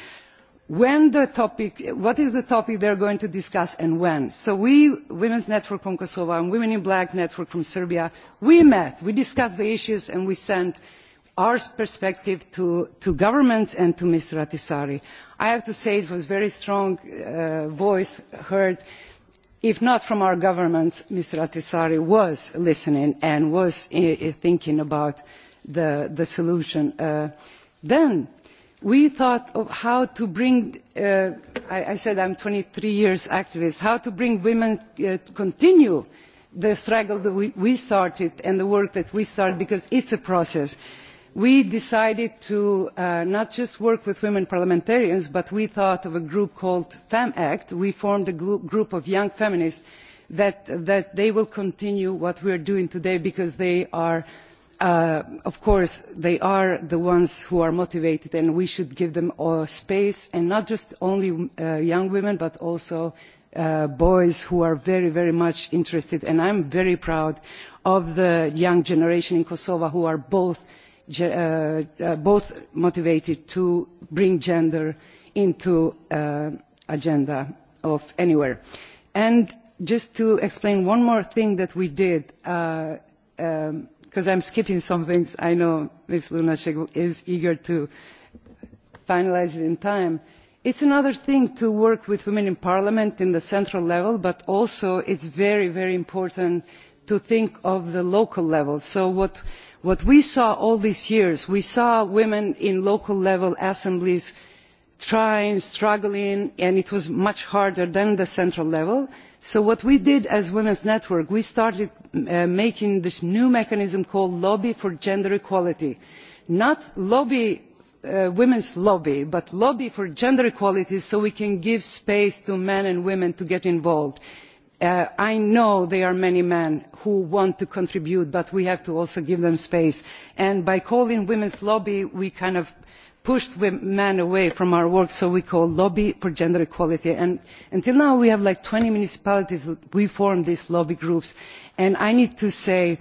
what is the topic they are going to discuss and when. so we women's network from kosovo and women in black network from serbia we met we discussed the issues and we sent our perspective to, to governments and to mr ahtisaari. i have to say it was a very strong uh, voice heard if not from our governments mr ahtisaari was listening and was eh, eh, thinking about the, solution uh, then we thought of how to bring uh, I, said i am a twenty three year activist how to bring women uh, to continue the struggle that we, we started and the work that we started because it is a process we decided to uh, not just work with women parliamentarians but we thought of a group called femact we formed a group of young feminists that, they will continue what we are doing today because they are uh, of course they are the ones who are motivated and we should give them uh, space and not just only young women but also boys who are very very much interested and i am very proud of the young generation in kosovo who are both Uh, uh, both motivated to bring gender into uh, agenda of anywhere. And just to explain one more thing that we did, because uh, um, I'm skipping some things, I know Ms. Lunacek is eager to finalize it in time. It's another thing to work with women in parliament in the central level, but also it's very, very important to think of the local level. So what what we saw all these years we saw women in local level assemblies trying struggling and it was much harder than the central level so what we did as women's network we started uh, making this new mechanism called lobby for gender equality not lobby uh, women's lobby but lobby for gender equality so we can give space to men and women to get involved. Uh, i know there are many men who want to contribute but we have to also give them space and by calling women's lobby we kind of pushed men away from our work so we call lobby for gender equality and until now we have like twenty municipalities that formed these lobby groups and i need to say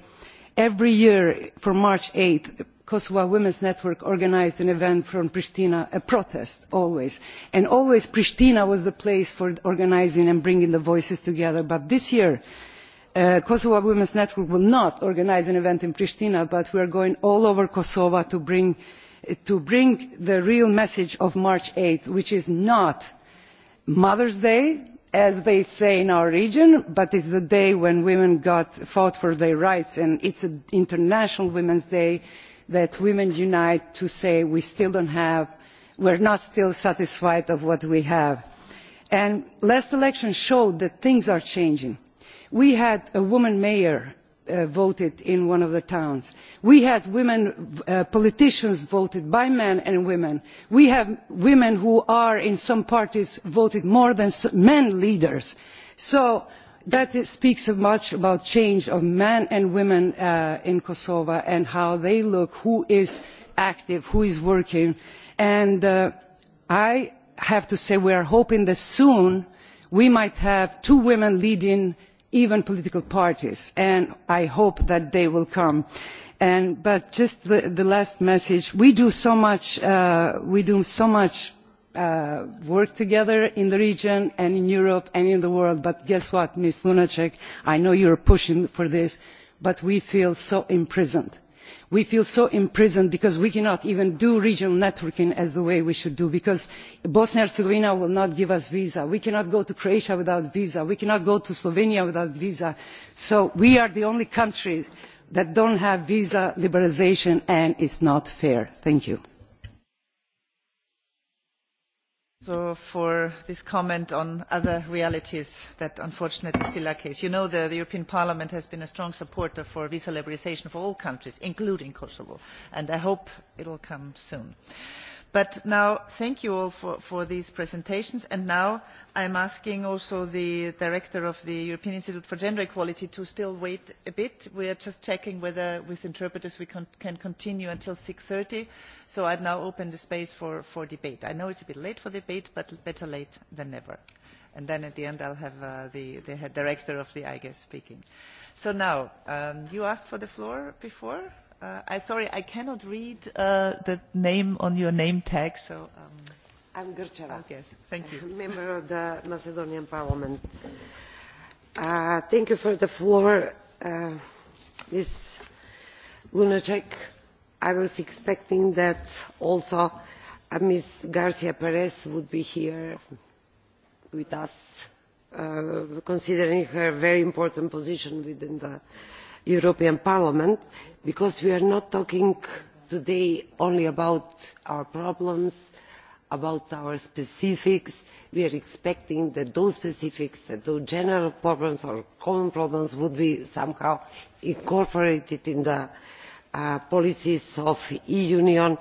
every year from march eight kosovo women's network organised an event from pristina a protest always and always pristina was the place for organising and bringing the voices together but this year the uh, kosovo women's network will not organise an event in pristina but we are going all over kosovo to bring, to bring the real message of march eight which is not mother's day as they say in our region but it is the day when women got, fought for their rights and it is international women's day and that women unite to say we still don't have we are not still satisfied with what we have. And last election showed that things are changing. we had a woman mayor uh, voted in one of the towns we had women uh, politicians voted by men and women we have women who are in some parties voted more than men leaders so that speaks much about change of men and women uh, in kosovo and how they look who is active who is working and uh, i have to say we are hoping that soon we might have two women leading even political parties and i hope that day will come. but just the, last message we do so much, uh, do so much Uh, work together in the region and in europe and in the world but guess what ms lunacek i know you are pushing for this but we feel so imprisoned. we feel so imprisoned because we cannot even do regional networking as the way we should do because bosnia and herzegovina will not give us visas we cannot go to croatia without a visa we cannot go to slovenia without a visa so we are the only country that does not have visa liberalisation and it is not fair. thank you for this comment on other realities that unfortunately still are the case. You know that the European Parliament has been a strong supporter of visa liberalisation for all countries, including Kosovo, and I hope it will come soon. But now, thank you all for, for these presentations. And now I'm asking also the director of the European Institute for Gender Equality to still wait a bit. We are just checking whether with interpreters we con can continue until 6.30. So I'd now open the space for, for debate. I know it's a bit late for debate, but better late than never and then at the end I'll have uh, the, the head director of the IGES speaking. So now, um, you asked for the floor before? Uh, I'm sorry, I cannot read uh, the name on your name tag, so. Um, I'm Grčeva. Oh, yes, thank you. *laughs* Member of the Macedonian Parliament. Uh, thank you for the floor, uh, Ms. Lunacek. I was expecting that also uh, Ms. Garcia Perez would be here with us, uh, considering her very important position within the european parliament because we are not talking today only about our problems about our specifics we are expecting that those specifics and those general problems or common problems would be somehow incorporated in the uh, policies of the eu union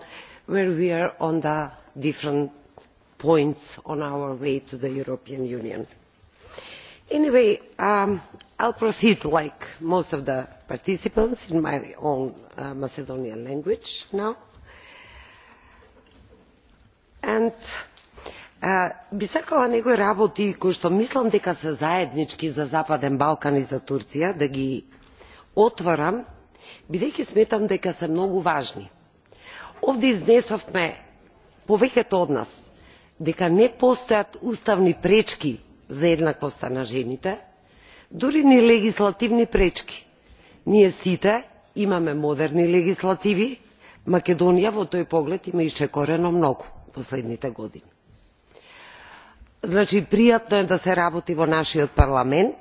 where we are on the different points on our way to the european union anyway i will proceed like most of the participants in my own macedonian language now. би сакала некои работи кои што мислам дека се заеднички за западен балкан и за турција да ги отворам бидејќи сметам дека се многу важни. овде изнесовме повеќето од нас дека не постојат уставни пречки за еднаквоста на жените дури ни легислативни пречки. ние сите имаме модерни легислативи македонија во тој поглед има исчекорено многу последните години. Значи, пријатно е да се работи во нашиот парламент,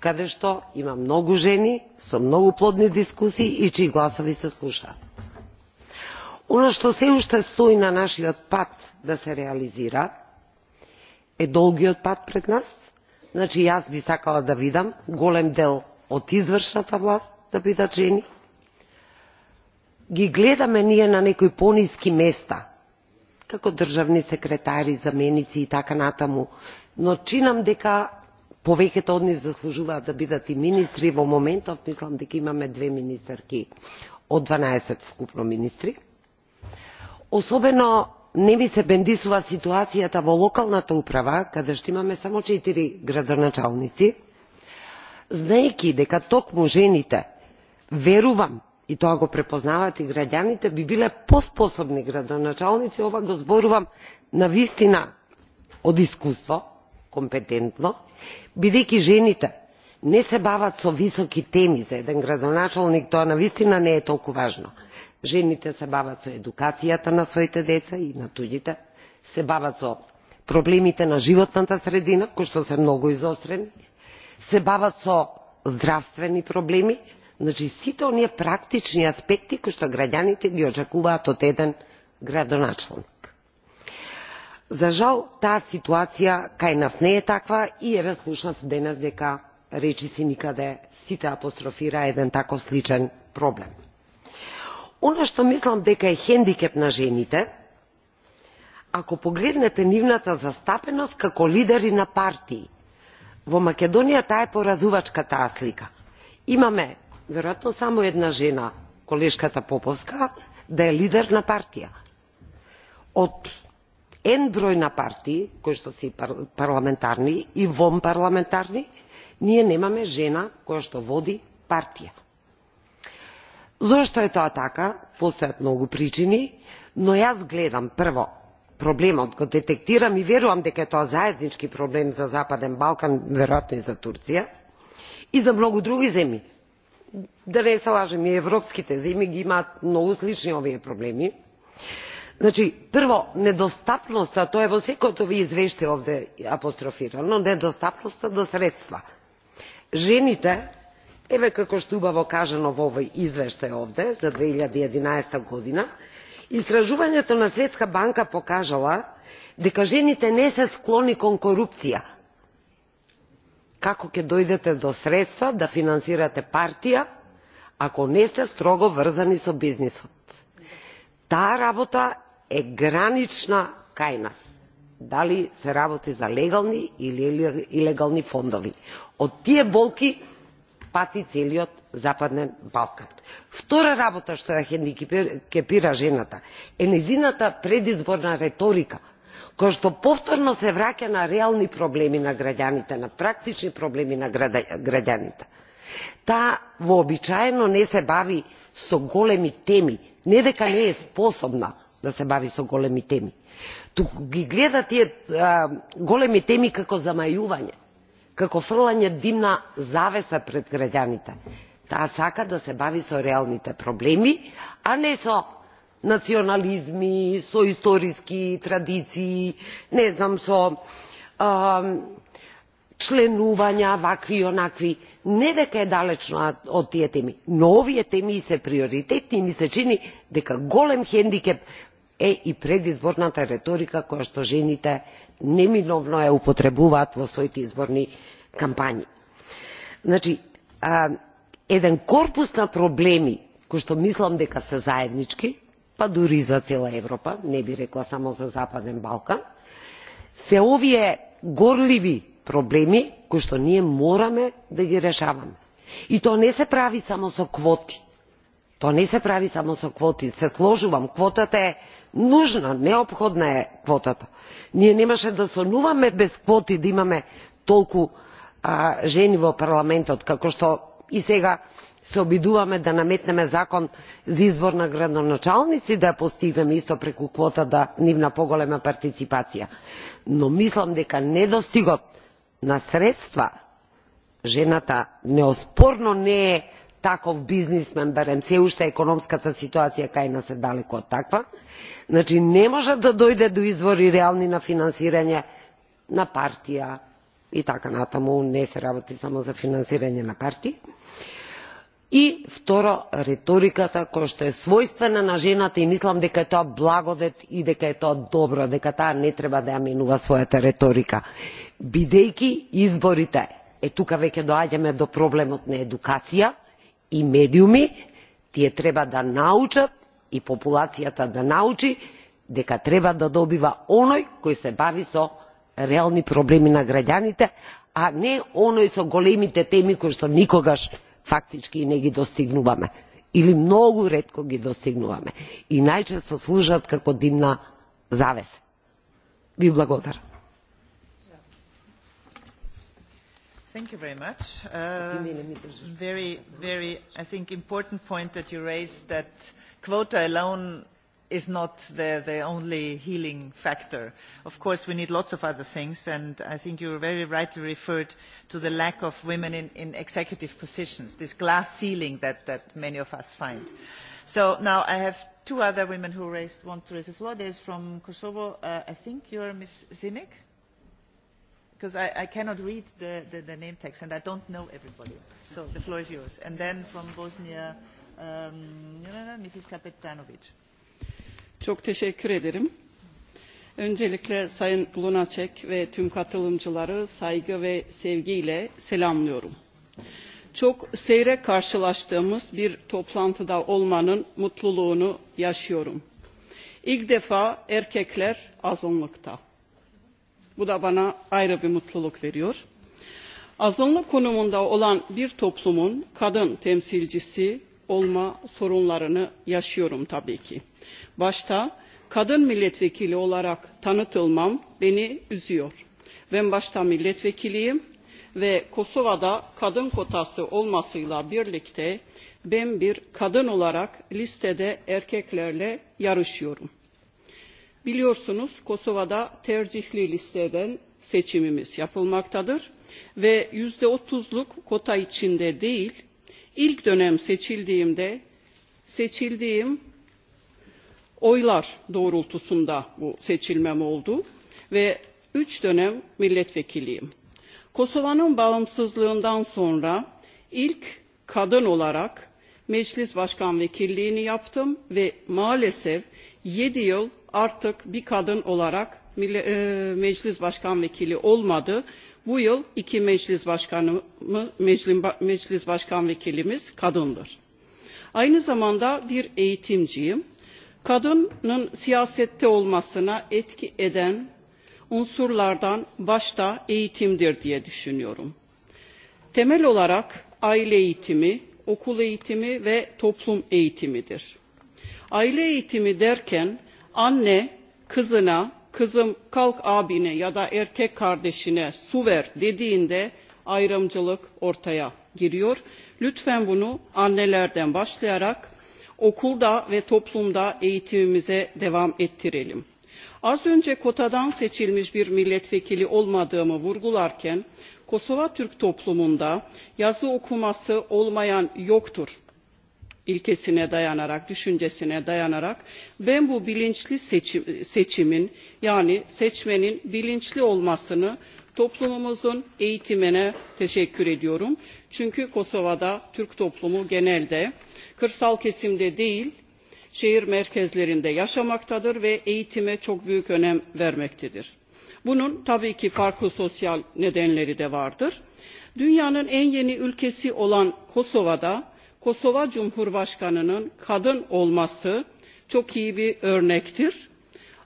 каде што има многу жени со многу плодни дискусии и чии гласови се слушаат. Оно што се уште стои на нашиот пат да се реализира е долгиот пат пред нас. Значи јас би сакала да видам голем дел од извршната власт да бидат жени. Ги гледаме ние на некои пониски места, како државни секретари, заменици и така натаму, но чинам дека повеќето од нив заслужуваат да бидат и министри. Во моментов мислам дека имаме две министерки од 12 вкупно министри. Особено не ми се бендисува ситуацијата во локалната управа, каде што имаме само 4 градоначалници, знаеки дека токму жените, верувам, и тоа го препознават и граѓаните, би биле поспособни градоначалници, ова го зборувам на вистина од искуство, компетентно, бидејќи жените не се бават со високи теми за еден градоначалник, тоа на вистина не е толку важно жените се бават со едукацијата на своите деца и на туѓите, се бават со проблемите на животната средина, кои што се многу изострени, се бават со здравствени проблеми, значи сите оние практични аспекти кои што граѓаните ги очекуваат од еден градоначалник. За жал, таа ситуација кај нас не е таква и еве слушнав денес дека речи си никаде сите апострофира еден таков сличен проблем оно што мислам дека е хендикеп на жените ако погледнете нивната застапеност како лидери на партии во македонија таа е поразувачка таа слика имаме веројатно само една жена колешката поповска да е лидер на партија од ен број на партии кои што се и парламентарни и вон парламентарни, ние немаме жена која што води партија Зошто е тоа така? Постојат многу причини, но јас гледам прво проблемот го детектирам и верувам дека е тоа заеднички проблем за Западен Балкан, веројатно и за Турција и за многу други земји. Да не се лажем, и европските земји ги имаат многу слични овие проблеми. Значи, прво, недостапноста, тоа е во секото ви извеште овде апострофирано, недостапноста до средства. Жените Еве како што убаво кажано во овој извештај овде за 2011 година, истражувањето на Светска банка покажала дека жените не се склони кон корупција. Како ќе дојдете до средства да финансирате партија ако не сте строго врзани со бизнисот? Таа работа е гранична кај нас. Дали се работи за легални или илегални фондови. Од тие болки пати целиот Западен Балкан. Втора работа што ја хендикепира жената е незината предизборна реторика, која што повторно се враќа на реални проблеми на граѓаните, на практични проблеми на граѓаните. Та вообичаено не се бави со големи теми, не дека не е способна да се бави со големи теми, туку ги гледа тие а, големи теми како замајување како фрлање димна завеса пред граѓаните. Таа сака да се бави со реалните проблеми, а не со национализми, со историски традиции, не знам, со а, членувања вакви и онакви. Не дека е далечно од тие теми, но овие теми се приоритетни и ми се чини дека голем хендикеп е и предизборната реторика која што жените неминовно ја употребуваат во своите изборни кампањи. Значи, а, еден корпус на проблеми кои што мислам дека се заеднички, па дури и за цела Европа, не би рекла само за Западен Балкан, се овие горливи проблеми кои што ние мораме да ги решаваме. И тоа не се прави само со квоти. Тоа не се прави само со квоти. Се сложувам, квотата е нужна, необходна е квотата. Ние немаше да сонуваме без квоти да имаме толку а, жени во парламентот, како што и сега се обидуваме да наметнеме закон за избор на градоначалници да постигнеме исто преку квота да нивна поголема партиципација. Но мислам дека недостигот на средства жената неоспорно не е таков бизнисмен барем се уште економската ситуација кај нас е далеку од таква значи не може да дојде до извори реални на финансирање на партија и така натаму не се работи само за финансирање на партии и второ реториката која што е својствена на жената и мислам дека е тоа благодет и дека е тоа добро дека таа не треба да ја менува својата реторика бидејќи изборите е тука веќе доаѓаме до проблемот на едукација и медиуми тие треба да научат и популацијата да научи дека треба да добива оној кој се бави со реални проблеми на граѓаните а не оној со големите теми кои што никогаш фактички не ги достигнуваме или многу ретко ги достигнуваме и најчесто служат како димна завеса. ви благодарам. Thank you very much. Uh, very, very, I think, important point that you raised that quota alone is not the, the only healing factor. Of course, we need lots of other things, and I think you very rightly referred to the lack of women in, in executive positions, this glass ceiling that, that many of us find. So now I have two other women who raised, want to raise the floor. There's from Kosovo, uh, I think you're Ms. Zinek because I, I cannot read the, the, the name text and I don't know everybody. So the floor is yours. And then from Bosnia, um, Mrs. Kapetanovic. Çok teşekkür ederim. Öncelikle Sayın Lunacek ve tüm katılımcıları saygı ve sevgiyle selamlıyorum. Çok seyre karşılaştığımız bir toplantıda olmanın mutluluğunu yaşıyorum. İlk defa erkekler azınlıkta Bu da bana ayrı bir mutluluk veriyor. Azınlık konumunda olan bir toplumun kadın temsilcisi olma sorunlarını yaşıyorum tabii ki. Başta kadın milletvekili olarak tanıtılmam beni üzüyor. Ben başta milletvekiliyim ve Kosova'da kadın kotası olmasıyla birlikte ben bir kadın olarak listede erkeklerle yarışıyorum. Biliyorsunuz Kosova'da tercihli listeden seçimimiz yapılmaktadır ve yüzde otuzluk kota içinde değil, ilk dönem seçildiğimde seçildiğim oylar doğrultusunda bu seçilmem oldu ve üç dönem milletvekiliyim. Kosova'nın bağımsızlığından sonra ilk kadın olarak meclis başkan vekilliğini yaptım ve maalesef 7 yıl artık bir kadın olarak e, meclis başkan vekili olmadı. Bu yıl iki meclis başkanı meclis başkan vekilimiz kadındır. Aynı zamanda bir eğitimciyim. Kadının siyasette olmasına etki eden unsurlardan başta eğitimdir diye düşünüyorum. Temel olarak aile eğitimi, okul eğitimi ve toplum eğitimidir. Aile eğitimi derken anne kızına kızım kalk abine ya da erkek kardeşine su ver dediğinde ayrımcılık ortaya giriyor. Lütfen bunu annelerden başlayarak okulda ve toplumda eğitimimize devam ettirelim. Az önce kotadan seçilmiş bir milletvekili olmadığımı vurgularken Kosova Türk toplumunda yazı okuması olmayan yoktur ilkesine dayanarak, düşüncesine dayanarak ben bu bilinçli seçim, seçimin yani seçmenin bilinçli olmasını toplumumuzun eğitimine teşekkür ediyorum. Çünkü Kosova'da Türk toplumu genelde kırsal kesimde değil şehir merkezlerinde yaşamaktadır ve eğitime çok büyük önem vermektedir. Bunun tabii ki farklı sosyal nedenleri de vardır. Dünyanın en yeni ülkesi olan Kosova'da Kosova Cumhurbaşkanı'nın kadın olması çok iyi bir örnektir.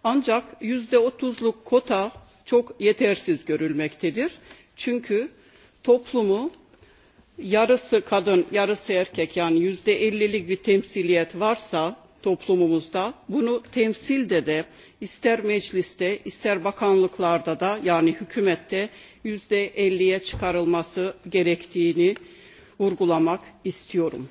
Ancak yüzde otuzluk kota çok yetersiz görülmektedir. Çünkü toplumu yarısı kadın, yarısı erkek yani yüzde ellilik bir temsiliyet varsa toplumumuzda bunu temsilde de ister mecliste ister bakanlıklarda da yani hükümette yüzde elliye çıkarılması gerektiğini vurgulamak istiyorum.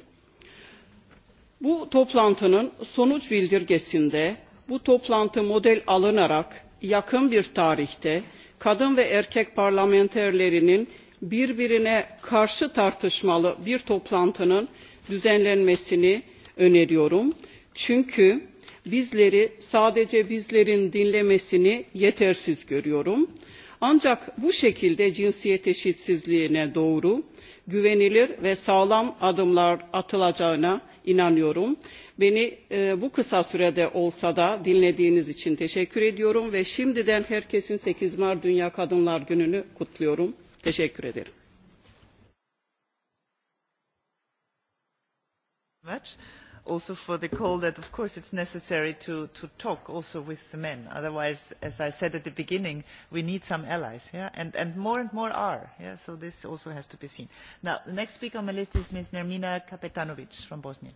Bu toplantının sonuç bildirgesinde bu toplantı model alınarak yakın bir tarihte kadın ve erkek parlamenterlerinin birbirine karşı tartışmalı bir toplantının düzenlenmesini öneriyorum. Çünkü bizleri sadece bizlerin dinlemesini yetersiz görüyorum. Ancak bu şekilde cinsiyet eşitsizliğine doğru güvenilir ve sağlam adımlar atılacağına inanıyorum. Beni e, bu kısa sürede olsa da dinlediğiniz için teşekkür ediyorum ve şimdiden herkesin 8 Mart Dünya Kadınlar Günü'nü kutluyorum. Teşekkür ederim. Evet also for the call that of course it is necessary to, to talk also with the men otherwise as i said at the beginning we need some allies yeah? and, and more and more are yeah? so this also has to be seen. Now, the next speaker on my list is ms nermina kapetanovic from bosnia.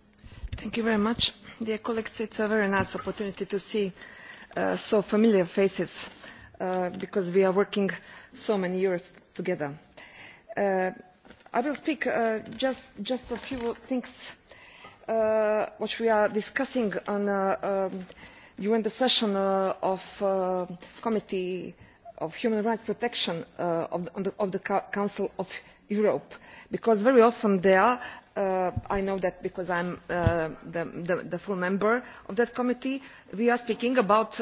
thank you very much. dear colleagues it is a very nice opportunity to see uh, so familiar faces uh, because we are working so many years together. Uh, i will speak uh, just, just a few things Uh, which we are discussing uh, um, during the session uh, of the Committee on Human Rights Protection of, the, Council of Europe, because very often there, uh, I know that because i am the, full member of that committee, we are speaking about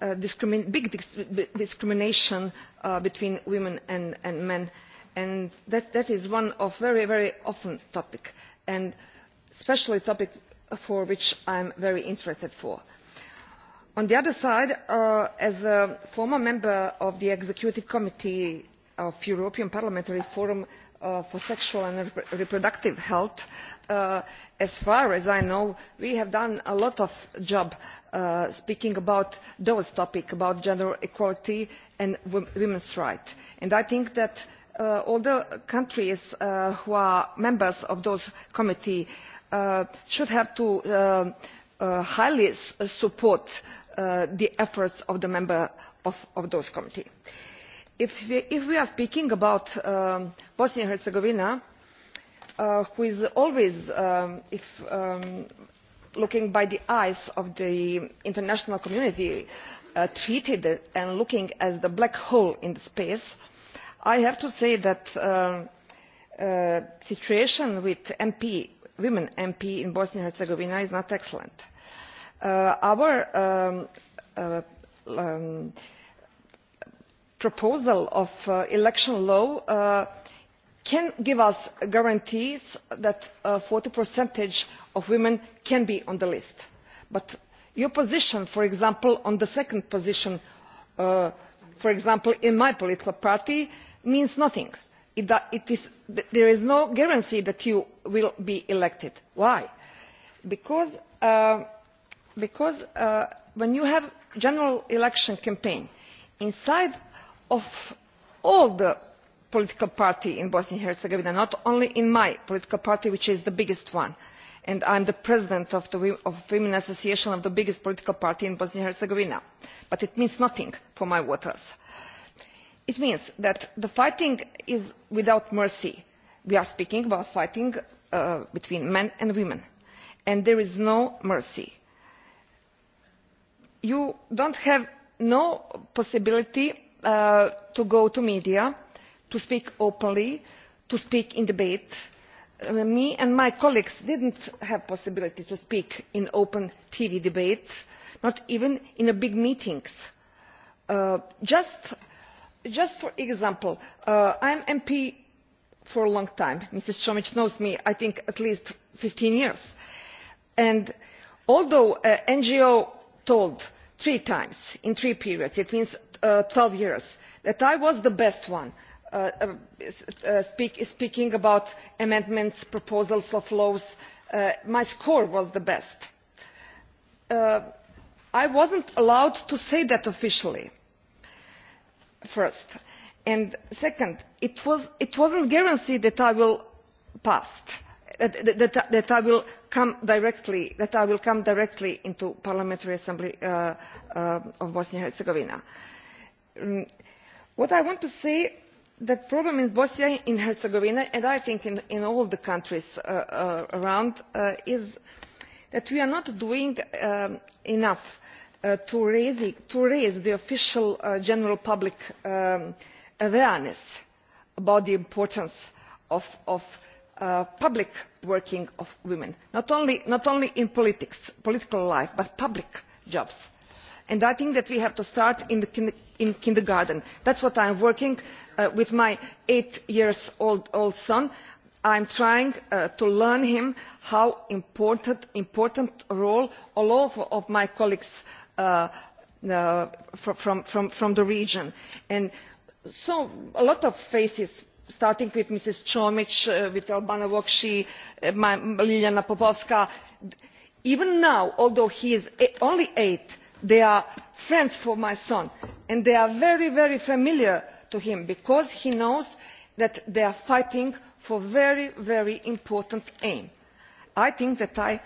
big discrimination between women and, men and that, that is one of very very often topic and especially a topic in which i am very interested. on the other side uh, as a former member of the executive committee of the european parliamentary forum uh, for sexual and reproductive health uh, as far as i know we have done a lot of work speaking about those topics about gender equality and women's rights and i think that Uh, all the countries uh, who are members of those committees uh, should have to highly support the efforts of the members of, those committees. If we, are speaking about um, Bosnia and Herzegovina, which is always, um, um, looking by the eyes of the international community, treated and looked at as the black hole in space, i have to say that the uh, uh, situation with women mps in bosnia and herzegovina is not excellent. Uh, our um, um, proposal of election law can give us guarantees that a forty percentage of women can be on the list but your position for example on the second position for example in my political party means nothing. It, there is no guarantee that you will be elected. why? because, uh, uh, when you have a general election campaign inside of all the political parties in bosnia and herzegovina not only in my political party which is the biggest one and i am the president of the women association of the biggest political party in bosnia and herzegovina but it means nothing for my voters. it means that the fighting is without mercy. we are speaking about fighting uh, between men and women and there is no mercy. you do not have any no possibility uh, to go to the media to speak openly to speak in debate Uh, me and my colleagues did not have the possibility to speak in open tv debates not even in big meetings. Uh, just, for example uh, i am an mp for a long time mrs somi knows me i think at least fifteen years and although an uh, ngo told three times in three periods it means twelve years that i was the best one Uh, uh, speaking about amendments proposals of laws uh, my score was the best. i was not allowed to say that officially first and second it was not a guarantee that i will pass that, i will come directly that i will come directly into the parliamentary assembly of bosnia and herzegovina. Mm, what i want to say the problem in bosnia and herzegovina and i think in, all the countries uh, uh, around uh, is that we are not doing enough to raise, the official general public um, awareness about the importance of, public working of women not only in politics, political life but public jobs and i think that we have to start in, kindergarten. that is what i am working on uh, with my eight year old, son. i am trying uh, to teach him how important a role all of, my colleagues uh, from, the region and so a lot of faces starting with mrs comi with albana vokshi liljana popovska even now although he is only eight they are friends of my son and they are very very familiar to him because he knows that they are fighting for a very very important aim. i think that i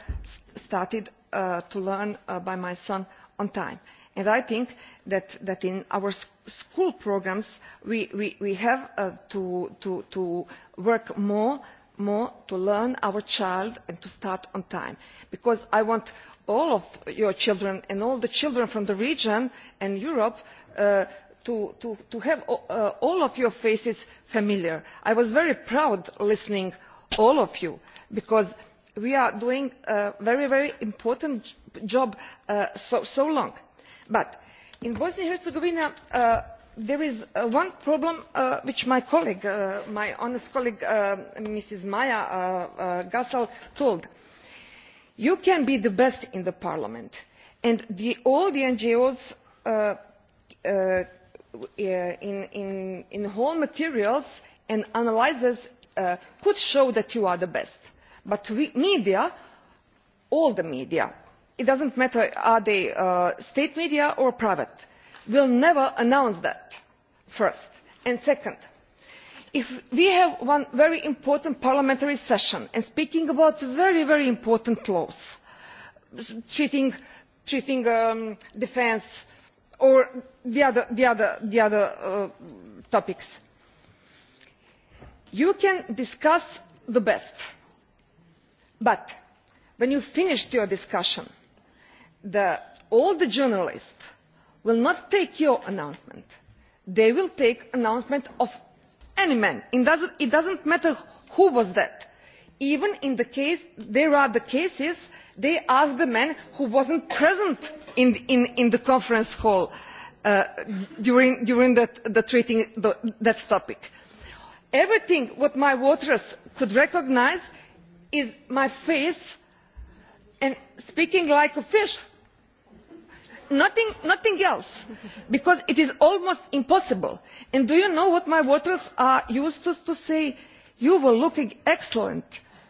started uh, to learn uh, my son on time and i think that, in our school programmes we, have uh, to work more more to learn our child and to start on time because i want all of your children and all the children from the region and europe uh, to, have uh, all of your faces familiar. i was very proud listening to all of you because we are doing a very very important job for uh, so long. but in bosnia and herzegovina there is uh, one problem uh, which my colleague uh, my honest colleague mrs maja gassel told us you can be the best in the parliament and all the ngos in, in, whole materials and analyses could show that you are the best but the media all the media it does not matter whether they are state media or private will never announce that first and second if we have one very important parliamentary session and speak about very very important laws treating, treating um, defence or the other, the other, the other uh, topics you can discuss the best but when you finished your discussion all the journalists will not take your announcement they will take the announcement of any man it does not matter who was that. even in the case there are the cases they ask the man who was not present in, the conference hall uh, during, the treating that topic. everything what my voters could recognise is my face and speaking like a fish nothing, else because it is almost impossible. and do you know what my voters used to, say? you were looking excellent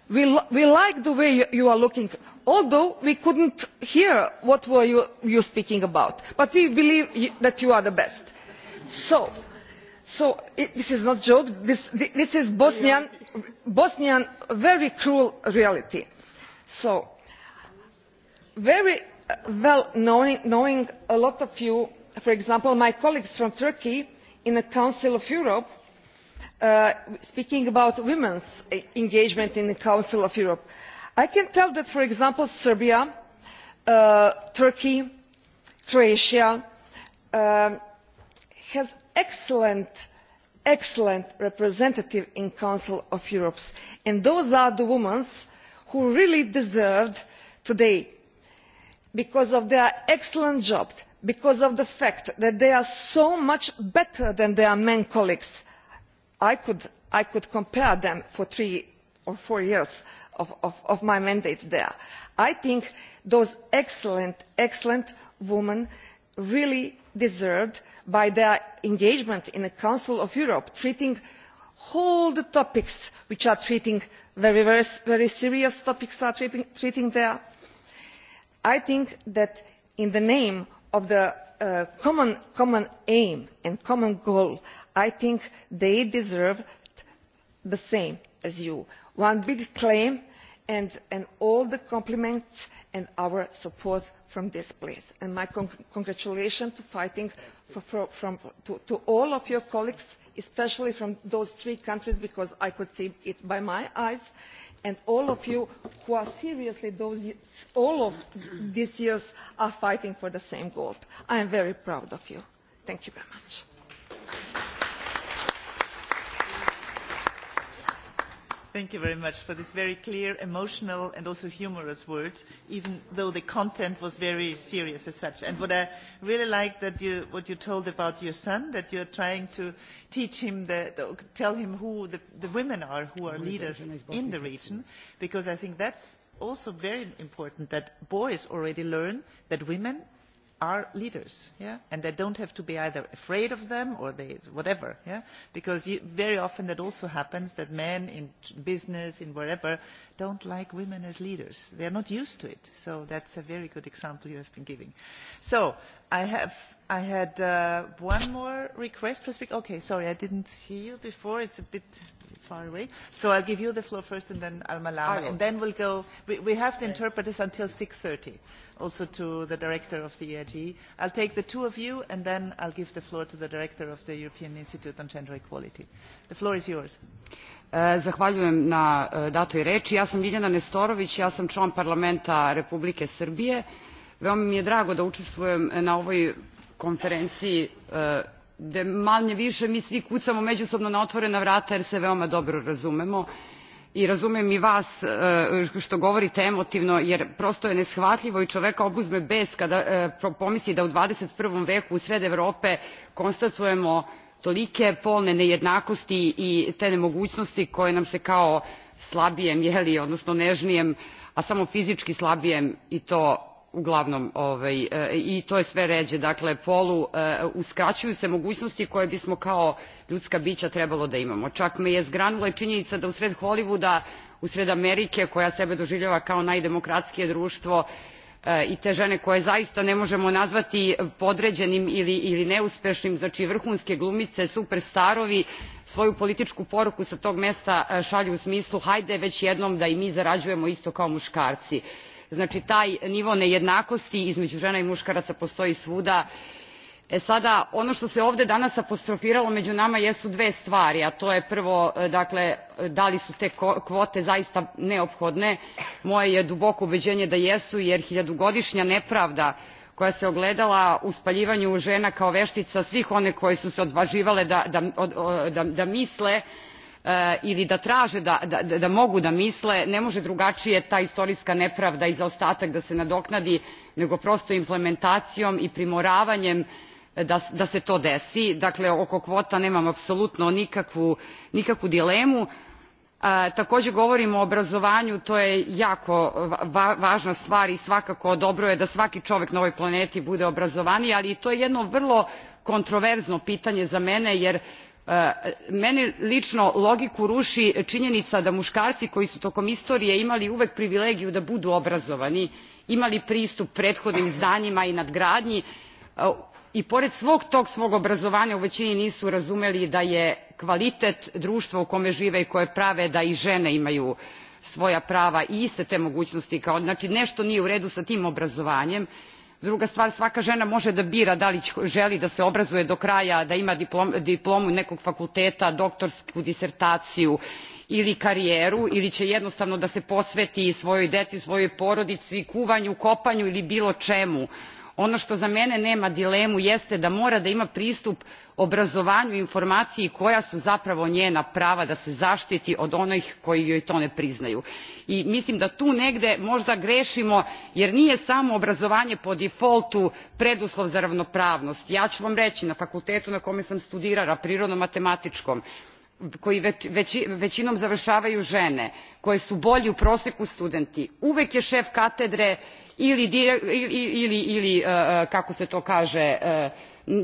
we, like the way you, are looking although we could not hear what were you were speaking about but we believe that you are the best. so, this is not a joke this, is bosnian, bosnian very cruel reality. so very well knowing a lot of you for example my colleagues from turkey in the council of europe uh, speaking about women's engagement in the council of europe i can tell that for example serbia uh, turkey croatia um, have excellent representatives in the council of europe and those are the women who really deserve today because of their excellent job because of the fact that they are so much better than their male colleagues i could, compare them for three or four years of, my mandate there i think those excellent excellent women really deserved by their engagement in the council of europe treating all the topics which are treated very, very serious topics are treating there i think that in the name of the uh, common, aim and common goal i think they deserve the same as you one big claim and, all the compliments and our support from this place and my congratulations to fighting to, to all of your colleagues especially from those three countries because i could see it with my own eyes and and all of you who are seriously all of these years fighting for the same goal. i am very proud of you. thank you very much. Thank you very much for these very clear, emotional and also humorous words, even though the content was very serious as such. And what I really like that you, what you told about your son, that you're trying to teach him, the, the, tell him who the, the women are who are leaders in the region, because I think that's also very important that boys already learn that women are leaders yeah? and they don't have to be either afraid of them or they, whatever yeah? because you, very often it also happens that men in business in wherever don't like women as leaders they are not used to it so that's a very good example you have been giving. so i, have, I had uh, one more request to speak. okay sorry i didn't see you before It's a bit far away. So I'll give you the floor first and then Al-Malama. And then we'll go, we, we have the interpreters until 6.30, also to the director of the EIG. I'll take the two of you and then I'll give the floor to the director of the European Institute on Gender Equality. The floor is yours. Eh, zahvaljujem na eh, datoj reči. Ja sam Ljiljana Nestorović, ja sam član parlamenta Republike Srbije. Veoma mi je drago da učestvujem na ovoj konferenciji e, gde manje više mi svi kucamo međusobno na otvorena vrata jer se veoma dobro razumemo i razumem i vas e, što govorite emotivno jer prosto je neshvatljivo i čoveka obuzme bes kada e, pomisli da u 21. veku u sred Evrope konstatujemo tolike polne nejednakosti i te nemogućnosti koje nam se kao slabijem, odnosno nežnijem, a samo fizički slabijem i to uglavnom ovaj, e, i to je sve ređe dakle polu e, uskraćuju se mogućnosti koje bismo kao ljudska bića trebalo da imamo čak me je zgranula i činjenica da usred hollywooda usred amerike koja sebe doživljava kao najdemokratskije društvo e, i te žene koje zaista ne možemo nazvati podređenim ili, ili neuspešnim znači vrhunske glumice superstarovi svoju političku poruku sa tog mesta šalju u smislu hajde već jednom da i mi zarađujemo isto kao muškarci znači taj nivo nejednakosti između žena i muškaraca postoji svuda. E sada ono što se ovdje danas apostrofiralo među nama jesu dve stvari a to je prvo e, dakle da li su te kvote zaista neophodne moje je duboko ubeđenje da jesu jer hiljadugodišnja nepravda koja se ogledala u spaljivanju žena kao veštica svih one koje su se odvaživale da, da, da, da misle Eh, ili da traže da, mogu da misle ne može drugačije ta istorijska nepravda i zaostatak da se nadoknadi nego prosto implementacijom i primoravanjem eh, da, se to desi. dakle oko kvota nemam apsolutno nikakvu, nikakvu dilemu. Eh, takođe govorimo o obrazovanju to je jako važna stvar i svakako dobro je da svaki čovek na ovoj planeti bude obrazovaniji ali to je jedno vrlo kontroverzno pitanje za mene jer E, meni lično logiku ruši činjenica da muškarci koji su tokom istorije imali uvek privilegiju da budu obrazovani imali pristup prethodnim znanjima i nadgradnji e, i pored svog tog svog obrazovanja u većini nisu razumeli da je kvalitet društva u kome žive i koje prave da i žene imaju svoja prava i iste te mogućnosti. znači nešto nije u redu s tim obrazovanjem druga stvar svaka žena može da bira da li želi da se obrazuje do kraja da ima diplom, diplomu nekog fakulteta doktorsku disertaciju ili karijeru ili će jednostavno da se posveti svojoj deci svojoj porodici kuvanju kopanju ili bilo čemu ono što za mene nema dilemu jeste da mora da ima pristup obrazovanju i informaciji koja su zapravo njena prava da se zaštiti od onih koji joj to ne priznaju i mislim da tu negde možda grešimo jer nije samo obrazovanje po difoltu preduslov za ravnopravnost. ja ću vam reći na fakultetu na kome sam studirala prirodno matematičkom koji većinom završavaju žene koje su bolji u proseku studenti uvek je šef katedre ili e, e, kako se to kaže e,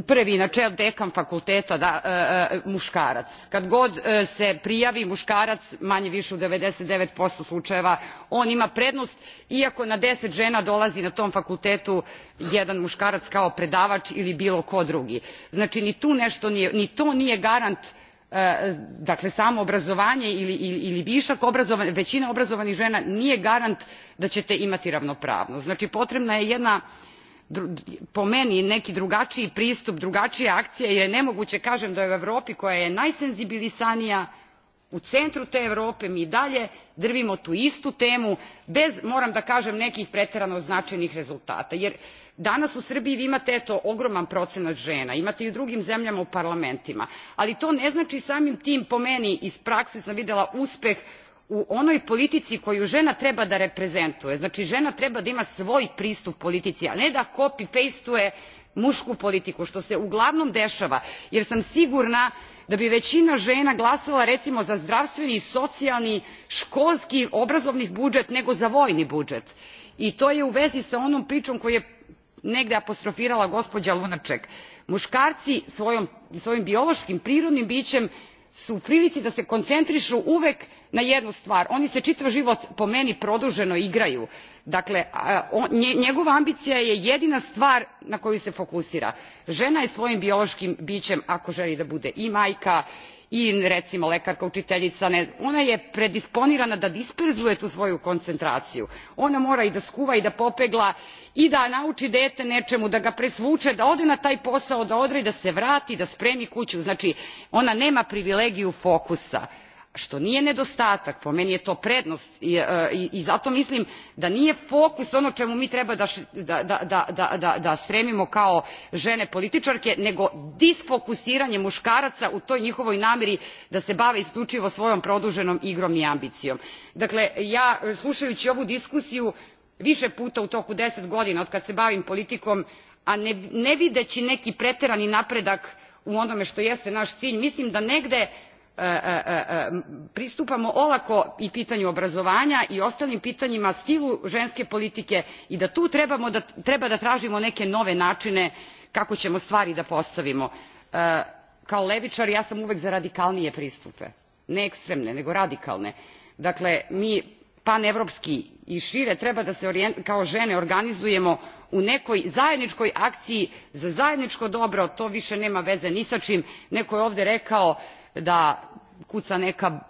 prvi načel dekan fakulteta e, e, muškarac. kad god e, se prijavi muškarac manje više u ninety nine slučajeva on ima prednost iako na deset žena dolazi na tom fakultetu jedan muškarac kao predavač ili bilo ko drugi. znači ni, tu nešto nije, ni to nije garant dakle samo obrazovanje ili, ili, ili višak obrazovanja većina obrazovanih žena nije garant da ćete imati ravnopravnost. znači potrebna je jedna po meni neki drugačiji pristup drugačija akcija jer je nemoguće kažem da u europi koja je najsenzibiliziranija u centru te europe mi i dalje drvimo tu istu temu bez moram da kažem nekih preterano značajnih rezultata jer danas u srbiji vi imate eto ogroman procenat žena imate i u drugim zemljama u parlamentima ali to ne znači samim tim po meni iz prakse sam videla uspeh u onoj politici koju žena treba da reprezentuje. Znači, žena treba da ima svoj pristup politici, a ne da copy pastuje mušku politiku, što se uglavnom dešava, jer sam sigurna da bi većina žena glasala recimo za zdravstveni, socijalni, školski, obrazovni budžet nego za vojni budžet. I to je u vezi sa onom pričom koju je negde apostrofirala gospođa Lunaček. Muškarci svojom, svojim biološkim prirodnim bićem su u prilici da se koncentrišu uvek na jednu stvar oni se čitav život po meni produženo igraju dakle njegova ambicija je jedina stvar na koju se fokusira. žena je svojim biološkim bićem ako želi da bude i majka i recimo lekarka učiteljica ona je predisponirana da disperzuje tu svoju koncentraciju ona mora i da skuva i da popegla i da nauči dete nečemu da ga presvuče da ode na taj posao da odradi, da se vrati da spremi kuću znači ona nema privilegiju fokusa što nije nedostatak po meni je to prednost i, e, i, i zato mislim da nije fokus ono čemu mi treba da, da, da, da stremimo kao žene političarke nego disfokusiranje muškaraca u toj njihovoj nameri da se bave isključivo svojom produženom igrom i ambicijom. dakle ja slušajući ovu diskusiju više puta u toku deset godina od kada se bavim politikom a ne videći neki preterani napredak u onome što jeste naš cilj mislim da negde e, e, e, pristupamo olako i pitanju obrazovanja i ostalim pitanjima stilu ženske politike i da tu treba da tražimo neke nove načine kako ćemo stvari da postavimo. kao levičar ja sam uvek za radikalnije pristupe ne ekstremne nego radikalne. dakle mi panevropski i šire treba da se kao žene organizujemo u nekoj zajedničkoj akciji za zajedničko dobro to više nema veze ni sa čim neko je ovde rekao da kuca neka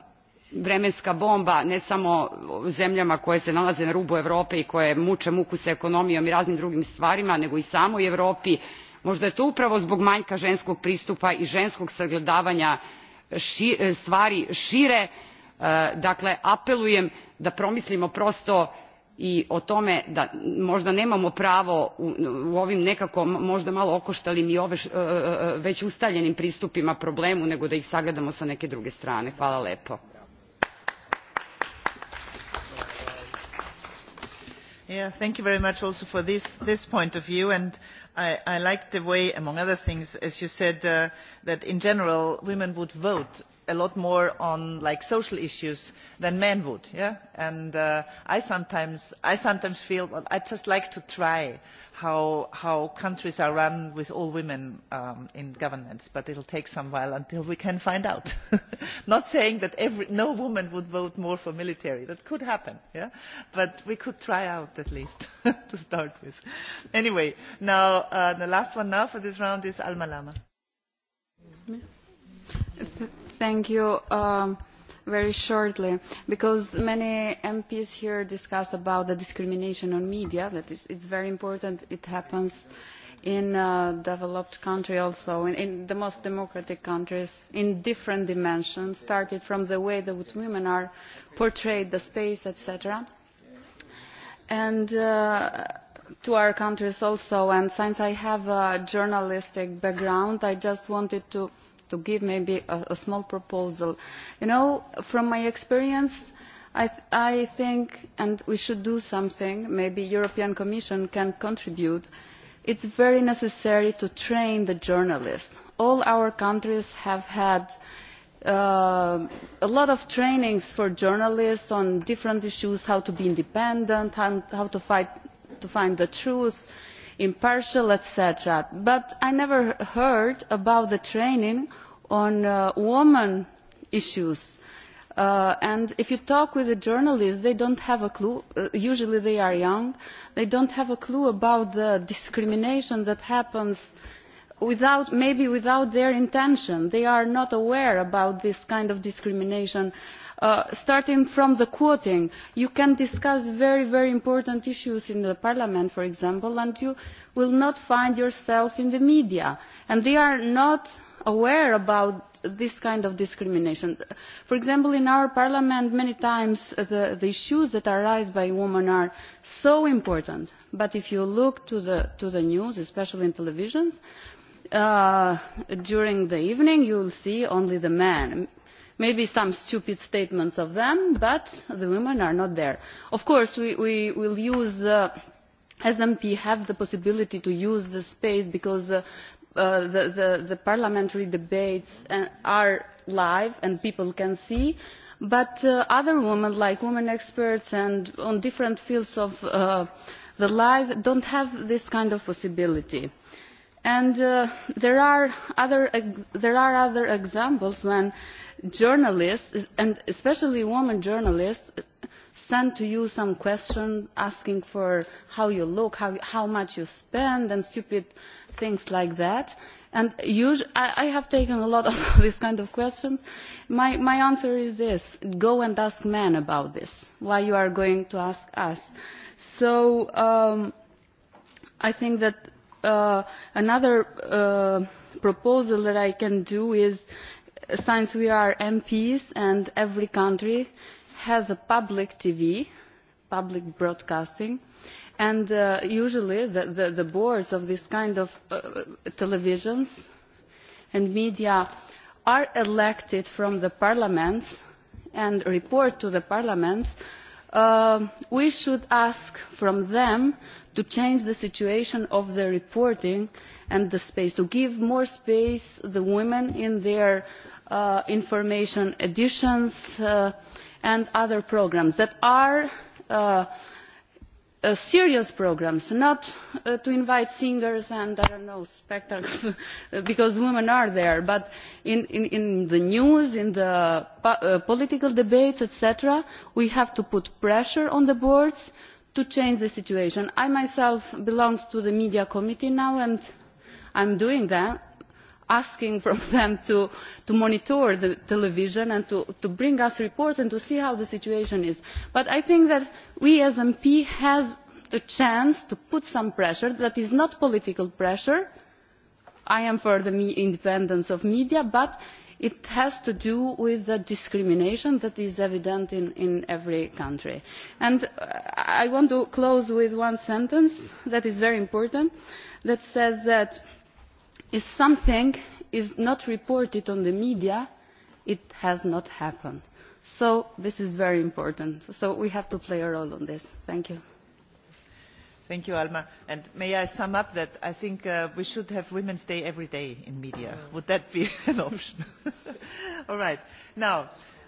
vremenska bomba ne samo zemljama koje se nalaze na rubu evrope i koje muče muku sa ekonomijom i raznim drugim stvarima nego i samoj evropi možda je to upravo zbog manjka ženskog pristupa i ženskog sagledavanja stvari šire E, dakle apelujem da promislimo prosto i o tome da možda nemamo pravo u, u ovim nekako možda malo okoštalim i ove, e, e, već ustaljenim pristupima problemu nego da ih sagledamo sa neke druge strane. hvala lepo. Yeah, thank you very much also for this, this point of view and i, I like the way among other things as you said uh, that in general women would vote a lot more on like social issues than men would yeah? and uh, I, sometimes, i sometimes feel well, i just like to try how, how countries are run with all women um, in governance but it will take some while until we can find out *laughs* not saying that every, no woman would vote more for military that could happen yeah? but we could try out at least *laughs* to start with anyway now uh, the last one now for this round is alma lama. Mm-hmm. Thank you. Um, very shortly because many mps here discussed about the discrimination on media that it is very important it happens in a developed countries also in, the most democratic countries in different dimensions starting from the way that women are portrayed the space etc. and uh, to our countries also and since i have a journalistic background i just wanted to to give maybe a, a small proposal. You know, from my experience, I, th I think, and we should do something, maybe European Commission can contribute, it's very necessary to train the journalists. All our countries have had Uh, a lot of trainings for journalists on different issues how to be independent how, how to, fight, to find the truth impartial etc. but i never heard about the training on uh, women issues uh, and if you talk with the journalists they don't have a clue uh, usually they are young they don't have a clue about the discrimination that happens without maybe without their intention they are not aware about this kind of discrimination Uh, starting from the quoting you can discuss very very important issues in parliament for example and you will not find yourself in the media and they are not aware about this kind of discrimination. for example in our parliament many times the, issues that are raised by women are so important but if you look to the, news especially in television uh, during the evening you will see only the men maybe some stupid statements of them but the women are not there. of course we, will use the smp has the possibility to use the space because uh, uh, the, parliamentary debates uh, are live and people can see but other women like women experts and in different fields of life do not have this kind of possibility. there, are other, examples when journalists and especially women journalists send to you some questions asking for how you look how, much you spend and stupid things like that and I, have taken a lot of *laughs* these kinds of questions my, my answer is this go and ask men about this why you are going to ask us so um, i think that uh, another uh, proposal that i can make is uh, since we are mps and every country has a public tv public broadcasting and uh, usually the, boards of this kind of uh, televisions and media are elected from the parliaments and report to the parliaments Uh, we should ask them to change the situation of the reporting and the space to give more space to women in their uh, information editions uh, and other programmes that are Uh, serious programmes not uh, to invite singers and i not know spectacles *laughs* because women are there but in, the news in the uh, political debates etc we have to put pressure on the boards to change the situation. i myself belong to the media committee now and i am doing that asking from *laughs* them to, monitor the television and to, bring us reports and to see how the situation is. but i think that we as mps have the chance to put some pressure that is not political pressure i am for the independence of the media but it has to do with the discrimination that is evident in, in every country. And uh, i want to close with one sentence that is very important that says that if something is not reported on the media it has not happened. so this is very important so we have to play a role in this. thank you. thank you alma and may i sum up that i think uh, we should have women's day every day in media. would that be *laughs* an option? *laughs* all right. now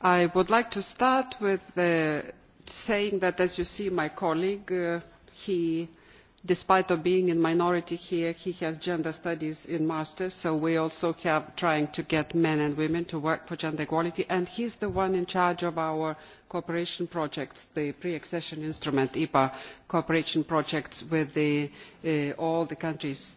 I would like to start with uh, saying that, as you see, my colleague, uh, despite being in minority here, he has gender studies in master's, so we are also trying to get men and women to work for gender equality, and he is the one in charge of our cooperation projects, the pre-accession instrument, IPA cooperation projects with uh, all the countries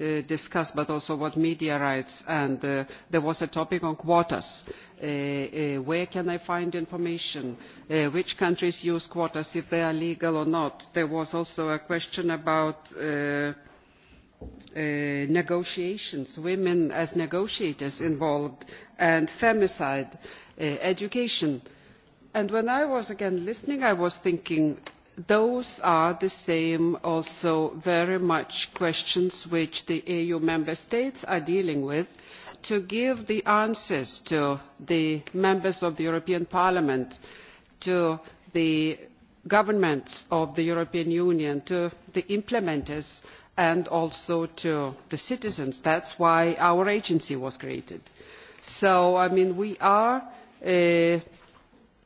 uh, discussed but also about media rights and uh, there was a topic on quotas uh, uh where can i find information uh, which countries use quotas if they are legal or not there was also a question about uh, uh, negotiations women as negotiators involved and femicide uh, education and when i was again listening i was thinking those are the same also very much questions which the eu member states are dealing with to give the answers to the members of the european parliament to the governments of the european union to the implementers and also to the citizens. that is why our agency was created. so I mean, we are uh,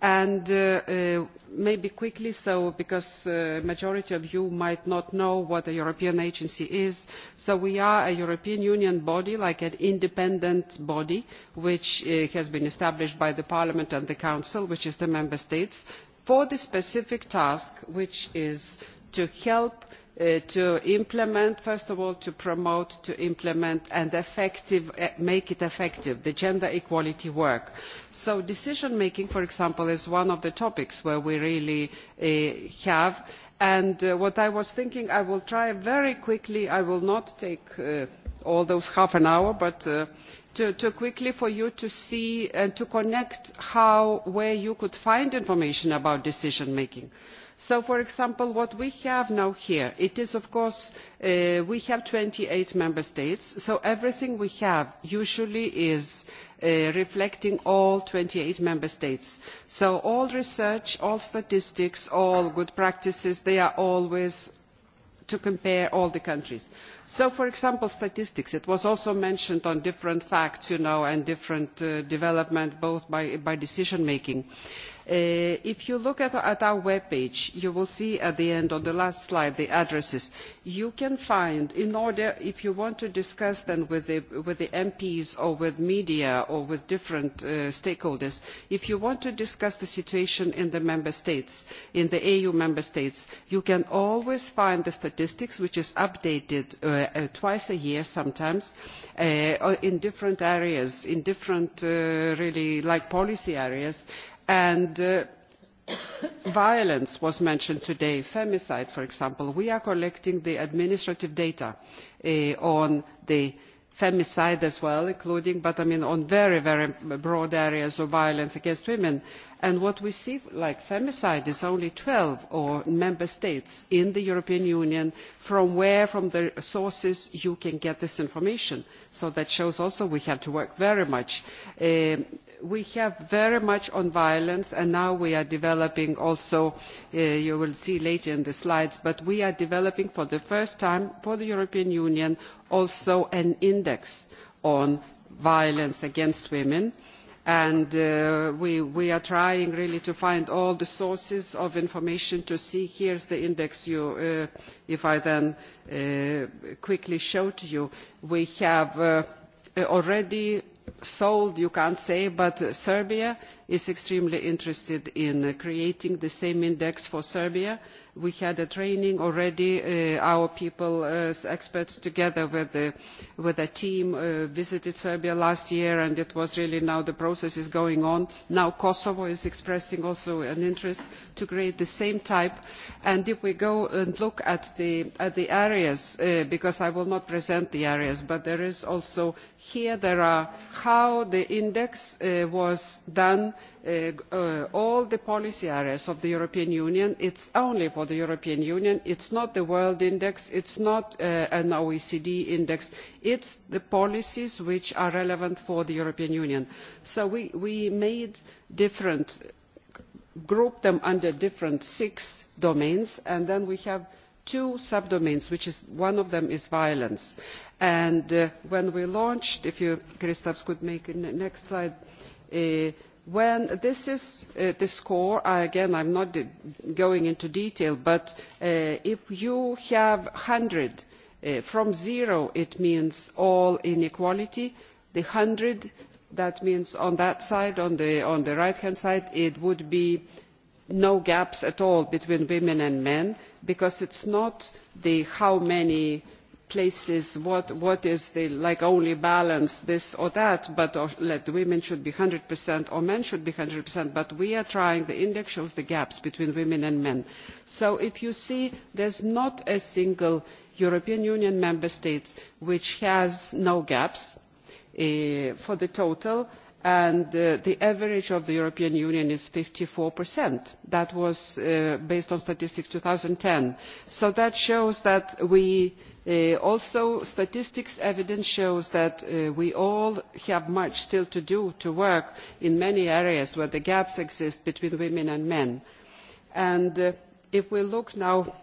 and uh, uh, maybe quickly because the uh, majority of you might not know what a european agency is so we are a european union body like an independent body which has been established by parliament and the council which is the member states for the specific task which is to help Uh, to implement first of all to promote to implement and uh, make it effective the gender equality work. so decision making for example is one of the topics where we really uh, have and what i was thinking i will try very quickly i will not take all those half an hour but to quickly for you to see and to connect how where you could find information about decision making so for example what we have now here is of course uh, we have twenty eight member states so everything we have usually is uh, reflecting all twenty eight member states so all research all statistics all good practices they are always to compare all the countries. so for example statistics it was also mentioned on different facts you know, and different uh, development both by, decision making. Uh, Uh, if you look at, our web page you will see at the end on the last slide the addresses you can find in order if you want to discuss them with the, with the mps or with media or with different uh, stakeholders if you want to discuss the situation in the member states in the eu member states you can always find the statistics which is updated uh, uh twice a year sometimes uh, in different areas in different really like policy areas and uh, violence was mentioned today femicide for example we are collecting the administrative data uh, on the femicide as well including but I mean, on very very broad areas of violence against women and what we see like femicide is only twelve member states in the european union from where from the sources you can get this information so that shows also we have to work very much. Eh, we have very much on violence and now we are developing also eh, you will see later in the slides but we are developing for the first time for the european union also an index on violence against women and uh, we, are trying really to find all the sources of information to see here is the index you, uh, if I then uh, quickly show to you. We have already sold you cannot say but Serbia is extremely interested in creating the same index for Serbia we had a training already. Uh, our people, as uh, experts, together with a team, uh, visited Serbia last year, and it was really now the process is going on. Now Kosovo is expressing also an interest to create the same type. And if we go and look at the, at the areas, because I will not present the areas, but there is also here there are how the index was done Uh, uh, all the policy areas of the european union it is only for the european union it is not the world index it is not uh, an oecd index it is the policies which are relevant for the european union. so we made different grouped them under different six domains and then we have two sub domains which is one of them is violence and when we launched if christophe could make the next slide when this is uh, the score again i am not going into detail but uh, if you have one hundred uh, from zero it means all inequality the one hundred that means on that side on the, right hand side it would be no gaps at all between women and men because it is not how many places what, is the like only balance this or that but let women should be 100% or men should be 100% but we are trying the index shows the gaps between women and men so if you see there is not a single european union member state which has no gaps eh, for the total and uh, the average of the european union is. fifty four that was uh, based on statistics two thousand and ten so that shows that we Uh, also statistics evidence shows that uh, we all have much still to do to work in many areas where the gaps exist between women and men. And, uh, if we look now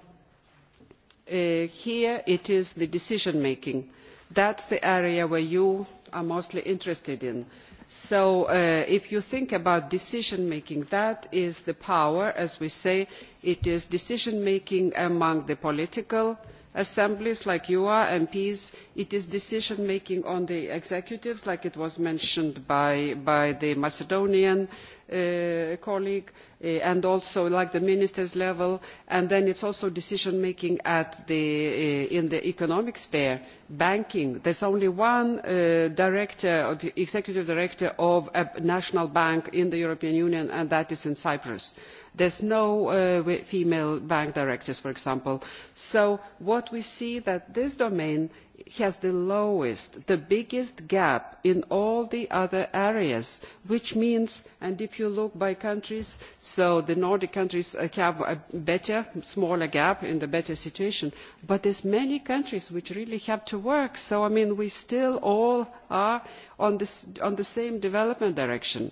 here it is the decision making that is the area where you are mostly interested in. so if you think about decision making that is the power as we say it is decision making among the political assemblies like you are mps it is decision making on the executives like it was mentioned by, the macedonian uh, colleague uh, and also like the ministers level and then it is also decision making the, uh, in the economic sphere banking there is only one executive director of a national bank in the european union and that is in cyprus there are no uh, female bank directors for example. so what we see is that this domain has the lowest the biggest gap in all the other areas which means and if you look by countries so the nordic countries uh, have a better smaller gap in the better situation but there are many countries which really have to work so i mean we still all are on, the same development direction.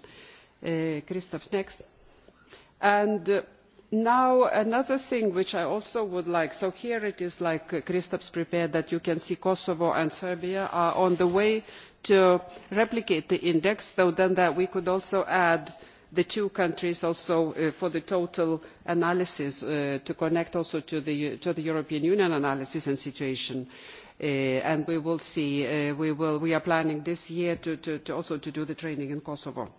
Uh, next. Uh, now another thing which i also would like so here it is like christophe prepared that you can see kosovo and serbia are on the way to replicate the index so then that we could also add the two countries also uh, for the total analysis uh, to connect also to the, european union analysis and situation. and we will see we, are planning this year also to do the training in kosovo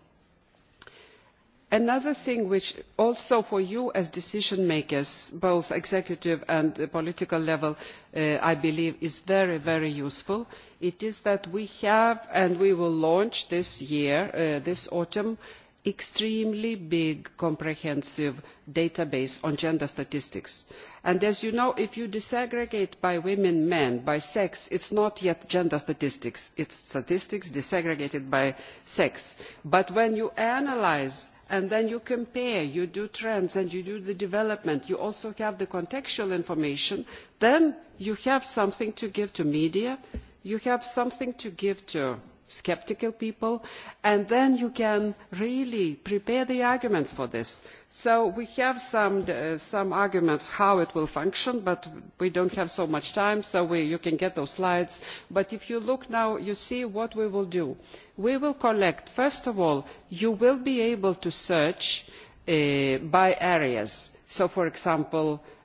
another thing which also for you as decision makers both at executive and political level uh, i believe is very very useful is that we have and we will launch this year uh, this autumn an extremely big comprehensive database on gender statistics and as you know if you disaggregate by women men by sex it is not yet gender statistics it is statistics disaggregated by sex but when you analyse and then you compare you do trends and you do the development you also have the contextual information then you have something to give to the media you have something to give to sceptical people and then you can really prepare the arguments for this. so we have some, uh, some arguments on how it will function but we do not have so much time so we, you can get those slides but if you look now you see what we will do. we will collect first of all you will be able to search uh, by areas so for example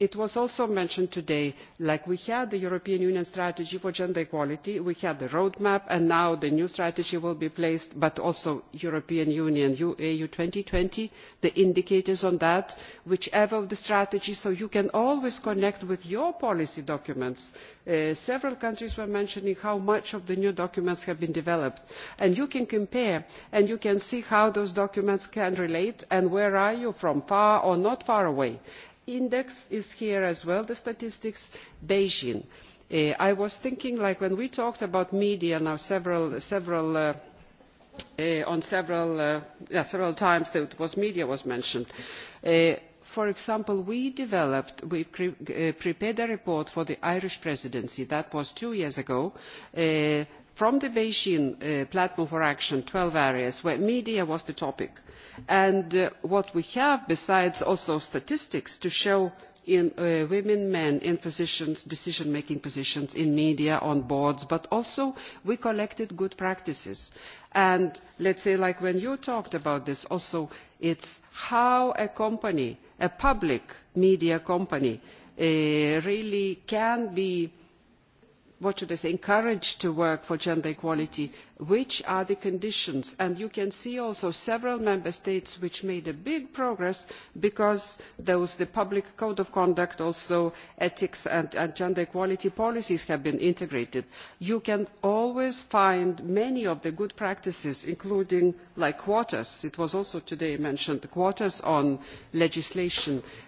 it was also mentioned today that we had the european union strategy for gender equality we had the road map and now the new strategy will be placed but also the european union eu two thousand and twenty the indicators on that whichever of the strategies so you can always connect with your policy documents. Uh, several countries were mentioning how much of the new documents have been developed and you can compare and you can see how those documents can relate and where you are from far or not far away index is here as well the statistics beijing. Eh, i was thinking that when we talked about media uh, eh, uh, several, times that was media was mentioned eh, for example we developed we prepared a report for the irish presidency that was two years ago from the beijing uh, platform for action twelve areas where media was the topic and uh, what we have besides also statistics to show in uh, women men in positions, decision making positions in media on boards but also we collected good practices and let's say like when you talked about this also it's how a company a public media company uh, really can be what should I say, encouraged to work for gender equality, which are the conditions? And you can see also several member states which made big progress because there was the public code of conduct, also ethics and, gender equality policies have been integrated. You can always find many of the good practices, including quotas. It was also mentioned today quotas on legislation. Uh,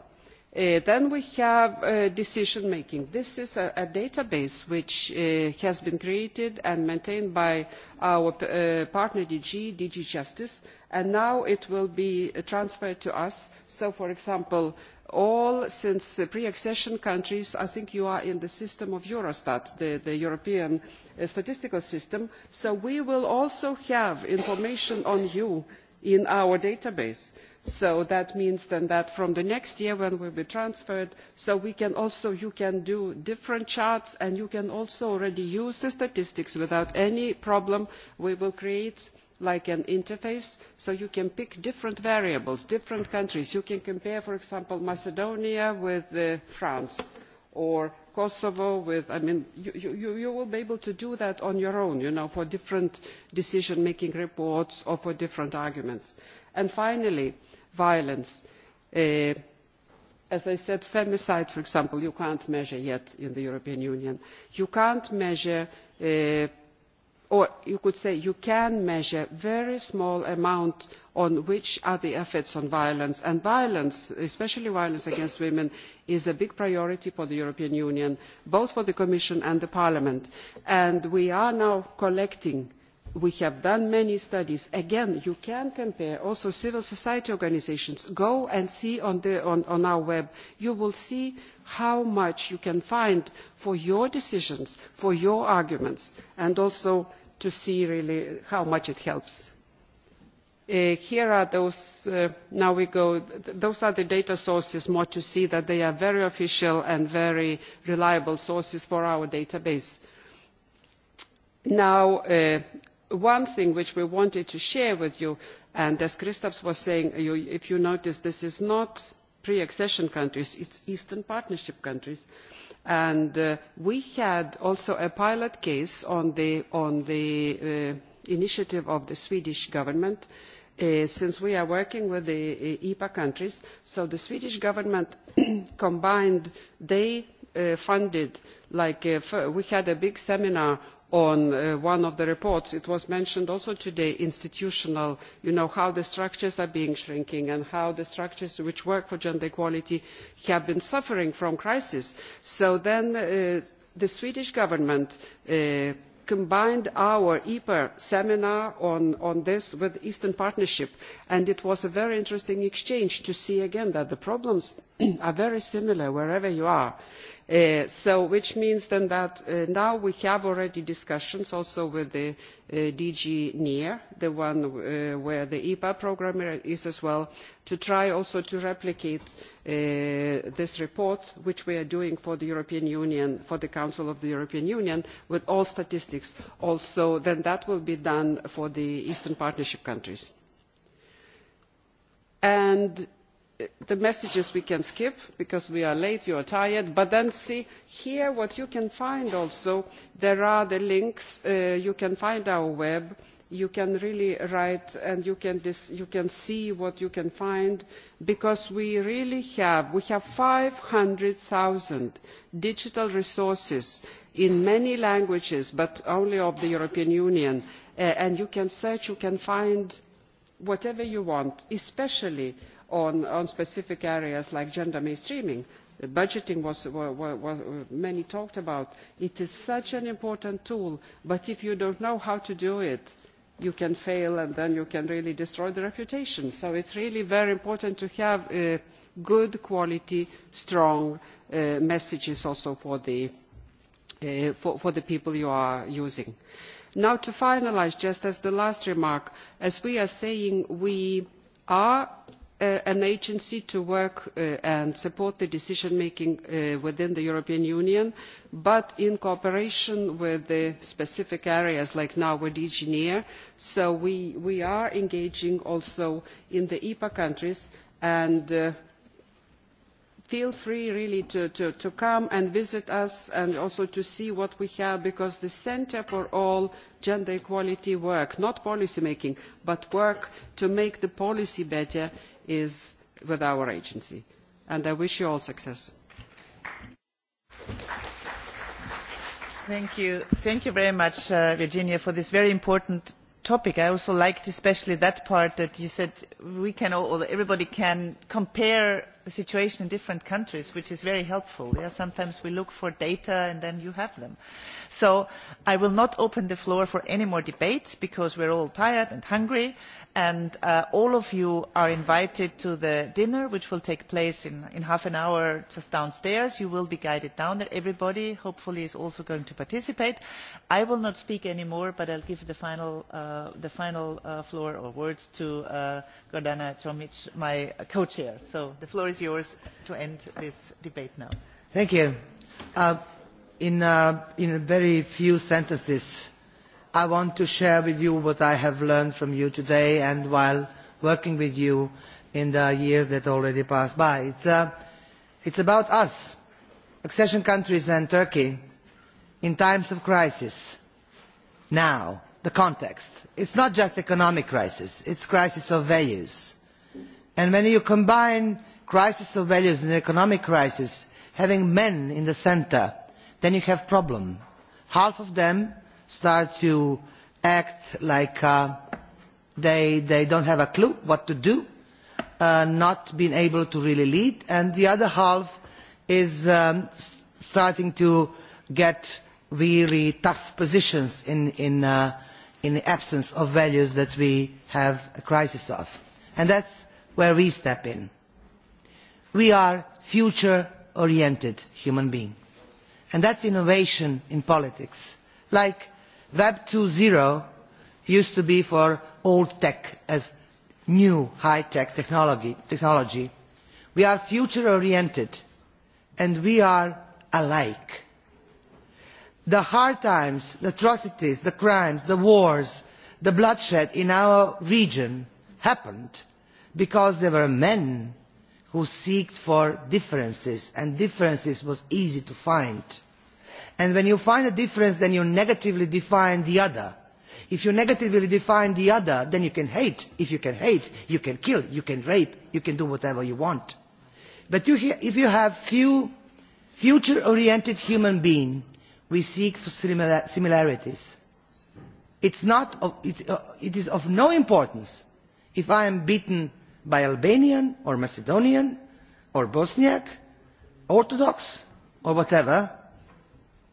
Eh, then we have eh, decision making. this is a, database which eh, has been created and maintained by our partner dg dg justice and now it will be transferred to us so for example all since pre accession countries i think you are in the system of eurostat the european statistical system so we will also have information on you in our database so that means that from next year when will be transferred we can also you can do different charts and you can also already use the statistics without any problem we will create like an interface so you can pick different variables different countries you can compare for example macedonia with uh, france or kosovo with i mean you, you will be able to do that on your own you know for different decision making reports or for different arguments and finally violence. Eh, as i said femicide for example you cannot measure yet in the european union. you cannot measure eh, or you could say you can measure a very small amount on which are the efforts on violence and violence especially violence against women is a big priority for the european union both for the commission and the parliament and we are now collecting we have done many studies again you can compare also civil society organisations go and see on, our web you will see how much you can find for your decisions for your arguments and also to see really how much it helps. Uh, here are those uh, now we go those are the data sources more to see that they are very official and very reliable sources for our database. now uh, one thing which we wanted to share with you and as christophe was saying if you notice this is not pre accession countries it is eastern partnership countries and uh, we had also a pilot case on the, uh, initiative of the swedish government uh, since we are working with the epa countries so the swedish government *clears throat* combined they funded like we had a big seminar on uh, one of the reports it was mentioned also today institutional you know how the structures are being shrinking and how the structures which work for gender equality have been suffering from crisis so then uh, the swedish government uh, combined our epa e seminar on, on this with the eastern partnership and it was a very interesting exchange to see again that the problems *clears throat* are very similar wherever you are Uh, which means then that uh, now we have already discussions also with the uh, dg near the one where the epa programme is as well to try also to replicate this report which we are doing for the european union for the council of the european union with all statistics also then that will be done for the eastern partnership countries. And the messages we can skip because we are late you are tired but then see here what you can find also there are the links uh, you can find our web you can really write and you can, you can see what you can find because we really have we have thousand digital resources in many languages but only of the European Union uh, and you can search you can find whatever you want especially on, specific areas like gender mainstreaming the budgeting was, many talked about it is such an important tool but if you do not know how to do it you can fail and then you can really destroy the reputation. so it is really very important to have uh, good quality strong uh, messages also for the, uh, for the people you are using. now to finalise just as the last remark as we are saying we are Uh, an agency to work uh, and support the decision making uh, within the european union but in cooperation with the specific areas like now with dg near so we, are engaging also in the epa countries and feel free really to, to come and visit us and also to see what we have because the centre for all gender equality work not policy making but work to make the policy better is with our agency and i wish you all success. Thank you. thank you very much uh, virginia for this very important topic. i also liked especially that part that you said we can all, everybody can compare the situation in different countries which is very helpful. sometimes we look for data and then you have them. so i will not open the floor for any more debates because we are all tired and hungry and uh, all of you are invited to the dinner which will take place in, in half an hour just downstairs. you will be guided down there. everybody hopefully is also going to participate. i will not speak any more but i will give the final, uh, the final uh, floor or words to uh, gordana tomic my co chair. so the floor is yours to end this debate now. Thank you. Uh, in, uh, in very few sentences, I want to share with you what I have learned from you today and while working with you in the years that already passed by. It's, uh, it's about us, accession countries and Turkey, in times of crisis, now, the context. It's not just economic crisis, it's crisis of values. And when you combine crisis of values and an economic crisis having men in the centre then you have a problem. half of them start to act like uh, they, they don't have a clue what to do uh, not being able to really lead and the other half is um, starting to get really tough positions in, in, uh, in the absence of values that we have a crisis of and that's where we step in we are future oriented human beings and that is innovation in politics like web. two used to be for old tech as new high tech technology. we are future oriented and we are alike. the hard times the atrocities the crimes the wars the bloodshed in our region happened because there were men who seek for differences and differences was easy to find. And when you find a difference then you negatively define the other. if you negatively define the other then you can hate. if you can hate you can kill you can rape you can do whatever you want. but you, if you have few future oriented human beings we seek for similar, similarities. It's not of, it, uh, it is of no importance if i am beaten by Albanian or Macedonian or Bosniak, Orthodox or whatever,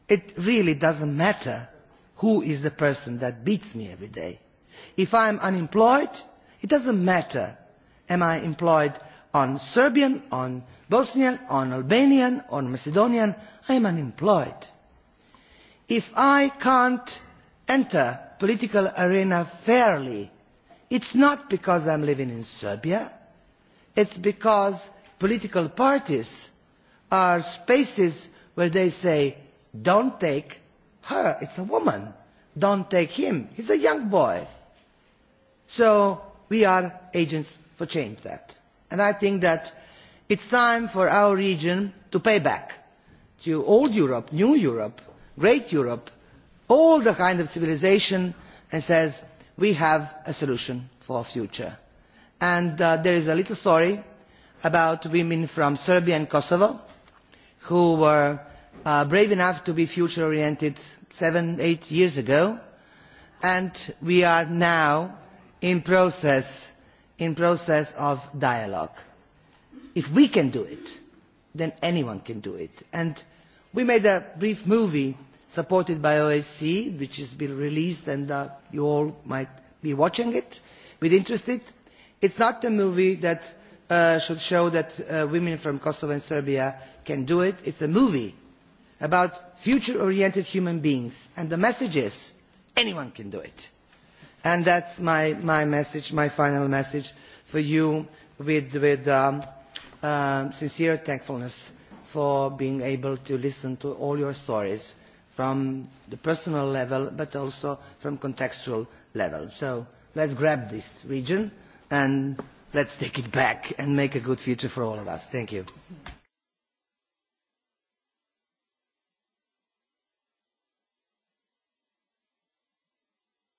it really doesn't matter who is the person that beats me every day. If I am unemployed, it doesn't matter am I employed on Serbian, on Bosnian, on Albanian, or Macedonian, I am unemployed. If I can't enter political arena fairly, it's not because i'm living in serbia it's because political parties are spaces where they say don't take her it's a woman don't take him he's a young boy so we are agents for change that and i think that it's time for our region to pay back to old europe new europe great europe all the kind of civilization and says we have a solution for our future. And uh, there is a little story about women from Serbia and Kosovo who were uh, brave enough to be future oriented seven, eight years ago. And we are now in process, in process of dialogue. If we can do it, then anyone can do it. And we made a brief movie supported by OSCE, which has been released and uh, you all might be watching it with interest. It's not a movie that uh, should show that uh, women from Kosovo and Serbia can do it. It's a movie about future-oriented human beings. And the message is, anyone can do it. And that's my, my message, my final message for you with, with um, uh, sincere thankfulness for being able to listen to all your stories from the personal level but also from contextual level. So let's grab this region and let's take it back and make a good future for all of us. Thank you.